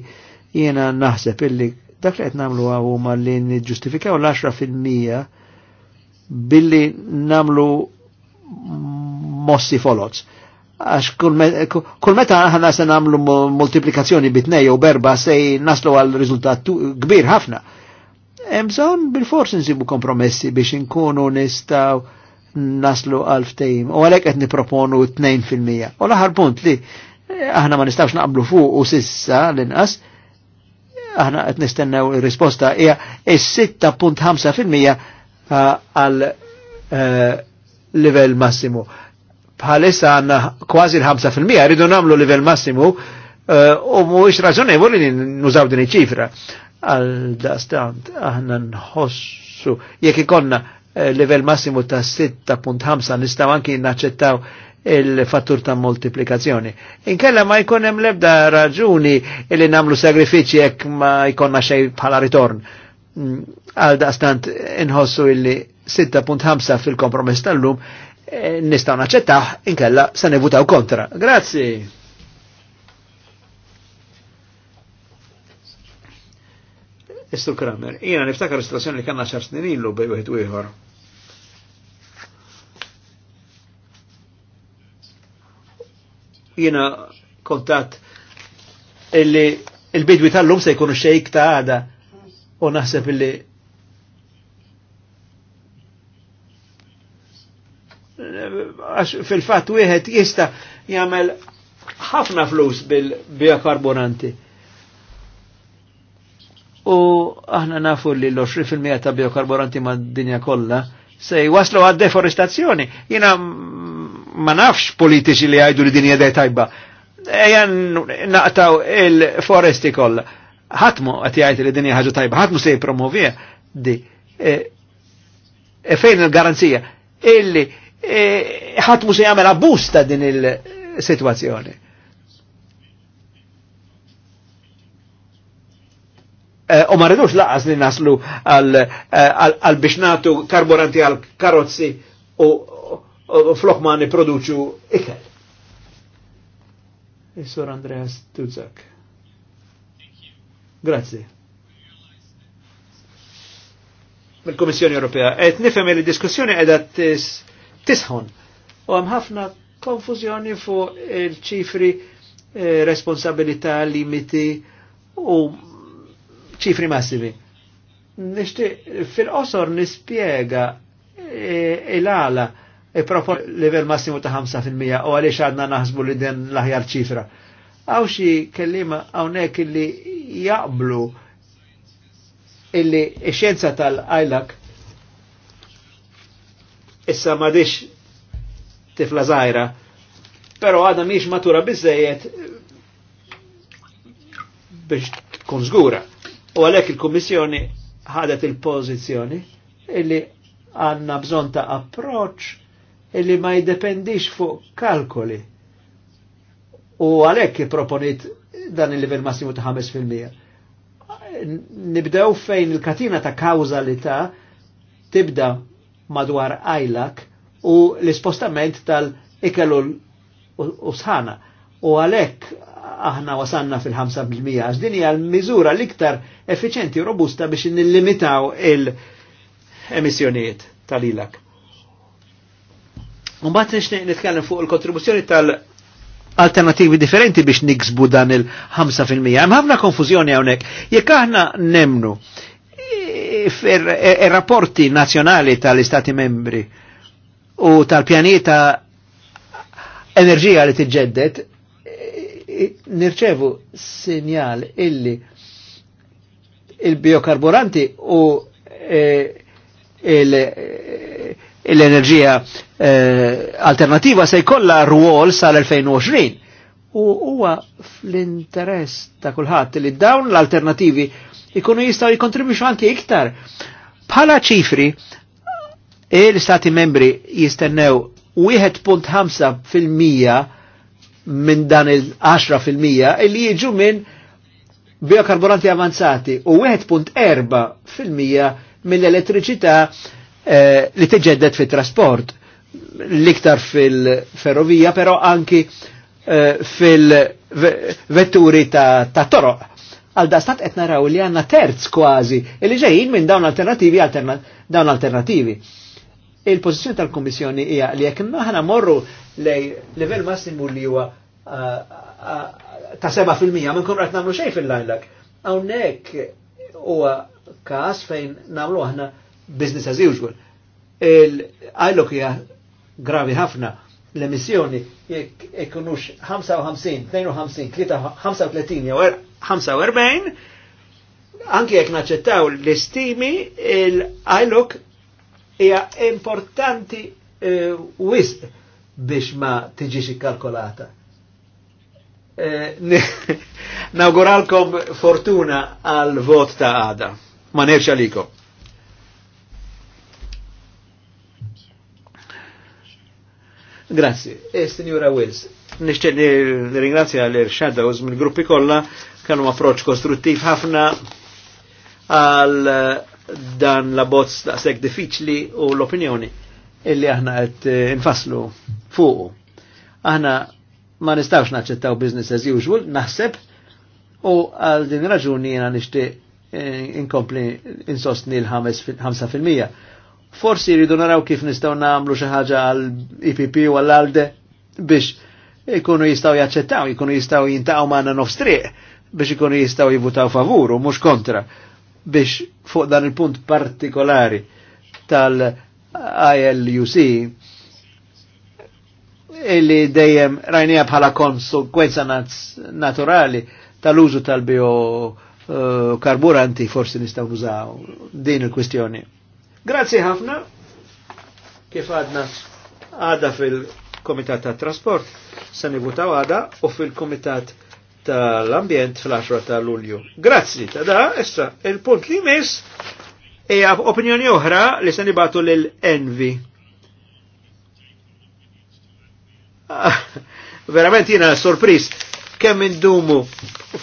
jiena naħseb illi Dak li qed nagħmlu huma li niġġustifikaw l-10 fil-mija billi namlu mossi folots. Għax kull meta aħna se namlu multiplikazzjoni bitnej u berba se naslu għal riżultat kbir ħafna. Emżon bil-fors nsibu kompromessi biex inkunu nistaw naslu għal ftejm. U għalek qed niproponu 2%. U l punt li aħna ma nistawx naqblu fuq u sissa l-inqas aħna qed nistennew risposta hija is-6.5% uh, għal uh, livell massimu. Bħalissa għandna kważi l-5% rridu nagħmlu livell massimu uh, u mhuwiex raġonevoli li nużaw din iċ-ċifra għal dastant aħna nħossu jekk ikonna livell massimu ta' 6.5 nistgħu anki naċċettaw il-fattur ta' moltiplikazzjoni. Inkella ma jkun hemm lebda raġuni li namlu sagrifiċi jekk ma jkonna xej bħala ritorn. Mm, għal daqstant inħossu illi 6.5 fil-kompromess tal-lum eh, nistaw naċċettaħ inkella se nevutaw kontra. Grazzi. Istu Kramer, jina niftakar istrazzjoni li kanna ċar snin illu bej Jina kontat illi il-bidwi tal-lum se jkunu xejk ta' għada u naħseb illi fil-fat wieħed jista jagħmel ħafna flus bil-biokarburanti. U aħna nafu li l-20% ta' biokarburanti ma' dinja kollha se jwaslu għad deforestazzjoni. Jina ma nafx politiċi li għajdu li dinja dej tajba. Ejan naqtaw il-foresti koll. ħatmu għat jgħajt li dinja ħagġa tajba, ħatmu se jipromovija di. E, e fejn il-garanzija? Illi e, ħatmu e, se jgħamil abbus ta' din il-situazzjoni. E, u ma rridux laqas li naslu għal biex natu karburanti għal karozzi u flok ma niproduċu ikel. Is-sor Andreas Tuzak. Grazie. mil komissjoni Ewropea. Et nifem li diskussjoni edha tisħon. U għam ħafna konfuzjoni fu il-ċifri eh, responsabilità, limiti u ċifri massivi. Nishti fil osor nispiega eh, il-għala E, e, Ipropon level massimo ta' 5% u għaliex għadna naħsbu li den l-aħjar ċifra. Għaw xie kellima hawnhekk illi jaqblu illi x-xjenza tal-ajlak issa madix tifla zaħira, pero għadha miex matura bizzejiet biex tkun zgura. U għalhekk il-Kummissjoni ħadet il-pożizzjoni illi għandna bżonn ta' approċċ illi ma jiddependix fuq kalkoli. U għalhekk proponit dan il-livell massimu ta' 5%. Nibdew fejn il-katina ta' kawzalità tibda madwar ajlak u l-ispostament tal-ikel u sħana. U għalek aħna wasanna fil-5% għax din hija l-miżura l-iktar effiċenti u robusta biex nillimitaw il-emissjonijiet tal-ilak. Mbagħad nixtieq nitkellem fuq il-kontribuzzjoni tal- alternativi differenti biex niksbu dan il-5%. Hemm ħafna konfużjoni hawnhekk. Jekk aħna nemnu ir-rapporti e- e- nazzjonali tal-Istati membri u tal-pjanita enerġija li tiġġeddet, nirċevu sinjal illi il-biokarburanti u e- l-enerġija eh, alternativa se jkollha rwol sal-2020. U huwa fl-interess ta' kulħadd li dawn l-alternativi ikunu jistgħu jikontribwixxu anke iktar. Bħala ċifri, e l istati membri jistennew 1.5% minn dan il-10% illi jiġu minn biokarburanti avanzati u 1.4% mill-elettriċità eh, li tiġeddet fit trasport l-iktar fil-ferrovija, però anki eh, fil-vetturi ta', ta toroq. Għal da stat qed naraw li għandna terz kważi li ġejjin minn dawn alternativi dawn alternativi. Il-pożizzjoni tal-Kummissjoni hija li jekk aħna morru lej livell massimu li huwa eh, eh, ta' 7% minn kun qed nagħmlu xejn fil-lajlak. Hawnhekk huwa każ fejn nagħmlu aħna business as usual. Il-għajlok hija gravi ħafna l-emissjoni jekk ikunux 55, 52, 35 jew 45, er- anki jekk naċċettaw l-istimi, l-ILOC hija importanti eh, wisq biex ma tiġix ikkalkolata. Uh, Nawguralkom fortuna għal vot ta' għada. Ma nerċa likom. Grazzi. E, Signora Wills, nixtieq ringrazzja l-Shadows mill-gruppi kollha kanu approċċ kostruttiv ħafna għal eh, dan la bozz daqshekk diffiċli u l-opinjoni illi aħna qed infasslu eh, fuq. Aħna ma nistawx naċċettaw business as usual, naħseb, u għal din raġuni jiena nixtieq eh, inkompli insostni l-5% forsi rridu naraw kif nistgħu namlu xi ħaġa għal IPP e u għall alde biex ikunu jistgħu jaċċettaw, ikunu jistgħu jintaqgħu magħna nofstriq biex ikunu jistgħu jivutaw favur u mhux kontra biex fuq dan il-punt partikolari tal-ILUC illi dejjem rajnija bħala konsekwenza naturali tal-użu tal-biokarburanti forsi nistaw nużaw din il-kwistjoni. Grazzi ħafna, kif għadna għada fil-Komitat ta' Trasport, se nivutaw għada u fil-Komitat tal-Ambjent fl-10 ta' Lulju. Grazzi, ta' da, issa, il-punt li mis e opinjoni oħra li se nibatu l-Envi. Ah, verament jina sorpris kemm indumu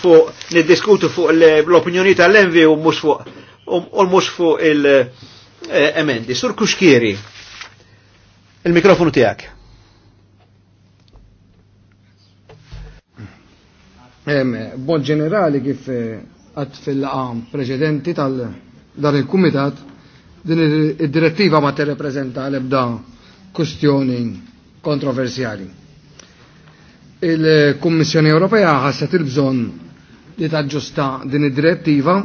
fuq niddiskutu fuq l-opinjoni tal-envi u mhux fuq u mhux fuq il- Eh, emendi. Sur Kuxkieri, il-mikrofonu tijak. Bon ġenerali kif eh, għat fil għam preċedenti tal-dar il-Kumitat, din id-direttiva ma t-reprezenta l-ebda kustjoni kontroversjali. Il-Kommissjoni Ewropea ħasset il-bżon li taġġusta din id-direttiva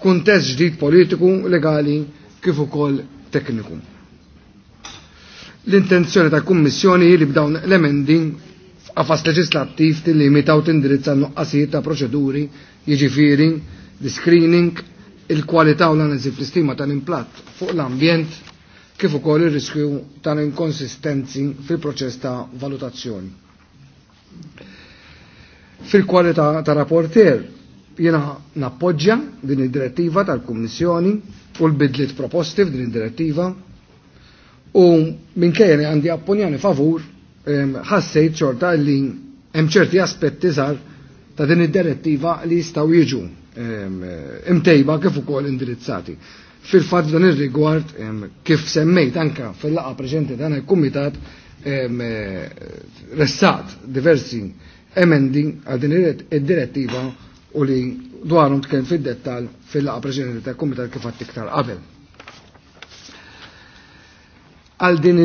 f'kuntest ġdid politiku, legali kif ukoll tekniku. L-intenzjoni ta' kummissjoni li b'dawn l-emendi f'qafas leġislattiv tillimita limitaw tindirizza nuqqasijiet ta' proċeduri jiġifieri l-screening, il-kwalità u l analizi fl-istima tal-implatt fuq l-ambjent kif ukoll ir-riskju tal-inkonsistenzi fil-proċess ta' valutazzjoni. Fil-kwalità ta' rapportier jiena nappoġġja din id-direttiva tal-Kummissjoni u l-bidlit proposti f'din id-direttiva u minkejja li għandi apponjani favur ħassejt xorta li hemm ċerti aspetti żgħar ta' din id-direttiva li jistgħu jiġu imtejba kif ukoll indirizzati. Fil-fatt dan ir-rigward kif semmejt anka fil-laqa preċenti dan il-kumitat e, ressat diversi emendi għal din id-direttiva u li dwarhom tkellem fid-dettal fil-laqa preċedenti tal-Kumitat kif għatt iktar qabel. Għal din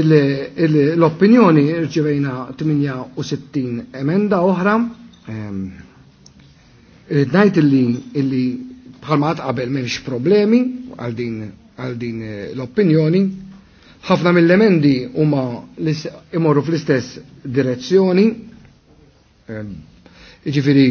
l-opinjoni rċivejna 68 emenda oħra. Ehm, Najt illi bħalmat qabel m'hemmx problemi għal din l-opinjoni. Ħafna mill-emendi huma imorru fl-istess direzzjoni. Ehm, Ġifieri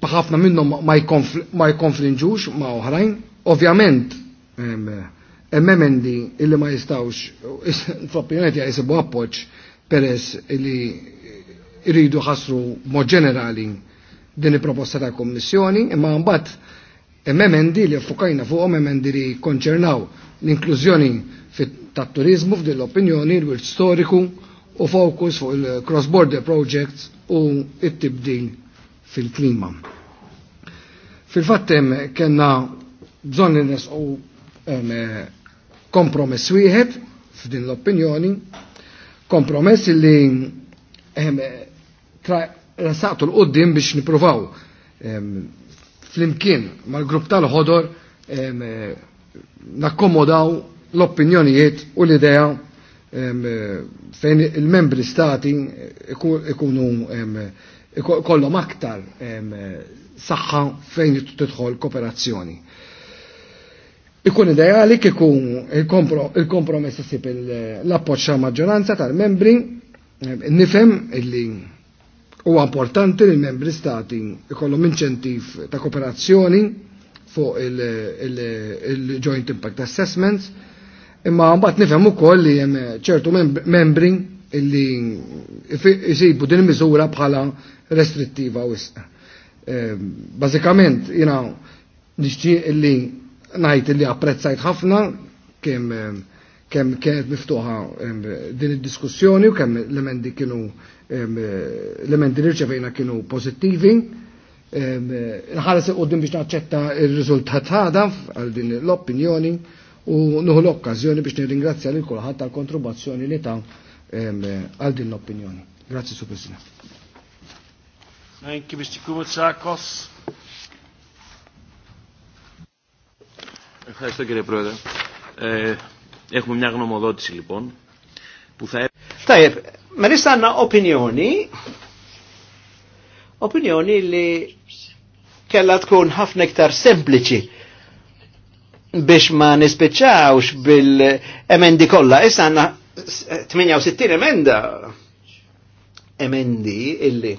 paħafna eh, minnhom ma jkonflinġux ma oħrajn. Ovvjament, eh, emmemendi illi ma jistawx, fl-opinjoni tiegħi jisibu appoġġ peress li jridu ħassru mod ġenerali din il-proposta ta' kommissjoni, imma mbagħad emendi li fukajna fuq emendi li konċernaw l-inklużjoni tat-turizmu f'din l-opinjoni, l-wirt storiku u fokus fuq il-cross-border projects u it-tibdil fil-klima. Fil-fattem kena bżon u eh, kompromess wieħed f'din l-opinjoni, kompromess li eh, rasaqtu l-qoddim biex nipruvaw fl-imkien mal-grupp tal-ħodor eh, nakkomodaw l-opinjonijiet u l-idea Eh, fejn il-membri stati ikunu eh, kollom aktar eh, saħħa fejn tidħol kooperazzjoni. Ikun ideali kikun il-kompromess isib l-appoċċa maġġoranza tal-membri nifem illi huwa importanti li l-membri stati ikollhom inċentiv ta' kooperazzjoni fuq il-Joint Impact Assessments Imma għambat nifem u koll li jem ċertu membri illi jisibu din mizura bħala restrittiva u jisqa. Ehm, Bazikament, jina nixtieq illi najt illi apprezzajt ħafna kem kemm kienet miftuħa ehm, din il diskussjoni u kem l-emendi kienu ehm, l-emendi li rċevejna kienu pożittivi. u din biex naċċetta il-rizultat ħada għal din l-opinjoni u nuhu l-okkazjoni biex nirringrazzja lil kulħadd tal kontribuzzjoni li ta' għal din l-opinjoni. Grazzi, Su President. Thank you, Mr. Kumutsakos. Ευχαριστώ κύριε Πρόεδρε. Ε, έχουμε μια γνωμοδότηση λοιπόν που θα... Τάιεπ, με ρίστε opinjoni, opinjoni li kella tkun ħafna iktar sempliċi biex ma nispiċċawx bil-emendi kollha. Issa għandna 68 emenda. Emendi illi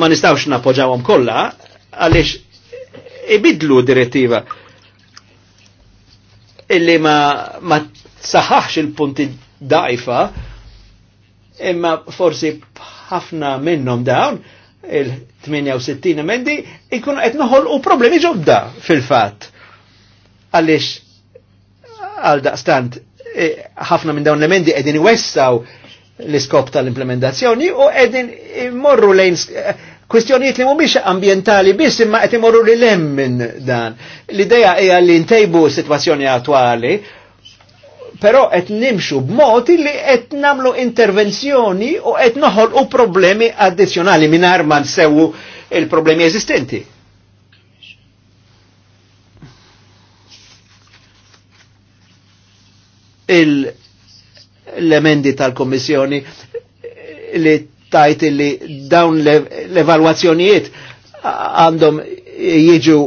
ma nistawx napoġawhom kollha għaliex ibidlu direttiva illi ma, ma saħħax il-punti dajfa imma forsi ħafna minnhom dawn 68 emendi ikunu qed noħolqu problemi ġodda fil-fatt. Għaliex għal daqstant e, ħafna minn dawn l-emendi qegħdin iwessaw l-iskop tal-implementazzjoni u qegħdin immorru lejn e, kwistjonijiet li mhumiex ambientali biss imma qed imorru li lem minn dan. L-idea hija li ntejbu s-sitwazzjoni attwali però qed nimxu b'mod li qed namlu intervenzjoni u qed u problemi addizzjonali mingħajr man sewu il-problemi eżistenti. l-emendi tal-Kommissjoni li tajt li dawn l-evalwazzjonijiet għandhom jiġu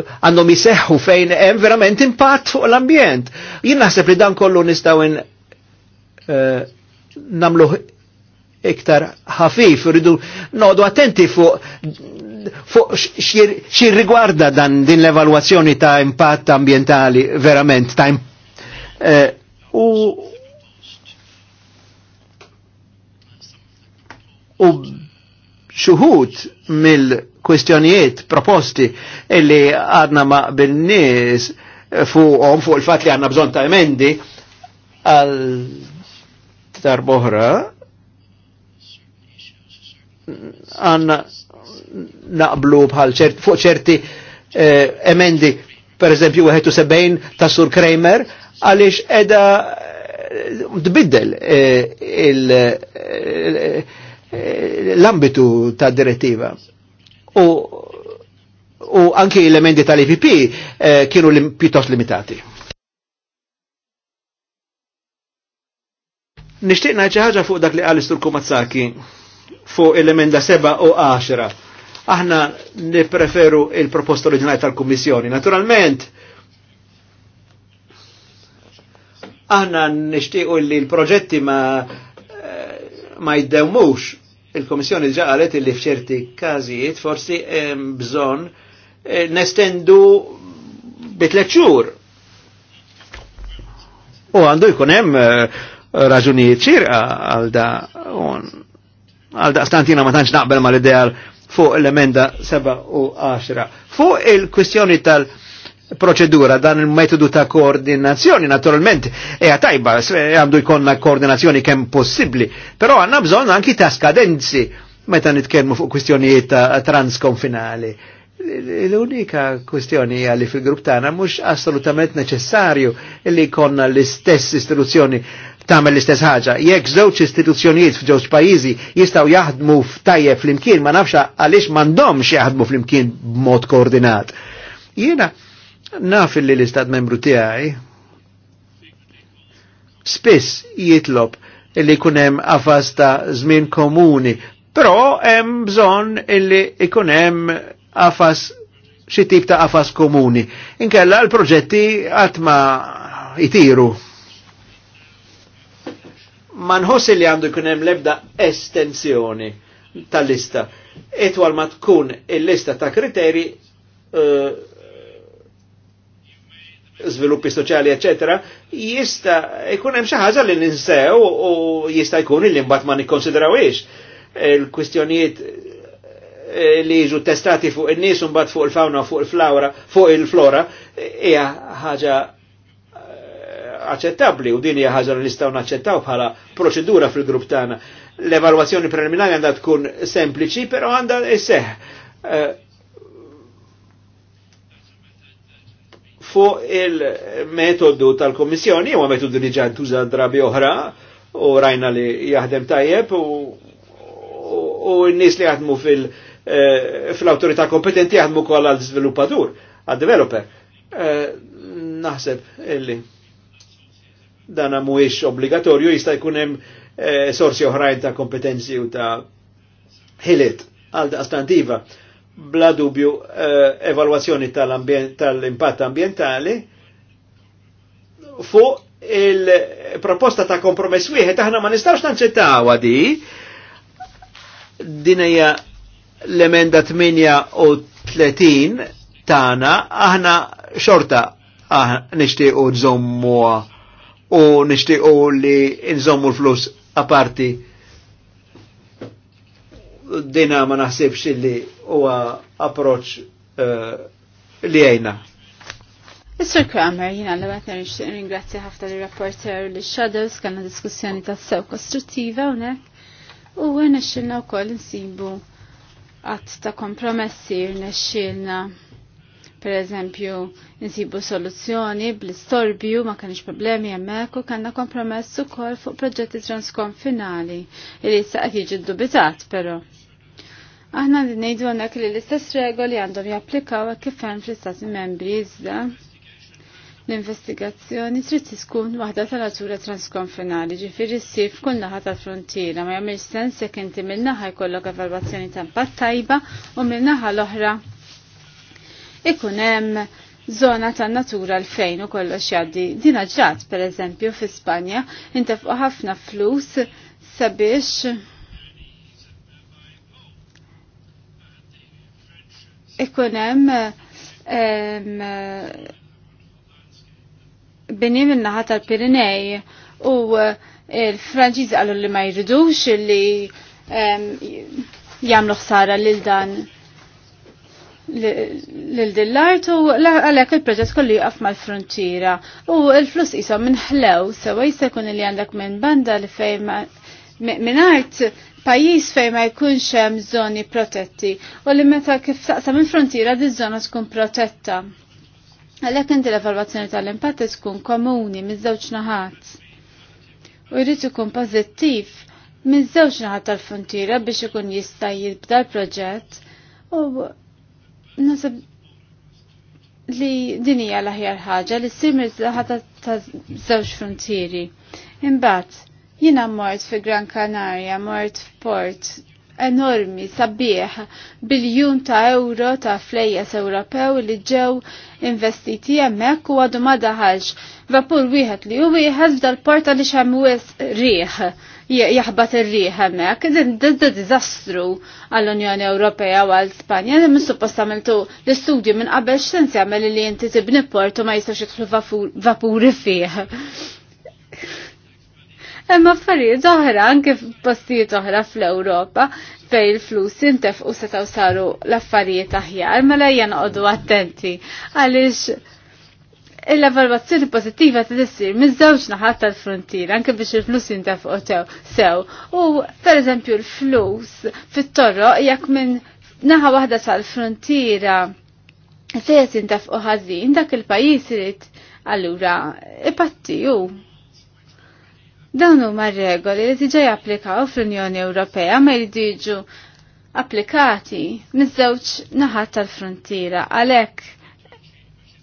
għandhom jiseħħu fejn hemm verament impatt fuq l-ambjent. Jien naħseb li dan kollu nistgħu uh, namlu iktar ħafif, rridu noqdu attenti fuq fuq xir rigwarda dan din l-evalwazzjoni ta' impatt ambientali verament ta' eh, u u xuhut mill kwestjonijiet, proposti illi għadna ma bil-nis fuqom fuq il-fat li għanna bżon ta' emendi għal tarboħra għanna naqblu bħal ċert, fuq ċerti eh, emendi per eżempju 71 ta' Sur Kramer għalix edha eh, tbiddel eh, eh, l-ambitu ta' direttiva u, u anki l-emendi tal-IPP eh, kienu lim, pjuttost limitati. Nishtiq ngħid ħaġa fuq dak li qal Istur Kumazzaki fuq l-emenda 7 u 10. Aħna nipreferu il-proposta oriġinali tal-Kummissjoni. Naturalment, aħna nixtiequ li l-proġetti ma eh, ma jiddewmux il-Komissjoni ġa qalet li f'ċerti kazijiet forsi bżon eh, nestendu bitleċur. U għandu jkun hemm eh, raġunijiet ċirqa għal da għal da stantina ma tantx naqbel mal ideal fuq l-emenda 7 u 10. Fuq il-kwistjoni tal- proċedura, dan il-metodu ta' koordinazzjoni, naturalment, eja tajba, għandu jkonna koordinazzjoni kemm possibli, però għanna bżon anki ta' skadenzi meta nitkellmu fuq kwistjonijiet ta' transkonfinali. L-unika kwistjoni għalli fil-grupp tagħna mhux assolutament neċessarju li jkollna l-istess istituzzjoni tagħmel l-istess ħaġa. Jekk żewġ istituzzjonijiet f'ġewġ pajjiżi jistgħu jaħdmu f'tajjeb flimkien ma nafx għaliex m'għandhomx jaħdmu flimkien b'mod koordinat. Jiena Naf li l-istat membru tiegħi spiss jitlob li kunem afas ta' żmien komuni, però hemm bżonn illi ikunem afas xi tip ta' afas komuni. Inkella l-proġetti qatt ma jitiru. Ma nħossi li għandu jkun hemm l-ebda estensjoni tal-lista. Etwal ma tkun il-lista ta' kriteri uh, sviluppi soċjali, eccetera, jista jkun hemm xi ħaġa li ninsew u jista jkun illi mbagħad ma nikkonsidrawiex il-kwistjonijiet eh, li jiġu testati fuq in-nies u mbagħad fuq il-fawna fuq il-flawra, fuq il-flora, hija ħaġa eh, aċċettabbli u din hija ħaġa li nistgħu naċċettaw bħala proċedura fil-grupp tagħna. L-evalwazzjoni preliminari għandha tkun sempliċi, però għandha isseħ. Eh, fuq il-metodu tal-Komissjoni, u metodu li ġan tuża drabi oħra, u rajna li jaħdem tajjeb u, n-nis li jaħdmu fil- eh, autorita kompetenti jaħdmu kol għal sviluppatur għal developer. Eh, naħseb illi dana mhuwiex obbligatorju jista' jkun hemm eh, sorsi oħrajn ta' kompetenzi u ta' ħilet għal daqstantiva. stantiva bla dubju eh, evalwazzjoni tal-impatt tal ambientali fuq il-proposta ta' kompromess wieħed aħna ma nistax nanċettawa di din hija l-emenda 38 tana aħna xorta nixtiequ nżommu u nixtiequ li nżommu l-flus aparti dina ma naħsibx li huwa approċ eh, li għajna. Mr. Kramer, jina l għatna ringrazzja ħafna li rapporter li Shadows kanna diskussjoni ta' sew kostruttiva unek u għana xilna u koll nsibu għat ta' kompromessi rna xilna per eżempju nsibu soluzzjoni bl-istorbju ma kanix problemi għemmek u kanna kompromess koll fuq proġetti transkonfinali li sa' jiġi bitat pero. Aħna ngħidu għandek li l-istess regoli għandhom japplikaw kif hemm fl-istati membri iżda l-investigazzjoni trid tkun waħda tal-natura transkonfinali, ġifieri ssir f'kull naħa tal-frontiera, ma jagħmilx sens jekk inti mill-naħa jkollok evalwazzjoni ta' impatt tajba u min naħa l-oħra ikun hemm zona ta' natura l fejn u kollox jgħaddi. Dina ġrat, per eżempju, fi Spanja, intefqu ħafna flus sabiex ikun hemm bini minnaħa tal-Pirinej u eh, il-Franċiżi qalu li ma jridux li jagħmlu ħsara lil dan l-dillart u għalek il-proġett kollu jqaf mal-frontiera u il-flus jisom minħlew sewa jista' jkun li għandek minn banda li fejn minn art pajjiż fejn ma jkunx hemm żoni protetti u li meta kif taqsam il-frontiera di zona tkun protetta. Għalhekk inti l-evalwazzjoni tal-impatt tkun komuni miż-żewġ naħat. U jrid ikun pożittiv miż-żewġ naħat tal-frontiera biex ikun jista' jibda l-proġett u nasab li din hija l-aħjar ħaġa li ssir mill ta' żewġ frontieri. Imbagħad Jina mort fi Gran Canaria, mort f'port enormi, sabbieħ, biljun ta' euro ta' flejjes Ewropew li ġew investiti hemmhekk u għadu ma daħalx. Vapur wieħed li u wieħed dal-porta li xem riħ jaħbat ir-riħ hemmhekk, da dizastru għall-Unjoni Ewropea u għall Spanja. Min suppost għamiltu l-istudju minn qabel x'sens jgħamil li inti tibni port u ma jistgħux jidħlu vapuri fih imma affarijiet oħra anke postijiet oħra fl-Ewropa fej il-flus jintef u setaw saru l-affarijiet aħjar, mela jenqodu attenti għaliex l-evalvazzjoni pozittiva ta' tissir miż-żewġ naħat tal-frontier anke biex il-flus jintefqu tew sew. U pereżempju l-flus fit torro jekk minn naħa waħda tal-frontiera se jintefqu ħażin dak il-pajjiż irid allura ipatti hu. Dawn huma regoli li diġà japplikaw fl-Unjoni Ewropea ma jridiġu applikati miż-żewġ naħat tal-frontiera għalhekk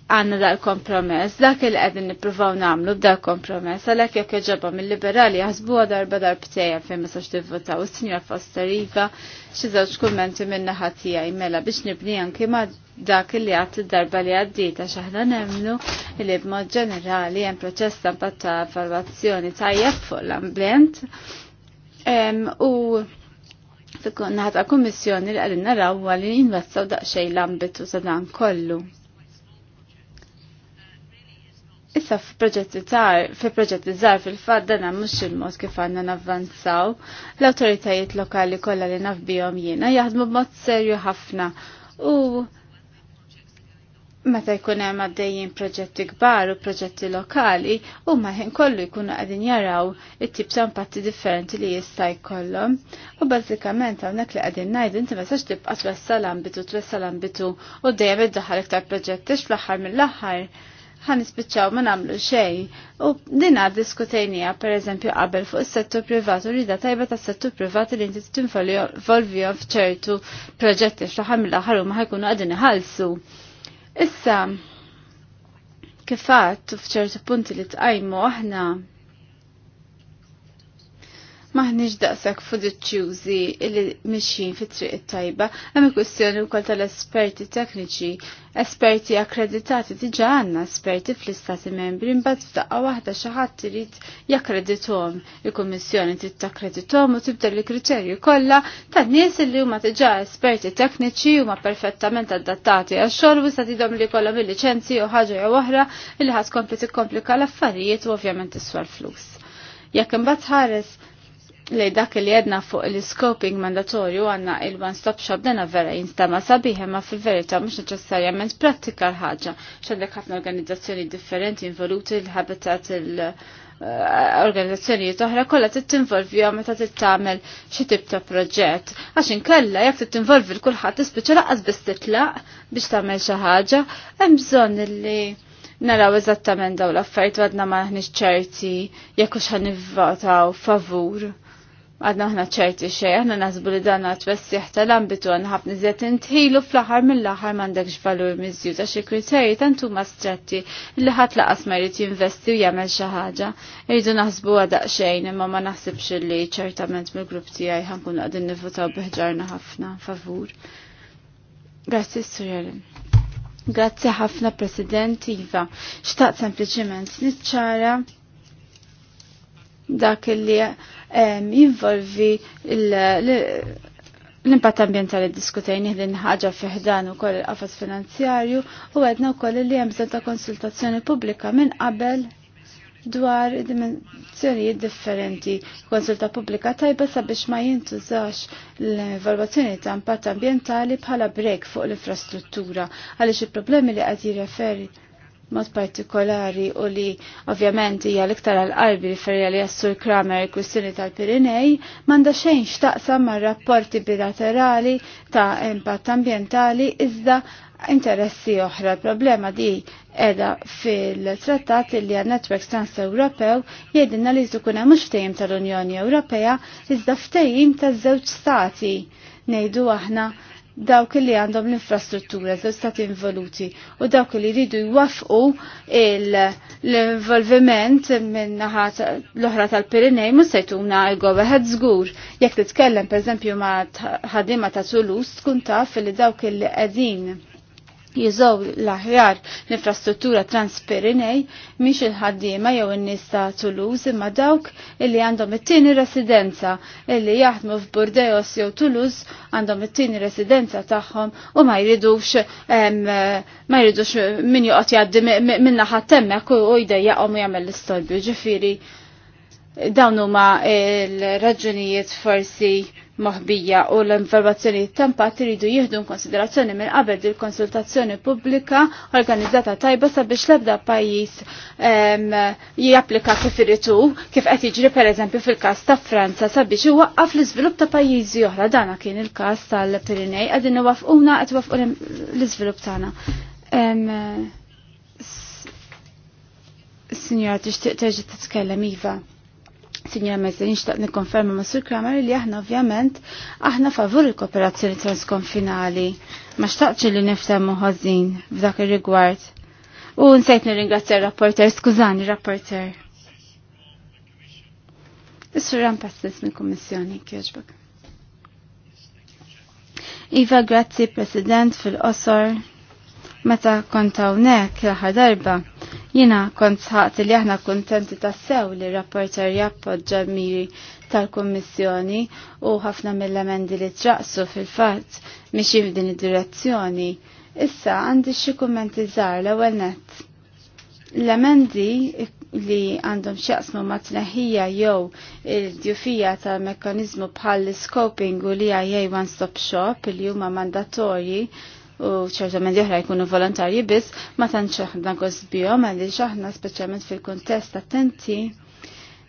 għanna dal-kompromess, dak il qegħdin nippruvaw namlu b'dal-kompromess, għalhekk jekk jġabba il liberali jaħsbu darba darbtejja fejn ma sax tivvotaw, s-sinjor iva, xi żewġ kummenti minna ħatija jmela biex nibni anki ma dak li għat darba li għaddita xaħna nemlu li b'mod ġenerali hemm proċess tampat ta' evalwazzjoni tajjeb fuq l-ambjent u fikun naħta kummissjoni li għalin naraw għalin jinvazzaw daqxej l-ambitu sa' dan kollu. Issa f'proġetti tar, fil-proġetti żgħar fil-fatt dan mhux il-mod kif għandna navvanzaw. L-awtoritajiet lokali kollha li nafbijom jina jiena jaħdmu b'mod serju ħafna u meta jkun hemm għaddejjin proġetti kbar u proġetti lokali huma ħin kollu jkunu qegħdin jaraw it-tip ta' impatti differenti li jista' jkollhom. U bażikament hawnhekk li qegħdin ngħid inti ma sax tibqa' twessal ambitu twessal ambitu u dejjem iddaħħal iktar proġetti fl-aħħar mill-aħħar ħan nispiċċaw ma nagħmlu xejn. U din għad diskutejnija pereżempju qabel fuq is-settur privat u rida tajba tas-settur privat li inti tinvolvihom f'ċertu proġetti fl l mill ma ħajkunu qegħdin iħallsu. Issa kif kifat f'ċertu punti li tqajmu aħna maħniġ daqsak fiduċjużi illi mixin fit triq it-tajba, hemm kwistjoni wkoll tal-esperti tekniċi, esperti akkreditati diġà għandna esperti fl-istati membri mbagħad f'daqqa waħda xi ħadd irid jakkredithom. Il-Kummissjoni trid takkredithom u tibda l-kriterju kollha tan-nies illi huma diġà esperti tekniċi huma perfettament adattati għax-xogħol u sadidhom li jkollhom il-liċenzji u ħaġa jew oħra li ħadd tkompli tikkomplika l-affarijiet u ovvjament iswa l-flus. Jekk imbagħad ħares li dak li jedna fuq il-scoping mandatorju għanna il-one stop shop dana vera jinstama sabiħe ma fil-verita mux neċessarjament pratika l-ħagġa xandek ħafna organizzazzjoni differenti involuti l-habitat il-organizzazzjoni eh, toħra kolla t-tinvolvi għam meta t-tamel xie tip ta' proġett għax inkella jek t-tinvolvi l-kulħat t-spiċa laqqas t titlaq biex tamel xaħġa hemm bżonn li naraw eżattament daw l-affarijiet għadna ma ċerti jekk hux ħanivvotaw favur għadna ħna ċerti xej, ħna nasbu li dan għat vessiħ tal-ambitu għan ħafna zet intħilu fl-ħar mill-ħar mandekx valur mizzju ta' xie ta' tantu ma stretti li ħat laqas ma jrid jinvesti u jagħmel xi ħaġa. Irridu naħsbu għadaq xejn imma ma naħsibx li ċertament mill-grupp tiegħi ħankun qegħdin nivvotaw biħġarna ħafna favur. Grazzi Sujelin. Grazzi ħafna President Iva. Xtaqt sempliċement nitċara dak li jinvolvi l-impatt ambientali diskutejn din ħaġa fiħdan u koll il-qafas finanzjarju u għedna u koll li jemżel ta' konsultazzjoni pubblika minn qabel dwar dimensjonijiet differenti. Konsulta pubblika tajba sabiex ma jintużax l-evalwazzjoni ta' impatt ambientali bħala brek fuq l-infrastruttura għaliex il-problemi li qed jirreferi mod partikolari u li ovvjament hija l-iktar għal-qalbi riferi li jassur Kramer kwistjoni tal-Pirinej, manda xejn xtaqsam mar rapporti bilaterali ta' impatt ambientali iżda interessi oħra. Il-problema di edha fil-trattat li għal Networks Trans-Ewropew jgħidinna li jkun hemm mhux tal-Unjoni Ewropea iżda ftejim taż-żewġ stati. Nejdu aħna dawk li għandhom l-infrastruttura żewġ stati involuti u dawk li jridu jwafqu l-involviment minn naħat l-oħra tal-Pirinej mhux se zgur. Jek żgur. Jekk titkellem pereżempju ma' ħadima ta' Toulouse tkun taf li dawk li qegħdin jiżow l-aħjar l-infrastruttura transperinej miex il-ħaddiema jew in-nies ta' Toulouse imma dawk illi għandhom it-tieni residenza illi jaħdmu f'Burdeos jew Toulouse għandhom it-tieni residenza tagħhom u ma jridux ma jridux min joqgħod jgħaddi minna ħadd hemmhekk u jdejjaqhom u jagħmel l-istorbju ġifieri dawn huma l-raġunijiet forsi moħbija u l-informazzjoni tempa iridu jieħdu konsiderazzjoni minn qabel il konsultazzjoni pubblika organizzata tajba sabiex l-ebda pajjiż japplika kif iritu kif qed jiġri pereżempju fil-każ ta' Franza sabiex waqqaf l-iżvilupp ta' pajjiżi oħra dana kien il-każ tal-Pirinej qegħdin iwafquna qed wafqu l-iżvilupp tagħna. Signora, tixtieq terġa' titkellem iva. Sinja Mezza, nishtaq nikonferma ma' Sir Kramer li aħna ovvjament aħna favur il-kooperazzjoni transkonfinali. Ma xtaqx li niftemu ħażin f'dak ir-rigward. U nsejt nirringrazzja rapporter, skużani rapporter. Is-sur Rampassis mill-Kummissjoni kieġbek. Iva, grazzi President fil-qosor meta kont hawnhekk l-aħħar darba Jina kont sħaqt li aħna kontenti tassew li rapporter jappoġġa miri tal-Kommissjoni u ħafna mill-emendi li traqsu fil-fatt miex f'din id-direzzjoni. Issa għandi xi kummenti żgħar l-ewwel nett. L-emendi li għandhom xieqsmu ma t-neħija jew il-djufija tal mekanizmu bħal scoping u li għajaj one-stop shop li huma mandatorji u ċertament oħra jkunu volontarji biss ma tantx aħna gost bihom għaliex aħna speċjalment fil-kuntest attenti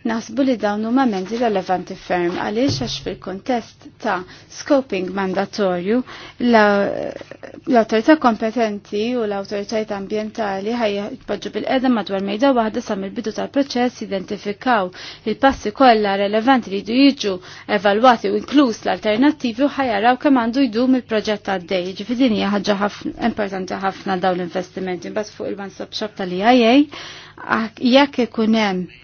Nasbu li dawn huma menti relevanti ferm għaliex għax fil-kontest ta' scoping mandatorju l-autorità kompetenti u l-autoritajiet ambientali ħajbaġġu bil-qedem madwar mejda waħda sa mill-bidu tal-proċess identifikaw il-passi kollha relevanti li jdu jiġu evalwati u inkluż l-alternattivi u ħajaraw kemm għandu jdu mill-proġett għaddej. Ġifieri hija ħaġa importanti ħafna dawn l-investimenti mbagħad fuq il-one stop shop tal-IA jekk ikun hemm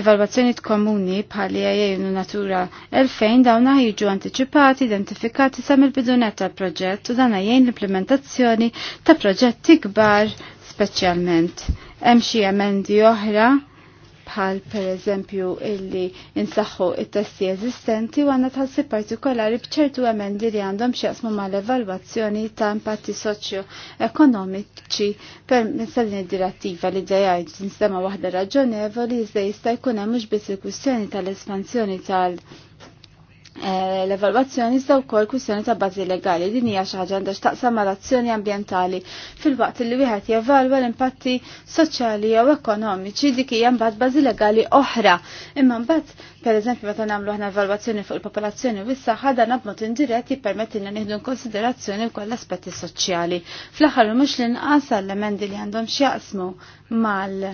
evalwazzjoni komuni bħalli għajajnu natura 2000 dawna jiġu anticipati, identifikati sam il-bidunet tal-proġett u dan għajajn l-implementazzjoni ta' proġetti kbar speċjalment. Hemm xi emendi oħra bħal per eżempju illi insaħħu it-testi eżistenti u għanna tħassib partikolari bċertu emendi li għandhom xieqsmu ma l-evalwazzjoni ta' impatti soċjo-ekonomiċi per mis id dirattiva li dajajt nistema waħda raġonevoli iżda jista' jkun hemm mhux biss il-kwistjoni tal-espansjoni tal-, -espansjoni tal Eh, l-evalwazzjoni iżda wkoll kwistjoni ta' bażi legali din hija xi ħaġa għandha x'taqsam mal-azzjoni ambjentali fil-waqt li wieħed jevalwa l-impatti soċjali jew ekonomiċi dik hija mbagħad bażi legali oħra. Imma mbagħad pereżempju meta nagħmlu aħna evalwazzjoni fuq il-popolazzjoni u s-saħħa dan b'mod indirett jippermettilna nieħdu konsiderazzjoni wkoll l-aspetti soċjali. Fl-aħħar mhux l-inqas għall-emendi li għandhom x'jaqsmu mal-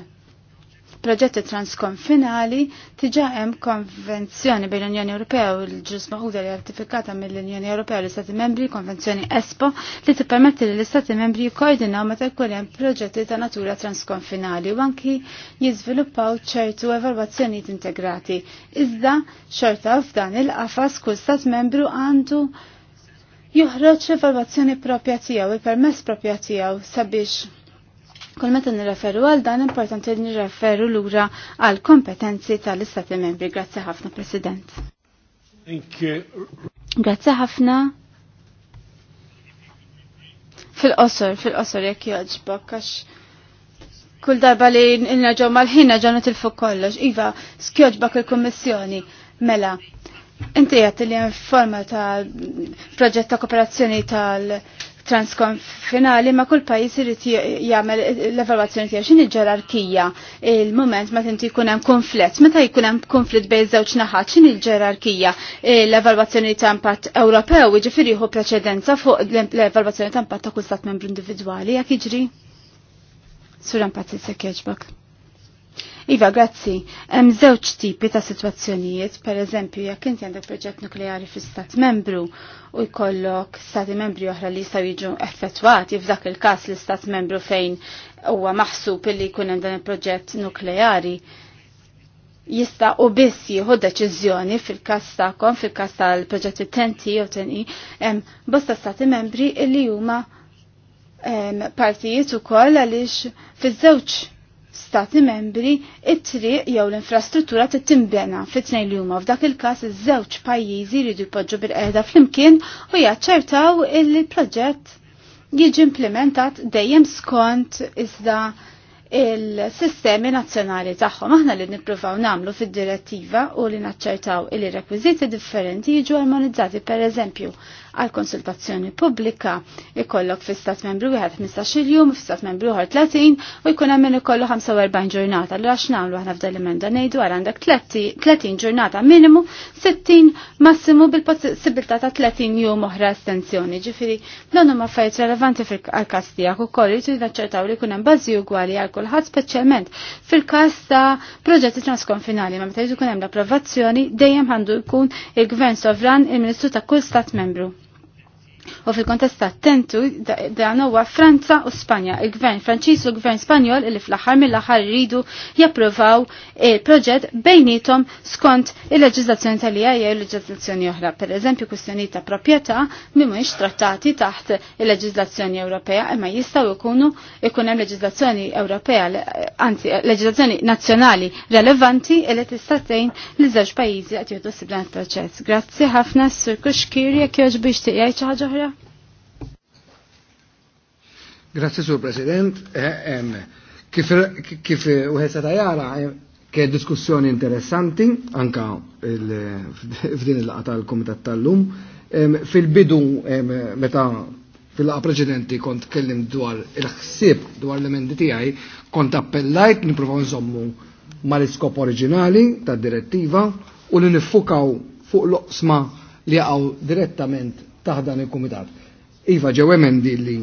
proġetti transkonfinali tiġa hemm konvenzjoni bejn l-Unjoni Ewropea u l-ġus maħuda li ratifikata mill-Unjoni Ewropea u l-Istati Membri, konvenzjoni ESPO, li tippermetti li l-Istati Membri jkoordinaw meta jkun hemm proġetti ta' natura transkonfinali u anki jiżviluppaw ċertu evalwazzjonijiet integrati. Iżda xorta f'dan il-qafas kull Stat Membru għandu joħroġ evalwazzjoni propja tiegħu, il-permess propja tiegħu sabiex Kull meta nirreferu għal dan importanti li nirreferu lura għal kompetenzi tal-Istati membri. Grazzi ħafna, President. Grazzi ħafna. Fil-qosor, fil-qosor jekk joġbok, għax kull darba li nirġaw mal-ħin ġonu tilfu kollox. Iva, skjoġbok il-Kommissjoni. Mela, inti jgħat li forma ta' proġett ta' kooperazzjoni tal- transkonfinali ma kull pajis irid jagħmel l-evalwazzjoni tiegħu x'inhi ġerarkija il-mument meta tinti jkun hemm konflitt. Meta jkun hemm konflitt bejn żewġ naħat x'inhi l-ġerarkija l-evalwazzjoni ta' impatt Ewropew jiġifieri jieħu preċedenza fuq l-evalwazzjoni ta' impatt ta' kull stat membru individwali jak jiġri. Sur impatt se jekk Iva, grazzi, hemm żewġ tipi ta' situazzjonijiet, per eżempju, jekk inti għandek proġett nukleari fi stat membru u jkollok stati membri oħra li jistgħu jiġu effettwati f'dak il-każ li stat membru fejn huwa maħsub li jkun hemm dan il-proġett nukleari jista' u biss jieħu deċiżjoni fil-każ tagħkom, fil-każ tal-proġetti tenti jew teni, hemm bosta stati membri li huma partijiet ukoll għaliex fiż-żewġ stati membri it-triq jew l-infrastruttura tittimbena fit-tnejn li huma f'dak il-każ iż-żewġ pajjiżi jridu jpoġġu bil-qeda flimkien u jaċċertaw il-proġett jiġi implementat dejjem skont iżda il-sistemi nazzjonali tagħhom. Aħna li nippruvaw nagħmlu fid-direttiva u li naċċertaw il-rekwiżiti differenti jiġu armonizzati pereżempju għal konsultazzjoni pubblika ikollok fi stat membru wieħed 15-il jum, fi stat membru 30 u jkun hemm min ikollu 45 ġurnata. l għax aħna f'dan l-emenda ngħidu għal għandek 30 ġurnata minimu, 60 massimu bil possibilta ta' 30 jum oħra estensjoni. Ġifieri dan huma fajt relevanti fil każ tiegħek ukoll jridu naċċertaw li jkun hemm bażi ugwali għal kulħadd speċjalment fil-każ ta' proġetti transkonfinali ma meta jkun hemm l-approvazzjoni dejjem għandu jkun il-Gvern Sovran il-Ministru ta' kull Stat Membru. U fil kontesta attentu dan huwa Franza u Spanja, il-Gvern Franċiż u l-Gvern Spanjol li fl-aħħar mill-aħħar rridu japprovaw il-proġett bejnietom skont il-leġiżlazzjoni tal-IAEA u il leġiżlazzjoni oħra. Per eżempju, kwistjonijiet ta' proprjetà mhumiex trattati taħt il-leġiżlazzjoni Ewropea imma jistgħu jkunu jkun hemm leġiżlazzjoni Ewropea anzi leġiżlazzjoni nazzjonali relevanti li tista' tgħin li żewġ pajjiżi qed jieħdu il proċess. Grazzi ħafna Sur Kuxkir jekk jogħġbu jixtieq jgħid xi ħaġa oħra? Grazie, Sur President. E, kif uħed sa tajara, ke diskussjoni interessanti, anka f'din il-laqa tal-Komitat tal-lum. Fil-bidu, meta fil-laqa preċedenti kont kellim dwar il-ħsib, dwar l-emendi tiegħi, kont appellajt niprofaw nżommu mal-iskop oriġinali tad direttiva u li nifukaw fuq loqsma li għaw direttament taħdan il-Kumitat. Iva ġew emendi li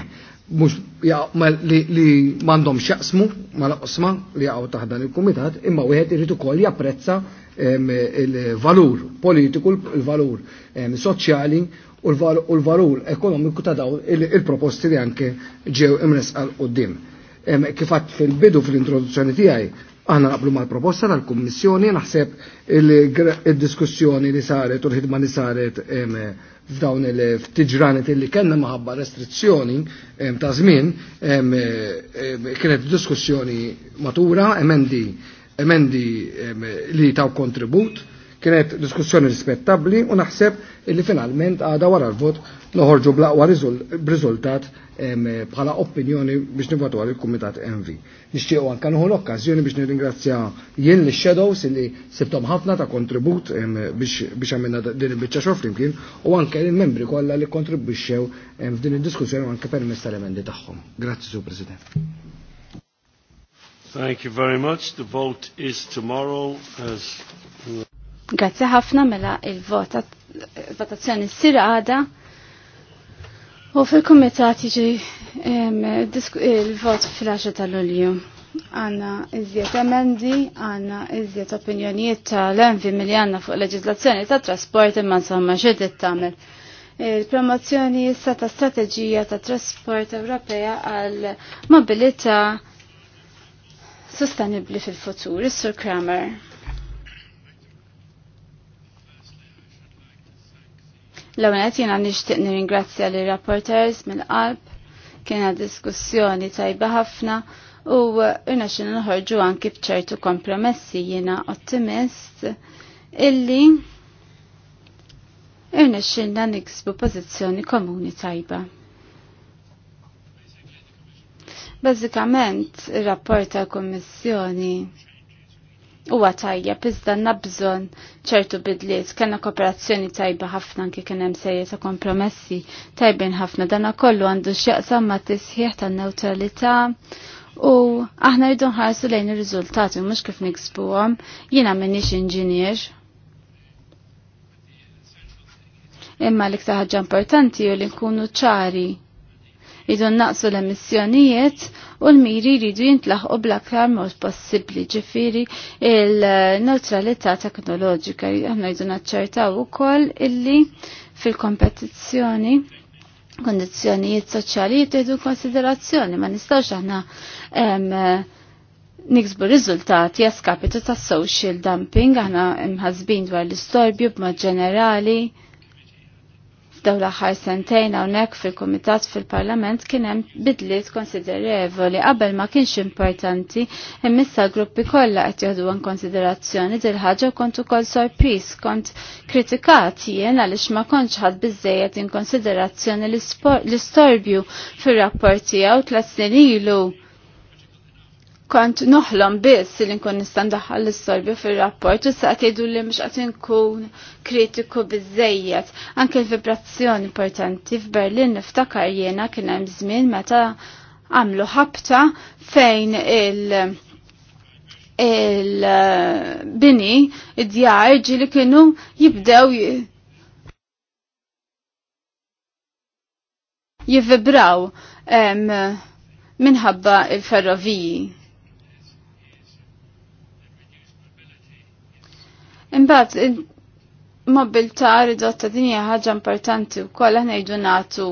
mux li mandom xaqsmu ma laqsma li għaw taħdan il-Kumitat imma wieħed irid ukoll japprezza il-valur politiku, il-valur soċjali u l-valur ekonomiku ta' daw il-proposti li anke ġew imres għal qoddim. Kifat fil-bidu fil-introduzzjoni tiegħi Aħna naqblu mal proposta tal-Kummissjoni, naħseb il-diskussjoni li saret u l-ħidma li saret f'dawn il-tiġranet illi kellna maħabba restrizzjoni ta' żmien kienet diskussjoni matura, emendi, emendi li taw kontribut, kienet diskussjoni rispettabli u naħseb illi finalment għada wara l-vot noħorġu blaqwa b'riżultat bħala opinjoni biex nivvatu għal il-Kumitat MV. Nixtieq anke nħu l-okkażjoni biex nirringrazzja jien li shadows li sibtom ħafna ta' kontribut biex għamilna din il-biċċa xogħol flimkien u anke il-membri kollha li kontribwixxew f'din id-diskussjoni u anke permess tal-emendi tagħhom. Grazzi Sur President. Thank you very much. The vote is tomorrow as Grazzi ħafna mela il-votazzjoni s-sir għada U fil-komitat jiġi il-vot fil-10 tal-Ulju. Għanna iżjed emendi, għanna iżjed opinjonijiet tal-envi miljanna fuq leġizlazzjoni ta' trasport imma somma xedet tamel. Il-promozzjoni jissa ta' strateġija ta' trasport Ewropea għal mobilita sostenibli fil-futur, is-Sur Kramer. L-għonet jina nishtiq nir-ingrazzja li rapporters mill-qalb kiena diskussjoni tajba ħafna u jina xin nħorġu anki bċertu kompromessi jina ottimist illi xin xinna niksbu pozizjoni komuni tajba. Bazzikament, rapporta rapport tal-Kommissjoni huwa tajja, iżda nabżon ċertu bidliet kena kooperazzjoni tajba ħafna anki kien hemm ta' kompromessi tajbin ħafna dana kollu għandu x'jaqsam ma' tisħiħ tan-newtralità u aħna rridu nħarsu lejn ir-riżultati mhux kif niksbuhom jiena m'iniex inġinier. Imma l-iktar ħaġa importanti u li nkunu ċari Idu naqsu l-emissjonijiet u l-miri jridu jintlaħqu bl-aktar mod possibbli ġifiri il-neutralità teknoloġika. Aħna jridu naċċertaw ukoll illi fil-kompetizzjoni kondizjonijiet soċjalijiet jittieħdu konsiderazzjoni ma nistgħux aħna niksbu riżultati jaskapitu ta' social dumping, aħna mħazbin dwar l-istorbju b'mod ġenerali, f'dawl l-aħħar sentejn hawnhekk fil-Kumitat fil-Parlament kien hemm bidliet konsiderevoli qabel ma kienx importanti imma issa l-gruppi kollha qed jieħdu konsiderazzjoni dil ħaġa u kont ukoll sorpris kont kritikat jien għaliex ma kontx ħadd biżejjed in konsiderazzjoni l-istorbju fir-rapport tiegħu tlas snin ilu kont noħlom biss li nkun nista' ndaħħal l istorbju fir-rapport u saqt jgħidu li mhux qed inkun kritiku biżejjed. Anke l-vibrazzjoni importanti f'Berlin niftakar jiena kien hemm żmien meta għamlu ħabta fejn il- il-bini, id-djar ġi li kienu jibdew jivvibraw minħabba il-ferroviji. Imbagħad mobilità ridotta din hija ħaġa importanti wkoll aħna jdu nagħtu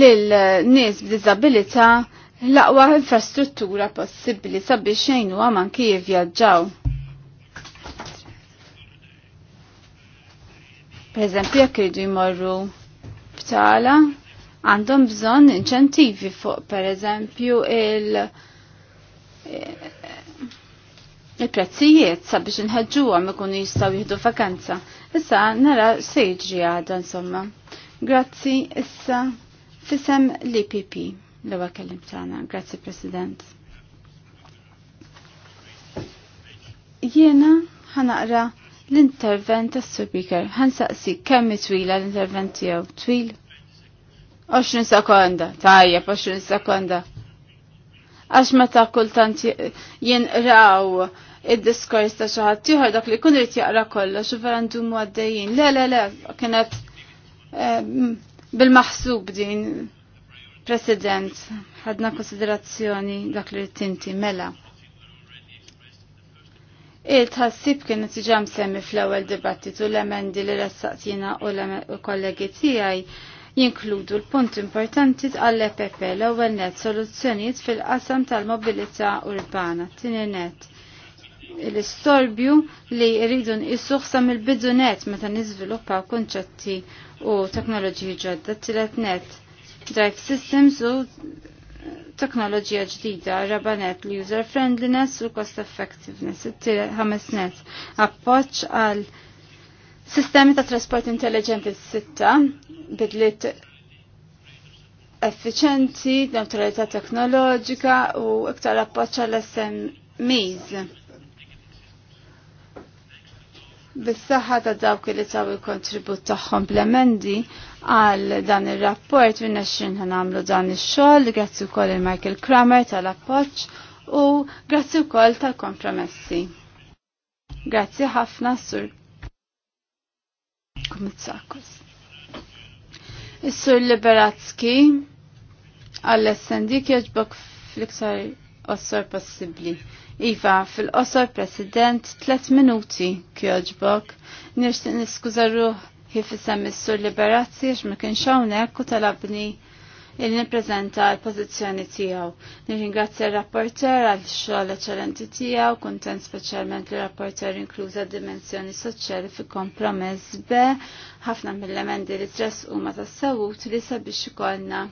lil nies b'diżabilità l-aqwa infrastruttura possibbli sabiex u għaman kif jivvjaġġaw. Per eżempju, jekk iridu jmorru b'tala, għandhom bżonn inċentivi fuq per eżempju il- il-prezzijiet sabiex nħedġu għam ikunu jistaw jihdu vakanza. Issa nara sejġri għada insomma. Grazzi issa fisem l-IPP l-għu kellim tħana. Grazzi President. Jena ħanaqra l-intervent tas speaker ħansaqsi kemm twila l-intervent tiegħu twil. 20 sekonda, tajjeb 20 sekonda għax meta kultant jinraw id-diskors ta' xi ħadd ieħor dak li jkun rrit jaqra kollox u vera ndumu għaddejjin. Le le le kienet eh, bil-maħsub din President, ħadna konsiderazzjoni dak li tinti mela. Il-tħassib kienet tiġam semmi fl-ewwel dibattitu l-emendi li ressaqtina u l-kollegi tiegħi jinkludu l-punt importanti għall-EPP l ewwel net soluzzjonijiet fil-qasam tal-mobilità urbana, tini net. L-istorbju li rridu nqisuh sa mill-bidu net meta niżviluppaw konċetti u teknoloġiji ġodda, tilet net, drive systems u teknoloġija ġdida, rabanet l user friendliness u cost effectiveness, it ħames net, appoċ għal Sistemi ta' trasport intelligenti sitta bidliet effiċenti, neutralità teknoloġika u iktar appoċċa l-SMEs. Bis-saħħa ta' dawk li taw il-kontribut tagħhom bl-emendi għal dan ir-rapport minn xin għamlu dan ix-xogħol, grazzi wkoll il-Michael Kramer tal-appoġġ u grazzi wkoll tal-kompromessi. Grazzi ħafna sur Kumitsakos. Is-sur Liberatski għall-essendi kieġbok fl-iktar osor possibbli. Iva, fil osor president, tlet minuti kieġbok. Nirsin niskuża ruħ ħifisem is-sur Liberatski għax ma kienx hawnhekk u talabni il nipprezenta l-pozizjoni tiegħu. Nirringrazzja r-rapporter għal xogħol eċċellenti tiegħu, kuntent speċjalment li rapporter inkluża dimensjoni soċjali fi kompromess B, ħafna mill-emendi li tress huma tas-sewut li sabiex ikollna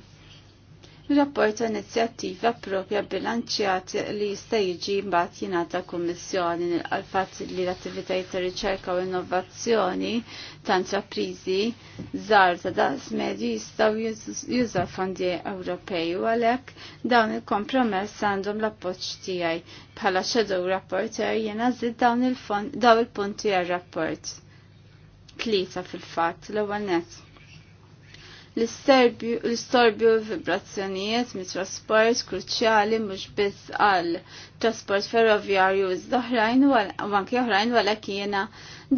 Rapport inizjattiva propja bilanċjat li jista' jiġi mbagħad jingħata kummissjoni għalfatt li l-attivitajiet ta' riċerka u innovazzjoni ta' intrapriżi żgħar ta' daqs medju jistgħu jużaw fondi Ewropej u għalhekk dawn il-kompromess għandhom l-appoġġ tiegħi bħala shadow rapporter jiena żid dawn il-punti għar-rapport. Tlieta fil-fatt l-ewwel nett L-istorbju vibrazzjonijiet mit trasport kruċjali mhux biss għal trasport ferroviarju z oħrajn u anke oħrajn wara kiena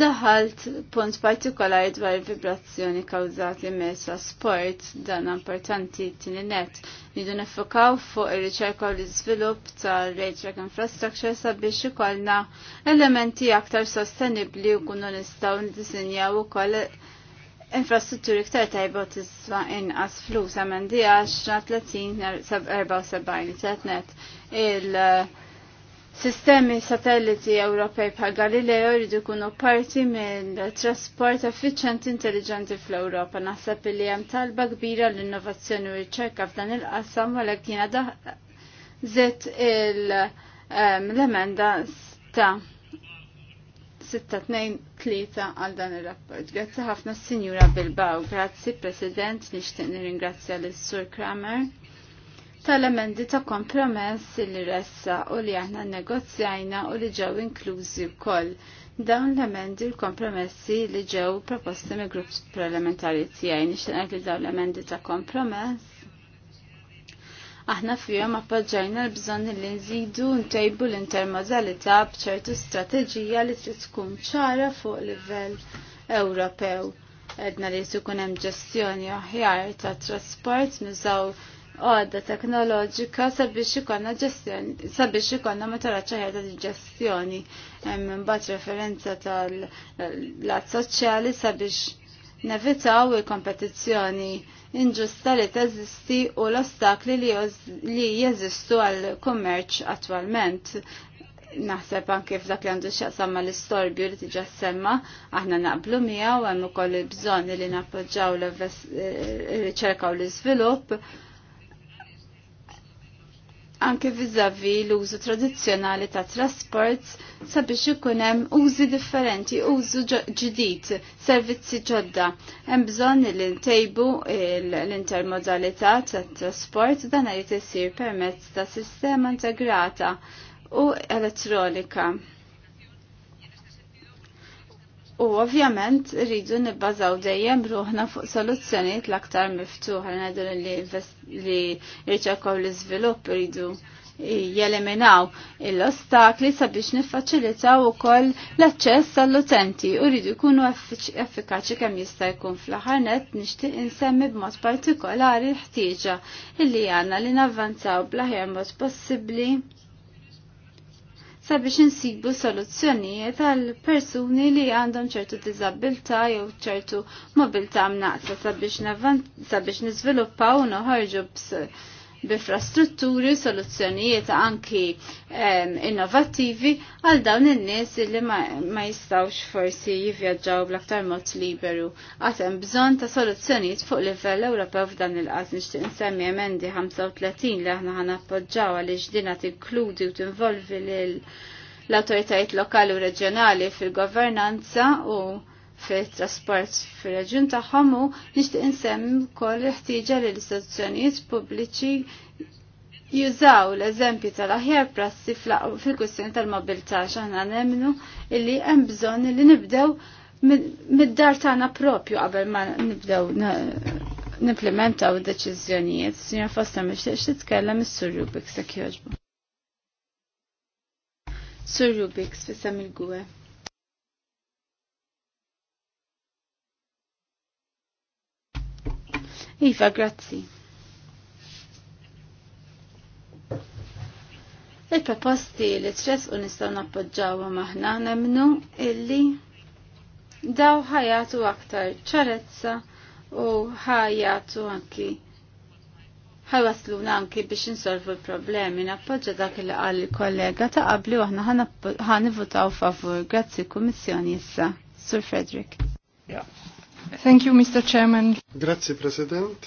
daħalt punt partikolari dwar il-vibrazzjoni kawżati mill trasport dan importanti tini net. Nidu nifokaw fuq ir-riċerka u l-iżvilupp tal-railtrack infrastructure sabiex ikollna elementi aktar sostenibli u kunu nistgħu u ukoll infrastrutturi iktar tajba tiswa inqas flus għamendi 10-30-74 tletnet il-sistemi satelliti Ewropej bħal Galileo jridu jkunu parti minn trasport effiċjenti intelligenti fl-Ewropa. Naħseb li hemm talba kbira l-innovazzjoni u r-riċerka f'dan il-qasam għalhekk jiena zitt il-emenda ta' 6-2-3 għal dan il-rapport. Grazzi ħafna s-Sinjura Bilbao. Grazzi, President, nishtiq nirringrazzja l-Sur Kramer tal-emendi ta' kompromess li ressa u li aħna negozjajna u li ġew inklużi wkoll. Dawn l-emendi u kompromessi li ġew proposti mill grupp parlamentari tiegħi nixtieq li dawn l-emendi ta' kompromess Aħna fihom appoġġajna l bżon li nżidu ntejbu l-intermodalità b'ċertu strateġija li trid tkun ċara fuq livell Ewropew. Edna li tkun hemm ġestjoni aħjar ta' trasport nużaw għadda teknoloġika sabiex ikonna ġestjoni, ċaħjar ta' di ġestjoni. Mbagħad referenza tal-lat soċjali sabiex nevitaw il-kompetizzjoni inġusta li teżisti u l-ostakli li jeżistu għal kummerċ attwalment. Naħseb anke f'dak li għandu xaqsamma l-istorbju li tiġa semma, aħna naqblu miegħu hemm ukoll il bżon li nappoġġaw l-riċerka eh, u l-iżvilupp. l riċerka u l iżvilupp anke vizavi l-użu tradizzjonali ta' trasport sabiex ikun hemm użi differenti, użu ġdid, servizzi ġodda. Hemm bżonn li ntejbu l-intermodalità tat trasport dan irid isir permezz ta' sistema integrata u elettronika. U ovvjament rridu nibbażaw dejjem ruħna fuq soluzzjonijiet l-aktar miftuħa ngħidu li jirċakaw l-iżvilupp rridu jeleminaw l-ostakli sabiex niffaċilitaw ukoll l-aċċess għall-utenti u rridu jkunu effikaċi kemm jista' jkun fl-aħħar net nixtieq insemmi b'mod partikolari l-ħtieġa illi għandna li navvanzaw bl-aħjar mod possibbli sabiex insibu soluzzjonijiet għal persuni li għandhom ċertu diżabilità jew ċertu mobilità mnaqsa sabiex sabiex niżviluppaw noħorġu b's b'infrastrutturi, soluzzjonijiet anki um, ehm, innovattivi għal dawn in-nies li ma, ma jistawx forsi jivvjaġġaw bl-aktar mod liberu. hemm bżonn ta' soluzzjonijiet fuq livell Ewropew f'dan il-qas nixtieq insemmi emendi 35 li aħna ħan appoġġaw għaliex din tinkludi u tinvolvi l-autoritajiet lokali u reġjonali fil-governanza u fit-trasport fir-reġjun tagħhom u nixtieq insemmi wkoll ħtieġa li l-istituzzjonijiet pubbliċi jużaw l-eżempju tal-aħjar prassi fil-kwistjoni tal-mobilità x'aħna nemmnu illi hemm bżonn li nibdew mid-dar tagħna propju qabel ma nibdew nimplementaw id-deċiżjonijiet. Sinja Fosta mixtieqx titkellem is-Sur Rubik se Sur Rubik fissam il-gwe. Iva, grazzi. Il-proposti li tres u nistaw nappoġġaw maħna nemnu illi daw ħajatu aktar ċarezza u ħajatu anki ħawasluna anki biex insolvu l-problemi. Nappoġġa dak li qal il-kollega ta' qabli u aħna ħanivutaw favur. Grazzi kummissjoni issa. Sur Frederick. Yeah. Thank you, Mr. Chairman. Grazie, President.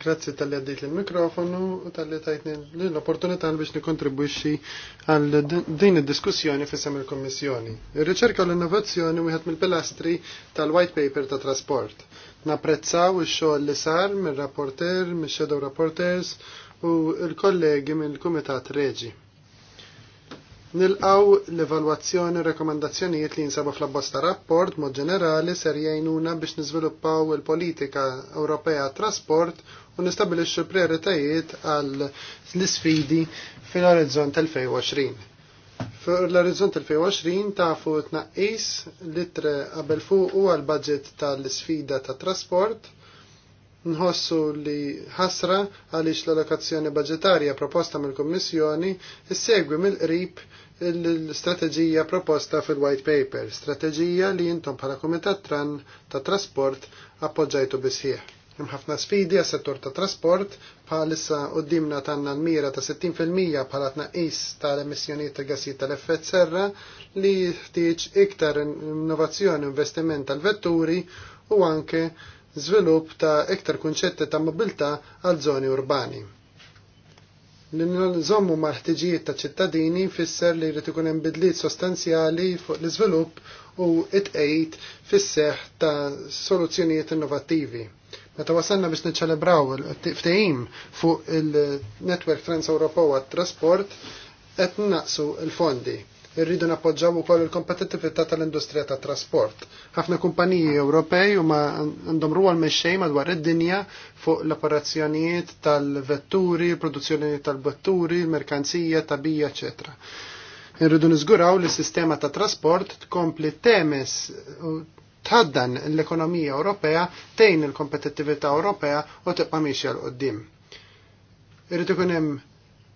Grazie tal-li għaddejt l-mikrofonu u tal-li tajtni l-opportunità biex nikontribuixi għal din id-diskussjoni fissam il-Kommissjoni. Ir-riċerka u l-innovazzjoni wieħed mill-pilastri tal-White Paper ta' trasport. Napprezzaw il xogħol li sar mir-rapporter, mix-shadow rapporters u l-kollegi mill-Kumitat Reġi. Nilqaw l-evalwazzjoni rekomendazzjonijiet li jinsabu fl-abbosta rapport mod ġenerali ser jgħinuna biex niżviluppaw il-politika Ewropea trasport u nistabilixxu prioritajiet għal l-isfidi fil-orizzont 2020. Fil-orizzont 2020 tafu tnaqqis litre qabel fuq u għal budget tal-isfida tat trasport nħossu li ħasra għaliex l-allokazzjoni budgetarja proposta mill-Kommissjoni issegwi mill-qrib l-strateġija proposta fil-White Paper, strateġija li jintom bħala Komitat Tran ta' Trasport appoġġajtu bisħieħ. M'ħafna sfidi għas settur ta' trasport bħalissa qudiemna tanna l-mira ta' 60% bħala ta' tal-emissjonijiet ta' gassijiet tal-effett serra li ħtieġ iktar innovazzjoni u investiment tal-vetturi u anke żvilupp ta' iktar kunċetti ta' mobilta għal żoni urbani. l nżommu ma' ħtiġijiet ta' ċittadini fisser li jrid ikun hemm bidliet sostanzjali fuq l-iżvilupp u it-tqejt fis ta' soluzzjonijiet innovattivi. Meta wasanna biex niċċelebraw il-ftehim fuq il-Network Trans-Ewropew għat-Trasport qed naqsu l-fondi irridu nappoġġaw ukoll il-kompetittività tal-industrija tat trasport. Ħafna kumpaniji Ewropej huma għandhom ruwal mexxej madwar id-dinja fuq l-operazzjonijiet tal-vetturi, produzzjoni tal-vetturi, merkanzija, tabija, eċetera. Irridu niżguraw li s-sistema ta' trasport tkompli temes tħaddan l-ekonomija Ewropea, tejn il-kompetittività Ewropea u tibqa' miexja l qoddim Irrid ikun hemm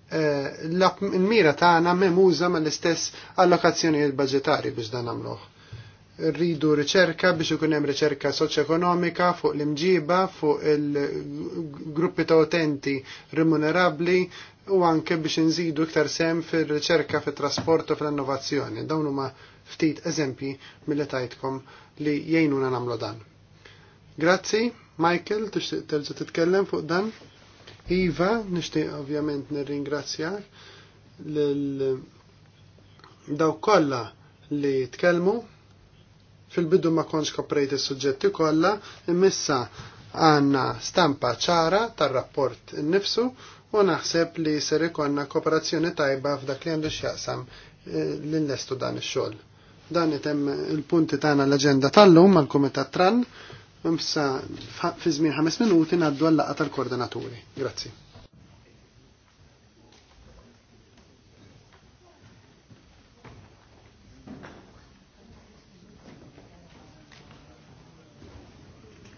Eh, il-mira tagħna ma mal-istess allokazzjonijiet budgetari biex dan nagħmluh rridu riċerka biex ikun hemm riċerka soċ-ekonomika fuq l-imġiba, fuq il-gruppi ta' utenti remunerabbli u anke biex nżidu iktar sem fir-riċerka fit-trasport u fl-innovazzjoni. Dawn huma ftit eżempji mill li jgħinuna nagħmlu dan. Grazzi, Michael, tixtieq terġa' titkellem fuq dan? Iva, nishtiq ovvjament nirringrazzjak lil daw kollha li tkellmu. Fil-bidu ma konx koprejt is-suġġetti kollha, imissa għandna stampa ċara tar-rapport innifsu u naħseb li ser ikonna kooperazzjoni tajba f'dak li għandu x'jaqsam eh, l-inlestu dan ix-xogħol. Dan item il-punti tagħna l-aġenda tal-lum mal-Kumitat Tran Imsa fi żmien ħames minuti ngħaddu għall-laqgħa tal-koordinaturi. Grazie.